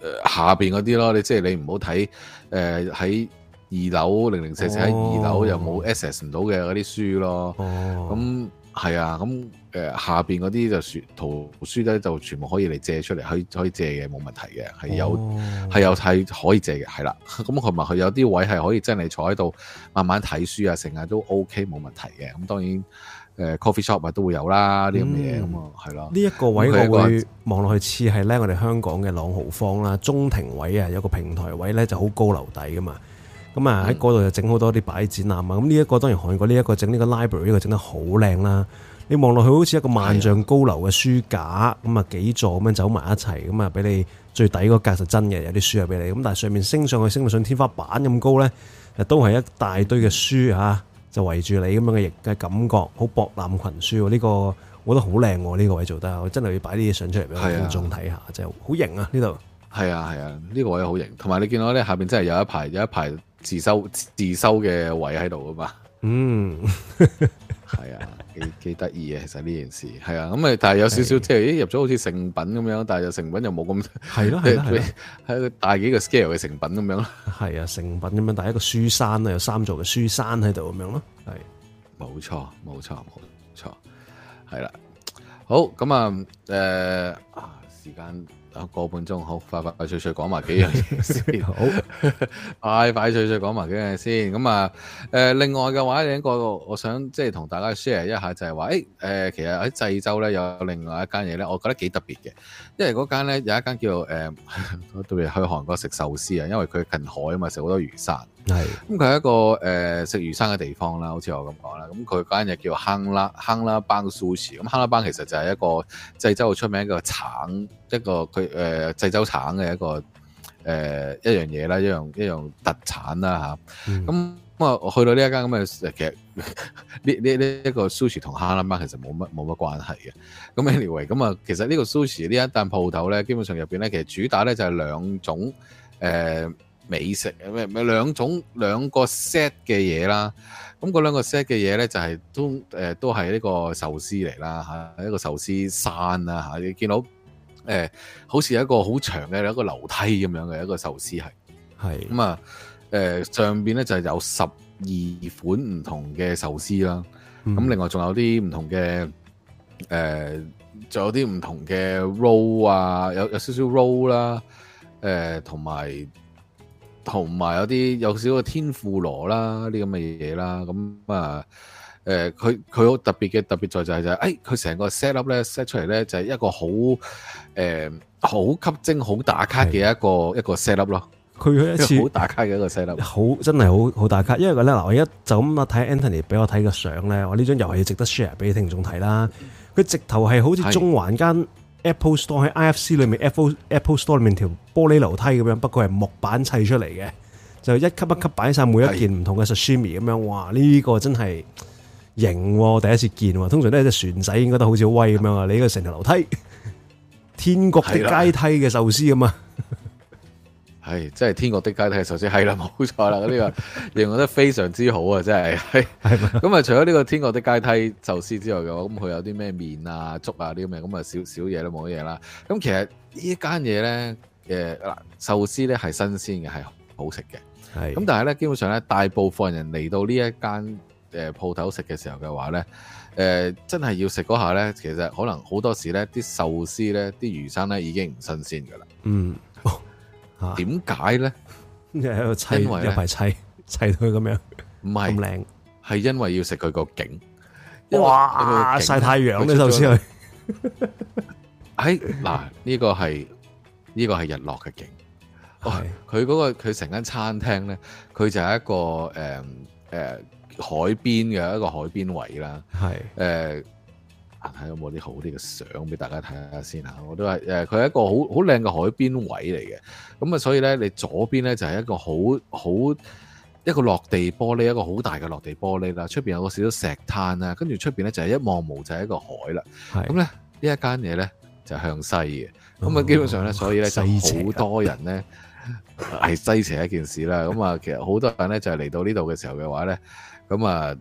呃、下邊嗰啲咯，即你即係你唔好睇誒喺二樓零零四四，喺二樓又冇 access 唔到嘅嗰啲書咯。哦，咁係啊，咁。誒下邊嗰啲就書圖書咧，就全部可以嚟借出嚟，可以借嘅，冇問題嘅、哦、有可以借嘅，冇問題嘅，係有係有係可以借嘅，係啦。咁同埋佢有啲位係可以真係坐喺度慢慢睇書啊，成日都 OK 冇問題嘅。咁當然誒 coffee shop 啊都會有啦，啲咁嘅嘢咁啊，係、嗯、咯。呢一、呢個位我會望落去似係咧，我哋香港嘅朗豪坊啦，中庭位啊，有個平台位咧就好高樓底噶嘛。咁啊喺嗰度就整好多啲擺展啊，咁呢一個當然韓國呢、呢、一個整呢、呢個 library 呢個整得好靚啦。你望落去好似一個萬丈高樓嘅書架，咁啊幾座咁樣走埋一齊，咁啊俾你最底嗰格就真嘅，有啲書入俾你。咁但係上面升上去，升到上，上天花板咁高咧，都係一大堆嘅書啊，就圍住你咁樣嘅形嘅感覺，好博覽群書。呢、這個我覺得好靚、啊，呢、這個位做得，我真係要擺啲嘢上出嚟俾觀眾睇下，真係好型啊！呢度係啊係啊，呢、啊啊這個位好型。同埋你見到咧下邊真係有一排有一排自修自修嘅位喺度啊嘛。嗯，係 <laughs> 啊。幾幾得意嘅。其實呢件事係啊，咁啊，但係有少少即係咦入咗好似成品咁樣，但係又成品又冇咁係咯，係係一個大幾個 scale 嘅成品咁樣咯，係啊成品咁樣，但係一個書山啊，有三座嘅書山喺度咁樣咯，係冇錯冇錯冇錯，係啦，好，咁啊誒啊時間。個半鐘。好，快快快脆脆講埋幾樣嘢先， <laughs> 好 <laughs> 快快脆脆講埋幾樣嘢先。咁啊、呃、另外嘅話，另一個我想即係同大家 share 一下，就係、是、話、欸呃、其實喺濟州咧有另外一間嘢咧，我覺得幾特別嘅，因為嗰間咧有一間叫做我特別去韓國食壽司啊，因為佢近海啊嘛，食好多魚生。係，咁佢係一個、呃、食魚生嘅地方啦，好似我咁講啦。咁佢間嘢叫坑啦，坑啦班 sushi，咁坑啦班其實就係一個濟州出名一個橙，一個佢、呃、濟州橙嘅一個一樣嘢啦，一樣一樣，一樣特產啦咁咁啊，去、嗯嗯嗯、到呢一間咁嘅，其實呢呢呢一個 sushi 同坑啦班其實冇乜冇乜關係嘅。咁 anyway，咁、嗯、啊，其實呢個 sushi 呢一間鋪頭咧，基本上入面咧，其實主打咧就係兩種誒。呃美食啊，咩咩兩種兩個 set 嘅嘢啦，咁嗰兩個 set 嘅嘢咧就係都誒都係呢、呃、個壽司嚟啦嚇，一個壽司山啦嚇，你見到誒、呃、好似有一個好長嘅一個樓梯咁樣嘅一個壽司係，係咁啊誒上邊咧就係有十二款唔同嘅壽司啦，咁另外仲有啲唔同嘅誒仲有啲唔同嘅 roll 啊，有 roll、呃、有少少 roll 啦，誒同埋。同埋有啲有少少嘅天婦羅啦，啲咁嘅嘢啦，咁啊，誒佢佢好特別嘅特別在就係就係，誒佢成個 set up 咧 set 出嚟咧就係一個好誒好吸睛、好打卡嘅一個一個 set up 咯。佢有一次好打卡嘅一個 set up，好真係好好打卡，因為咧嗱，我而家就咁啊睇 Anthony 俾我睇個相咧，我呢張又係值得 share 俾你聽眾睇啦。佢直頭係好似中環間 Apple Store 喺 IFC 裏面，Apple Apple Store 裏面條玻璃樓梯咁樣，不過係木板砌出嚟嘅，就一級一級擺晒每一件唔同嘅 Sashimi 咁樣。哇！呢個真係型喎，第一次見喎。通常都係隻船仔應該都好似威咁樣啊！你呢個成條樓梯，天國的階梯嘅壽司咁啊！係、哎，真係天國的階梯壽司，係啦，冇錯啦，呢 <laughs> 個令我覺得非常之好啊！真係，咁、哎、啊！除咗呢個天國的階梯壽司之外嘅話，咁佢有啲咩麵啊、粥啊啲咁嘅，咁啊少少嘢都冇乜嘢啦。咁其實呢間嘢咧，誒嗱壽司咧係新鮮嘅，係好食嘅，係咁。但係咧，基本上咧，大部分人嚟到呢一間誒鋪頭食嘅時候嘅話咧，誒、呃、真係要食嗰下咧，其實可能好多時咧啲壽司咧啲魚生咧已經唔新鮮噶啦。嗯。點解咧？喺度砌一排砌砌到佢咁樣，唔係咁靚，係因為要食佢個景。哇！曬太陽啲壽司去。喺嗱，呢個係呢個係日落嘅景。佢嗰個佢成間餐廳咧，佢就係一個誒誒海邊嘅一個海邊位啦。係誒。睇有冇啲好啲嘅相俾大家睇下先嚇，我都係誒，佢係一個好好靚嘅海邊位嚟嘅，咁啊，所以咧你左邊咧就係、是、一個好好一個落地玻璃，一個好大嘅落地玻璃啦，出邊有個少少石灘啦，跟住出邊咧就係、是、一望無際一個海啦，咁咧呢這一間嘢咧就是、向西嘅，咁啊基本上咧，所以咧就好多人咧係、哦、西斜、啊、 <laughs> 一件事啦，咁啊其實好多人咧就係、是、嚟到呢度嘅時候嘅話咧，咁啊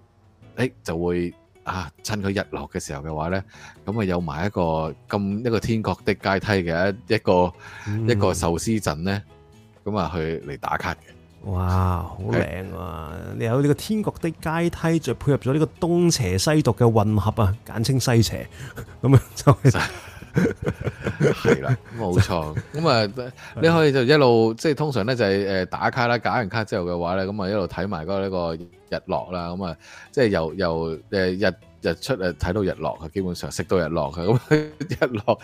誒就會。啊！趁佢日落嘅時候嘅話呢，咁啊有埋一個咁一個天國的階梯嘅一一個、嗯、一個壽司鎮呢？咁啊去嚟打卡嘅。哇！好靚啊！你有呢個天國的階梯，再配合咗呢個東邪西毒嘅混合啊，簡稱西邪咁啊就是。 <laughs> 係 <laughs> 啦，冇錯。咁啊，你可以就一路即係通常咧，就係誒打卡啦，搞完卡之後嘅話咧，咁啊一路睇埋嗰個日落啦。咁啊，即係由又誒日日出誒睇到日落，基本上食到日落嘅咁。日落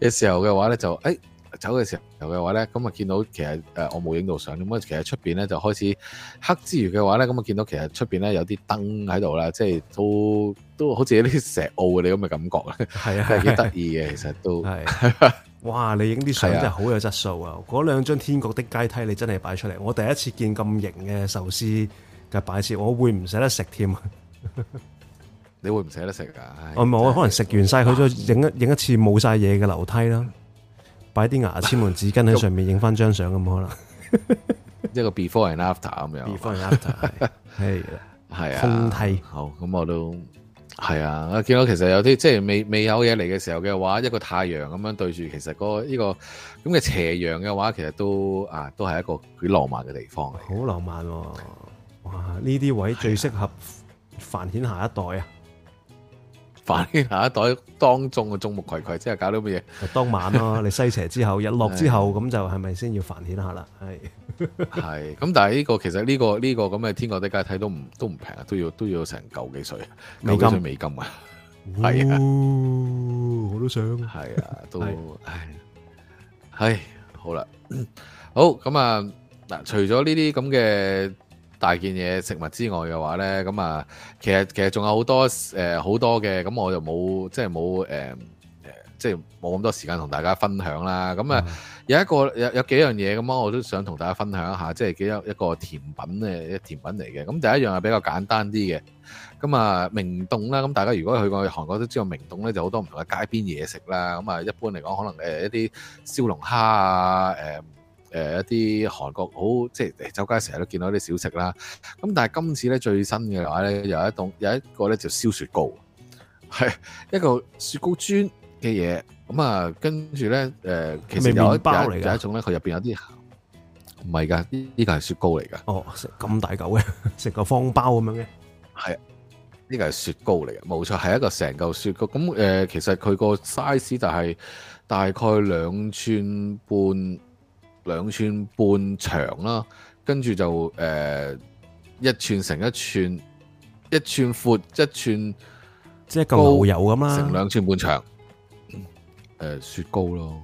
嘅時候嘅話咧就誒。哎走嘅時候，嘅話咧，咁啊見到其實誒，我冇影到相。咁其實出邊咧就開始黑之餘嘅話咧，咁啊見到其實出邊咧有啲燈喺度啦，即係都都好似有啲石澳嘅你咁嘅感覺啦。係啊，幾得意嘅，其實都。係、啊。 <laughs> 哇！你影啲相真係好有質素啊！嗰兩張天國的階梯你真係擺出嚟，我第一次見咁型嘅壽司嘅擺設，我會唔捨得食添。 <laughs> 你會唔捨得食噶？我可能食完晒佢再影一影一次冇晒嘢嘅樓梯啦。擺啲牙籤、紙巾喺上面影翻張相咁可能， <laughs> 一個 before and after 咁 <laughs> 樣，before and after 係 <laughs> 係是啊， <laughs> 啊，風梯好咁我都係啊，我見到其實有啲即係未未有嘢嚟嘅時候嘅話，一個太陽咁樣對住，其實、個呢、呢個咁嘅斜陽嘅話，其實都啊都係一個幾浪漫嘅地方好浪漫、啊、哇！呢啲位最適合繁衍下一代啊！繁衍下一代當中嘅眾目睽睽，即係搞到乜嘢？當晚咯，你西斜之後，日落之後，咁就係咪先要繁衍下啦？係係。咁但係呢個其實呢個呢個咁嘅天國的階梯都唔都唔平，都要都要成九幾歲，九幾歲美金啊？係啊，我都想。係啊，都係。係好啦，好咁啊！嗱，除咗呢啲咁嘅。大件嘢食物之外嘅話咧，咁啊，其實其實仲有好多誒好、呃、多嘅，咁我就冇即係冇誒誒，即係冇咁多時間同大家分享啦。咁啊，有一個有有幾樣嘢咁啊，我都想同大家分享一下，即係幾一個一個甜品咧，一甜品嚟嘅。咁第一樣係比較簡單啲嘅，咁啊明洞啦，咁大家如果去過韓國都知道明洞咧，就好多唔同嘅街邊嘢食啦。咁啊，一般嚟講可能誒一啲燒龍蝦啊，誒、呃。誒、呃，一啲韓國好即係周街成日都見到啲小食啦。咁但係今次咧最新嘅話咧，有一棟有一個咧就燒雪糕，係一個雪糕磚嘅嘢。咁、嗯、啊，跟住咧誒，其實有一包嚟嘅，有一種咧佢入邊有啲餡唔係噶，呢個係雪糕嚟噶。哦，咁大嚿嘅，成 <laughs> 個方包咁樣嘅，係啊，呢個係雪糕嚟嘅，冇錯，係一個成嚿雪糕。咁、嗯、誒、呃，其實佢個 size 就係大概兩寸半。兩寸半長啦，跟住就誒、呃、一寸乘一寸，一寸闊一寸，闊一寸，即係嚿牛油咁啦。成兩寸半長，誒、呃、雪糕咯，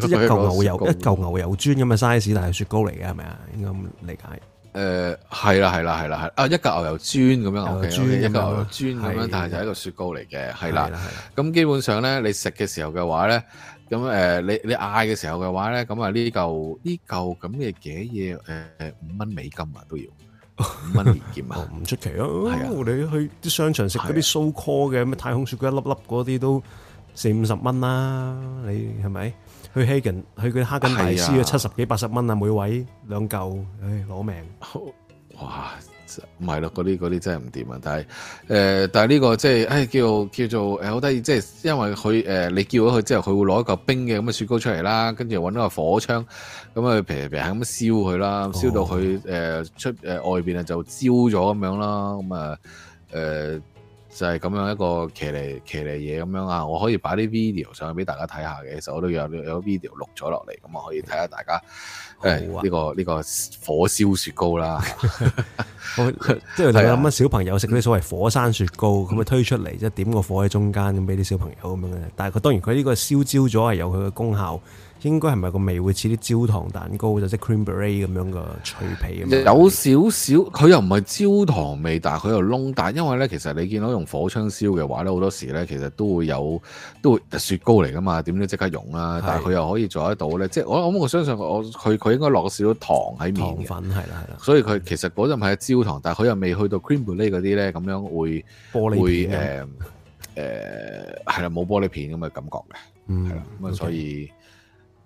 即係一嚿牛，牛油，一嚿牛油磚咁嘅 size，但係雪糕嚟嘅係咪啊？應該咁理解。誒係啦，係啦，係啦，係啊！一嚿牛油磚咁樣，磚、嗯 okay, 嗯 okay, 嗯 okay, okay, 一嚿牛油磚咁樣，但係就係一個雪糕嚟嘅，係啦，係啦，係啦。咁基本上咧，你食嘅時候嘅話咧。咁誒，你你嗌嘅時候嘅話咧，咁啊呢嚿呢嚿咁嘅嘅嘢，誒誒五蚊美金啊，都要五蚊美金啊，唔出奇咯。係啊！你去啲商場食嗰啲 so call 嘅咩太空雪糕一粒粒嗰啲都四五十蚊啦，你係咪？去黑根去佢黑根大師要七十幾八十蚊啊，每位兩嚿，唉攞命！哇！唔係咯，嗰啲嗰啲真係唔掂啊！但係、呃、但呢個即、就、係、是哎、叫叫做好得意，即係因為佢你叫咗佢之後，佢會攞一嚿冰嘅咁嘅雪糕出嚟啦，跟住搵咗個火槍咁啊，平平咁燒佢啦，燒、哦、到佢、呃、出、呃、外邊啊就焦咗咁樣啦，咁啊誒就係、是、咁樣一個騎嚟騎嚟嘢咁樣啊！我可以擺啲 video 上俾大家睇下嘅，其實我都有有 video 錄咗落嚟，咁我可以睇下大家。誒、哎、呢、啊這個呢、這個火燒雪糕啦， <laughs> <laughs> <laughs> 即係諗乜小朋友食啲所謂火山雪糕，咁、嗯、咪推出嚟，即、就、係、是、點個火喺中間咁，俾啲小朋友咁樣，但係佢當然佢呢個燒焦咗，係有佢嘅功效。應該係咪個味會似啲焦糖蛋糕，就即係 creamberry 咁樣嘅脆皮啊？有少少，佢又唔係焦糖味，但係佢又燶。但係因為咧，其實你見到用火槍燒嘅話咧，好多時咧，其實都會有都會雪糕嚟㗎嘛，點都即刻溶啦。但係佢又可以做得到咧，即係我我我相信我佢佢應該落少少糖喺面嘅糖粉，係啦，係啦，所以佢其實嗰陣係焦糖，但係佢又未去到 creamberry 嗰啲咧，咁樣會玻璃片誒誒係啦，冇、呃呃、玻璃片咁嘅感覺嘅，係啦咁啊，所以。Okay.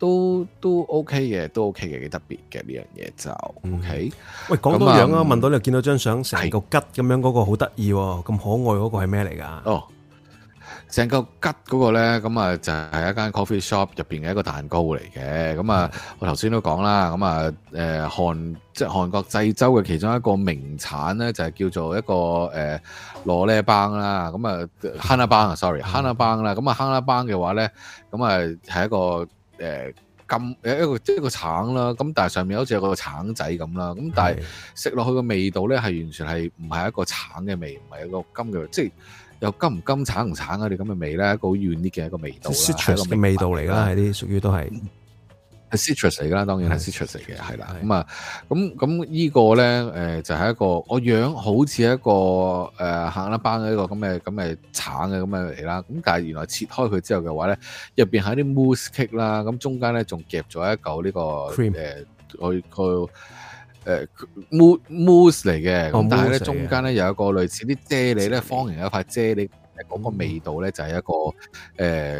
都都 OK 嘅，都 OK 嘅，幾、OK、特別嘅呢樣嘢就、嗯、OK。喂，講多樣啊，問到你見到張相成個桔咁樣嗰個好得意喎，咁可愛嗰個係咩嚟㗎？哦，成個桔嗰個咧，咁啊就係一間 coffee shop 入邊嘅一個蛋糕嚟嘅。咁啊，我頭先都講啦，咁啊，誒韓即係韓國濟州嘅其中一個名產咧，就係、是、叫做一個誒羅列棒啦。咁、呃、啊，hana 棒 Sorry,、嗯、啊，sorry，hana 棒啦。咁啊，hana 棒嘅話咧，咁啊係一個。誒，金有一個即係個橙啦，咁但係上面好似有個橙仔咁啦，咁但係食落去嘅味道咧，係完全係唔係一個橙嘅味，唔係一個金嘅味，即係又金唔金橙唔橙啊！你咁嘅味咧，一個好軟啲嘅一個味道啦，嘅味道嚟啦，啲屬於都係。嗯係 citrus 嚟噶啦，當然係 citrus 嚟嘅，係啦。咁啊，咁咁呢個咧、呃，就係、是、一個我樣好似一個誒行得班嘅一個咁嘅咁嘅橙嘅咁嘅嚟啦。咁但係原來切開佢之後嘅話咧，入邊係啲 mousse cake 啦、啊，咁中間咧仲夾咗一嚿呢、這個佢 moo、呃呃、mousse 嚟嘅、哦。但係咧中間咧有一個類似啲啫喱咧，方形一塊啫喱，誒、嗯、個、嗰個味道咧就係、是、一個誒。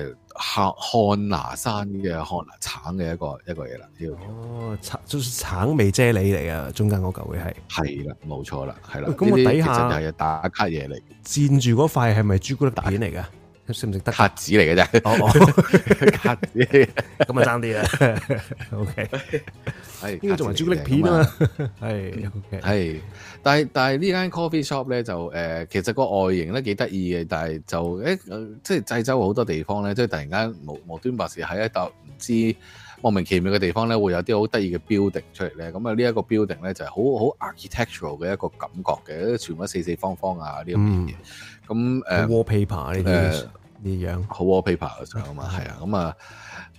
呃漢漢拿山嘅漢拿橙嘅一個一個嘢啦，叫哦橙，即、就是、橙味啫喱嚟啊！中間嗰嚿會係係啦，冇錯啦，係啦。咁、哎、我底下就係打卡嘢嚟，墊住嗰塊係咪朱古力片嚟噶？食唔食得？黑子嚟嘅啫，黑子咁啊爭啲啊！OK，係應該仲埋朱古力片啊嘛，係 OK，係。哎但係但係呢間 coffee shop 咧就、呃、其實個外形咧幾得意嘅，但係就、欸、即係濟州好多地方咧，即係突然間無無端白事，喺一笪唔知莫名其妙嘅地方咧，會有啲好得意嘅 building 出嚟咧。咁啊，呢一個 building 咧就係好好 architectural 嘅一個感覺嘅，全部四四方方啊，呢咁誒，wallpaper 呢啲呢樣好 wallpaper、嗯嗯 er, er, 上啊嘛，係 <laughs> 啊，咁啊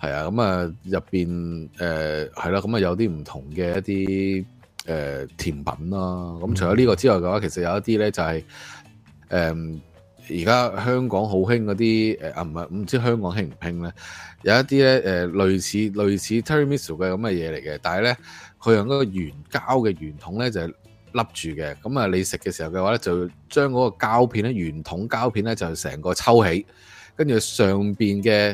係啊，咁、呃、啊入面誒係啦，咁啊有啲唔同嘅一啲。誒、呃，甜品啦、啊，咁除咗呢個之外嘅話，其實有一啲咧就係、是、誒，而、呃、家香港好興嗰啲誒，唔係唔知香港興唔興咧，有一啲咧誒，類似類似 Tiramisu 嘅咁嘅嘢嚟嘅，但係咧佢用嗰個圓膠嘅圓筒咧就係、是、笠住嘅，咁啊你食嘅時候嘅話咧就將嗰個膠片咧圓筒膠片咧就成個抽起，跟住上邊嘅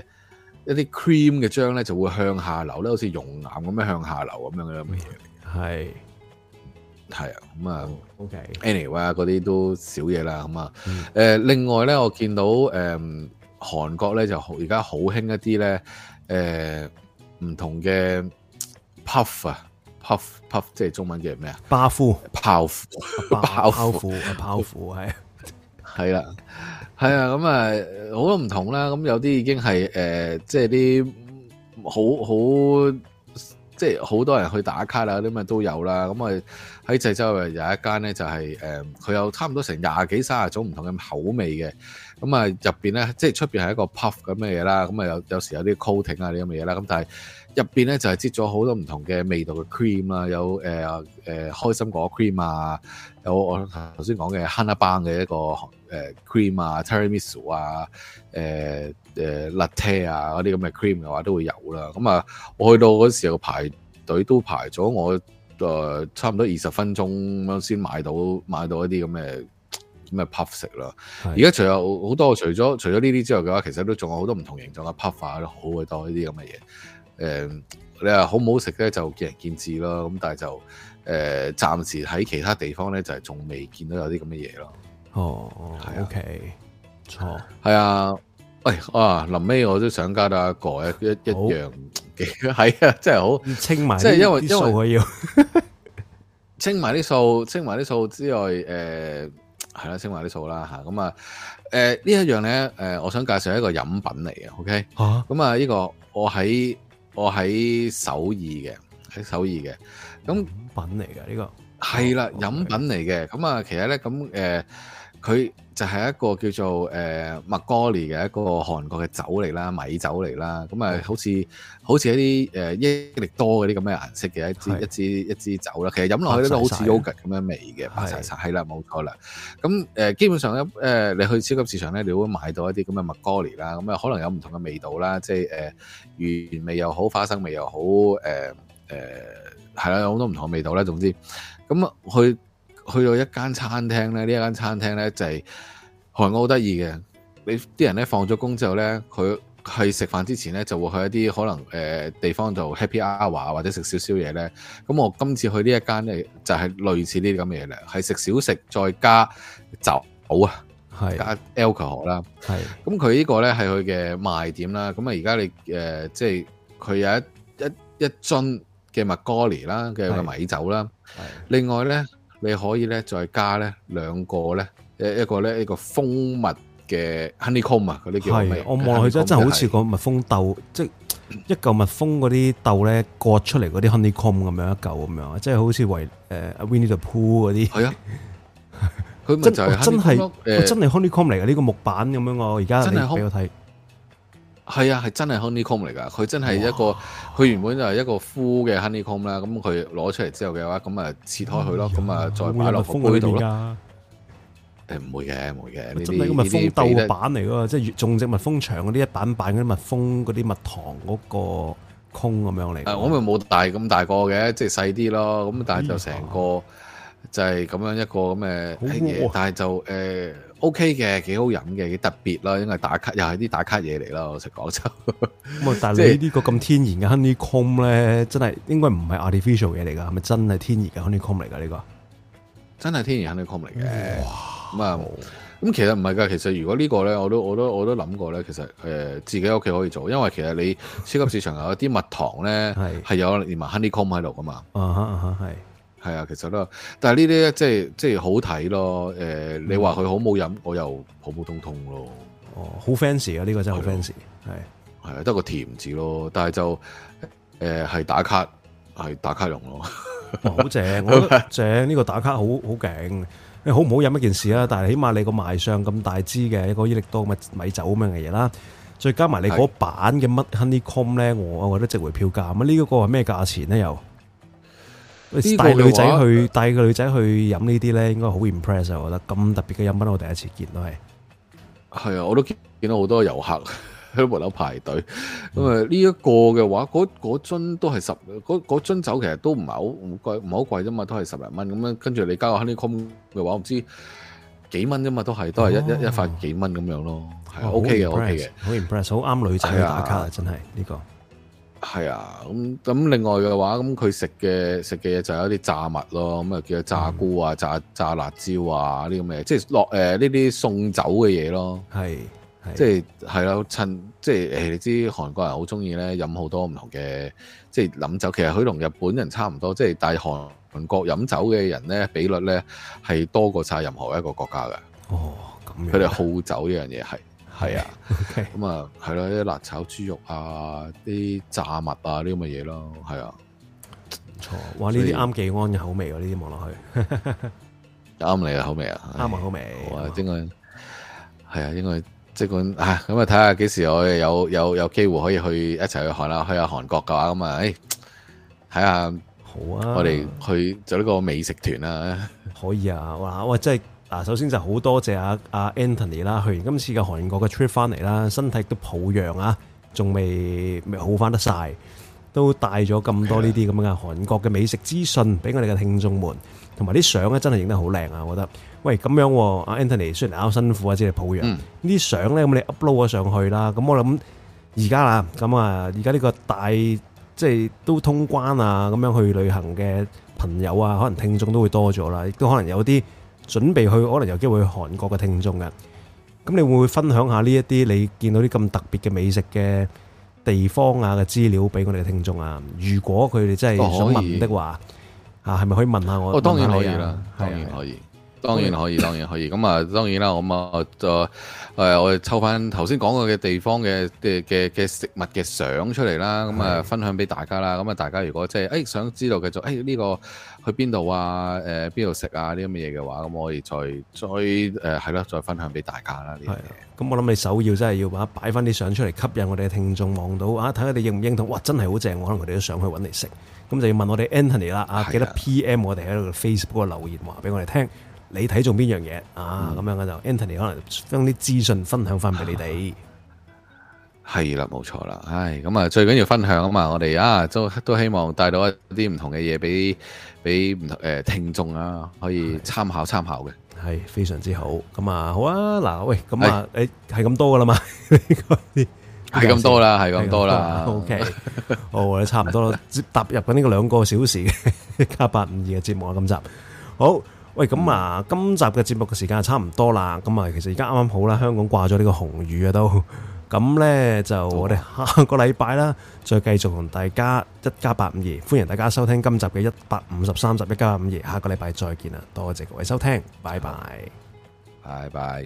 一啲 cream 嘅漿咧就會向下流咧，好似熔岩咁樣向下流咁樣嘅咁嘅嘢嚟。係。係啊，咁啊，OK，anyway 啊，嗰、okay。啲都少嘢啦，咁啊，誒、嗯、另外咧，我見到誒、嗯、韓國咧就而家好興一啲咧誒唔同嘅 puff 啊，puff puff，即係中文叫咩啊？巴夫，泡泡芙，泡芙，係係啦，係 <laughs> 啊，咁啊好多唔同啦，咁有啲已經係誒即係啲好好即係好多人去打卡啦，啲咪都有啦，咁啊～喺濟州有一間咧就係、是、誒，佢、嗯、有差唔多成廿幾卅種唔同嘅口味嘅，咁啊入面咧，即係出面係一個 puff 咁嘅嘢啦，咁、嗯、啊有有時有啲 coating 啊啲咁嘅嘢啦，咁、嗯、但係入面咧就係、是、擠咗好多唔同嘅味道嘅 cream 啦，有誒誒開心果 cream 啊，有我頭先講嘅 hana bang 嘅一個 cream 啊，Tiramisu 啊，誒 latte 啊嗰啲咁嘅 cream 嘅話都會有啦，咁、嗯、啊、嗯、我去到嗰時候排隊都排咗我。誒、呃、差唔多二十分鐘咁樣先買到買到一啲咁嘅咁嘅 puff 食啦。而家除有好多除咗除咗呢啲之外嘅話，其實都仲有好多唔同形狀嘅 puff 啊，都好鬼多呢啲咁嘅嘢。誒、呃，你話好唔好食咧，就見仁見智咯。咁但係就誒、呃，暫時喺其他地方咧，就係仲未見到有啲咁嘅嘢咯。哦，OK，錯係啊。喂、哎，啊，臨尾我都想加多一個一一,好一樣嘅，係啊，真係好清埋，即係因為因為我要 <laughs> 清埋啲數，清埋啲數之外，誒、呃，係啦，清埋啲數啦吓，咁啊，誒、呃、呢一樣咧，誒、呃，我想介紹一個飲品嚟嘅。OK 咁啊呢個我喺我喺首爾嘅喺首爾嘅飲品嚟嘅呢個係啦飲品嚟嘅，咁、哦、啊其實咧咁誒。佢就係一個叫做誒麥、呃、哥尼嘅一個韓國嘅酒嚟啦，米酒嚟啦，咁啊好似、嗯、好似一啲誒益力多嗰啲咁嘅顏色嘅一支一支一支酒啦，其實飲落去咧都好似 yogurt 咁樣味嘅，白係啦，冇錯啦。咁誒、呃、基本上咧誒、呃，你去超級市場咧，你會買到一啲咁嘅麥哥尼啦，咁啊可能有唔同嘅味道啦，即係誒、呃、原味又好，花生味又好，誒誒係啦，有好多唔同嘅味道啦，總之咁啊去。去到一間餐廳咧，這一餐廳呢一間餐廳咧就係韓國好得意嘅，你啲人咧放咗工之後咧，佢去食飯之前咧就會去一啲可能、呃、地方度 happy hour 或者食少少嘢咧。咁我今次去一呢一間咧就係、是、類似呢啲咁嘅嘢咧，係食小食再加酒啊，加 alcohol 啦，係。咁佢呢個咧係佢嘅賣點啦。咁啊而家你、呃、即係佢有一一一樽嘅麥歌尼啦嘅米酒啦，另外咧。你可以咧再加咧兩個咧一一個咧一個蜂蜜嘅 honeycomb 啊，嗰啲叫係，我望落去真真係好似個蜜蜂豆，即係一嚿蜜蜂嗰啲豆咧割出嚟嗰啲 honeycomb 咁樣一嚿咁樣，即係好似為誒阿 Winnie 鋪嗰啲係啊，佢真就真係誒真係 honeycomb 嚟嘅呢個木板咁樣，我而家真係俾我睇。係啊，係真係 honeycomb 嚟噶，佢真係一個，佢原本就係一個 full 嘅 honeycomb 啦。咁佢攞出嚟之後嘅話，咁啊切開佢咯，咁、哎、啊再擺落蜂度噶。誒唔會嘅，唔會嘅。呢啲蜜蜂、啊啊欸、斗板嚟噶，即係越種植蜜蜂場嗰啲一板板嗰啲蜜蜂嗰啲蜜糖嗰個空咁樣嚟。我咪冇大咁大一個嘅，即係細啲咯。咁但係就成個就係咁樣一個咁嘅嘢，但係就誒。呃 O K 嘅，幾好飲嘅，幾特別啦，因為打卡又係啲打卡嘢嚟咯。食廣州，但你呢個咁天然嘅 honey comb 咧，真係應該唔係 artificial 嘢嚟噶，係咪真係天然嘅 honey comb 嚟噶？呢個真係天然 honey comb 嚟嘅。哇！咁啊，咁其實唔係噶，其實如果這個呢個咧，我都我都我都諗過咧，其實誒、呃、自己屋企可以做，因為其實你超級市場有一啲蜜糖咧係 <laughs> 有連埋 honey comb 喺度噶嘛。係、uh -huh, uh -huh,。係啊，其實啦，但係呢啲咧，即係即係好睇咯。誒、呃嗯，你話佢好唔好飲，我又普普通通咯。哦，好 fancy 啊，呢、這個真係好 fancy。係係啊，得個、啊啊、甜字咯，但係就誒係、呃、打卡係打卡龍咯、嗯。好正， <laughs> 我覺得正呢、這個打卡好好勁。你好唔好飲一件事啊？但係起碼你個賣相咁大支嘅一個益力多米酒咁樣嘅嘢啦，再加埋你嗰版嘅乜 honeycomb 咧，我我覺得值回票價。啊呢一、這個係咩價錢咧？又？帶女仔去帶個女仔去飲呢啲咧，應該好 impress 啊！我覺得咁特別嘅飲品，我第一次見都係。係啊！我都見到好多遊客喺門口排隊。咁啊，呢一個嘅話，嗰嗰樽都係十，嗰嗰樽酒其實都唔係好唔貴，唔係好貴啫嘛，都係十零蚊咁樣。跟住你加個 honeycomb 嘅話，唔知幾蚊啫嘛，都係都係一一一塊幾蚊咁樣咯。係啊，OK 嘅，OK 嘅，好 impress，好啱女仔去打卡啊！真係呢個。係啊，咁咁另外嘅話，咁佢食嘅食嘅嘢就有啲炸物咯，咁啊叫做炸菇啊、嗯、炸炸辣椒啊啲咁嘅，即係落誒呢啲送酒嘅嘢咯。係，即係係咯，趁即係、誒、你知韓國人好中意咧飲好多唔同嘅即係飲酒，其實佢同日本人差唔多，即係大韓國飲酒嘅人咧比率咧係多過晒任何一個國家嘅。哦，咁佢哋好酒呢樣嘢係。係啊，咁、okay. 嗯、啊，係咯啲辣炒豬肉啊，啲炸物啊，啲咁嘅嘢咯，係啊，唔、嗯、錯，哇！呢啲啱技安嘅口味喎，呢啲望落去，啱你嘅口味啊，啱我 <laughs> 口、啊口啊哎、口味，好啊，應該係啊，應該即管啊，咁啊，睇下幾時我有有有機會可以一去一齊去韓啦，去下韓國嘅話，咁、嗯、啊，誒，睇下好啊，我哋去做呢個美食團啦，可以啊，哇，哇，真係～嗱，首先就好多謝阿阿 Anthony 啦，去完今次嘅韓國嘅 trip 翻嚟啦，身體都抱恙啊，仲未未好翻得晒。都帶咗咁多呢啲咁嘅韓國嘅美食資訊俾我哋嘅聽眾們，同埋啲相咧真係影得好靚啊！我覺得，喂咁樣、啊，阿 Anthony 雖然啱辛苦啊、嗯、啊，即係抱恙，呢啲相咧咁你 upload 咗上去啦，咁我諗而家啊，咁啊而家呢個大，即係都通關啊，咁樣去旅行嘅朋友啊，可能聽眾都會多咗啦，亦都可能有啲。準備去可能有機會去韓國嘅聽眾嘅，咁你會唔會分享一下呢一啲你見到啲咁特別嘅美食嘅地方啊嘅資料俾我哋嘅聽眾啊？如果佢哋真係想問的話，啊、哦，係咪可以問一下我？哦，當然可以啦、啊啊，當然可以。當然， <laughs> 當然可以，當然可以。咁啊，當然啦，我咪再誒，我哋抽翻頭先講過嘅地方嘅嘅嘅嘅食物嘅相出嚟啦。咁啊，分享俾大家啦。咁啊，大家如果即係誒想知道繼續誒呢個去邊度啊？誒邊度食啊？呢啲咁嘅嘢嘅話，咁我哋再再誒係啦，再分享俾大家啦。呢啲咁我諗你首要真係要把擺翻啲相出嚟，吸引我哋嘅聽眾望到啊，睇下你認唔認同。哇，真係好正喎！可能佢哋都想去揾嚟食。咁就要問我哋 Anthony 啦。啊，記得 PM 我哋喺度 Facebook 嘅留言話俾我哋聽。你睇中邊樣嘢啊？咁樣嘅就 Anthony 可能將啲資訊分享翻俾你哋，係、啊、啦，冇錯啦。唉，咁啊，最緊要分享啊嘛，我哋啊都都希望帶到一啲唔同嘅嘢俾俾唔同誒、呃、聽眾啊，可以參考參考嘅，係非常之好。咁啊，好啊，嗱喂，咁啊，你係咁多噶啦嘛係 <laughs> 咁多啦，係咁多啦。OK， <laughs> 好啦，我哋差唔多啦， <laughs> 踏入緊呢個兩個小時嘅一家八五二嘅節目啦，今集好。喂，咁啊，今集嘅節目嘅時間係差唔多啦，咁啊，其實而家啱啱好啦，香港掛咗呢個紅雨啊，都，咁呢就我哋下個禮拜啦，再繼續同大家一家八五二，歡迎大家收聽今集嘅一百五十三集一家五二，下個禮拜再見啦，多謝各位收聽，拜拜，拜拜。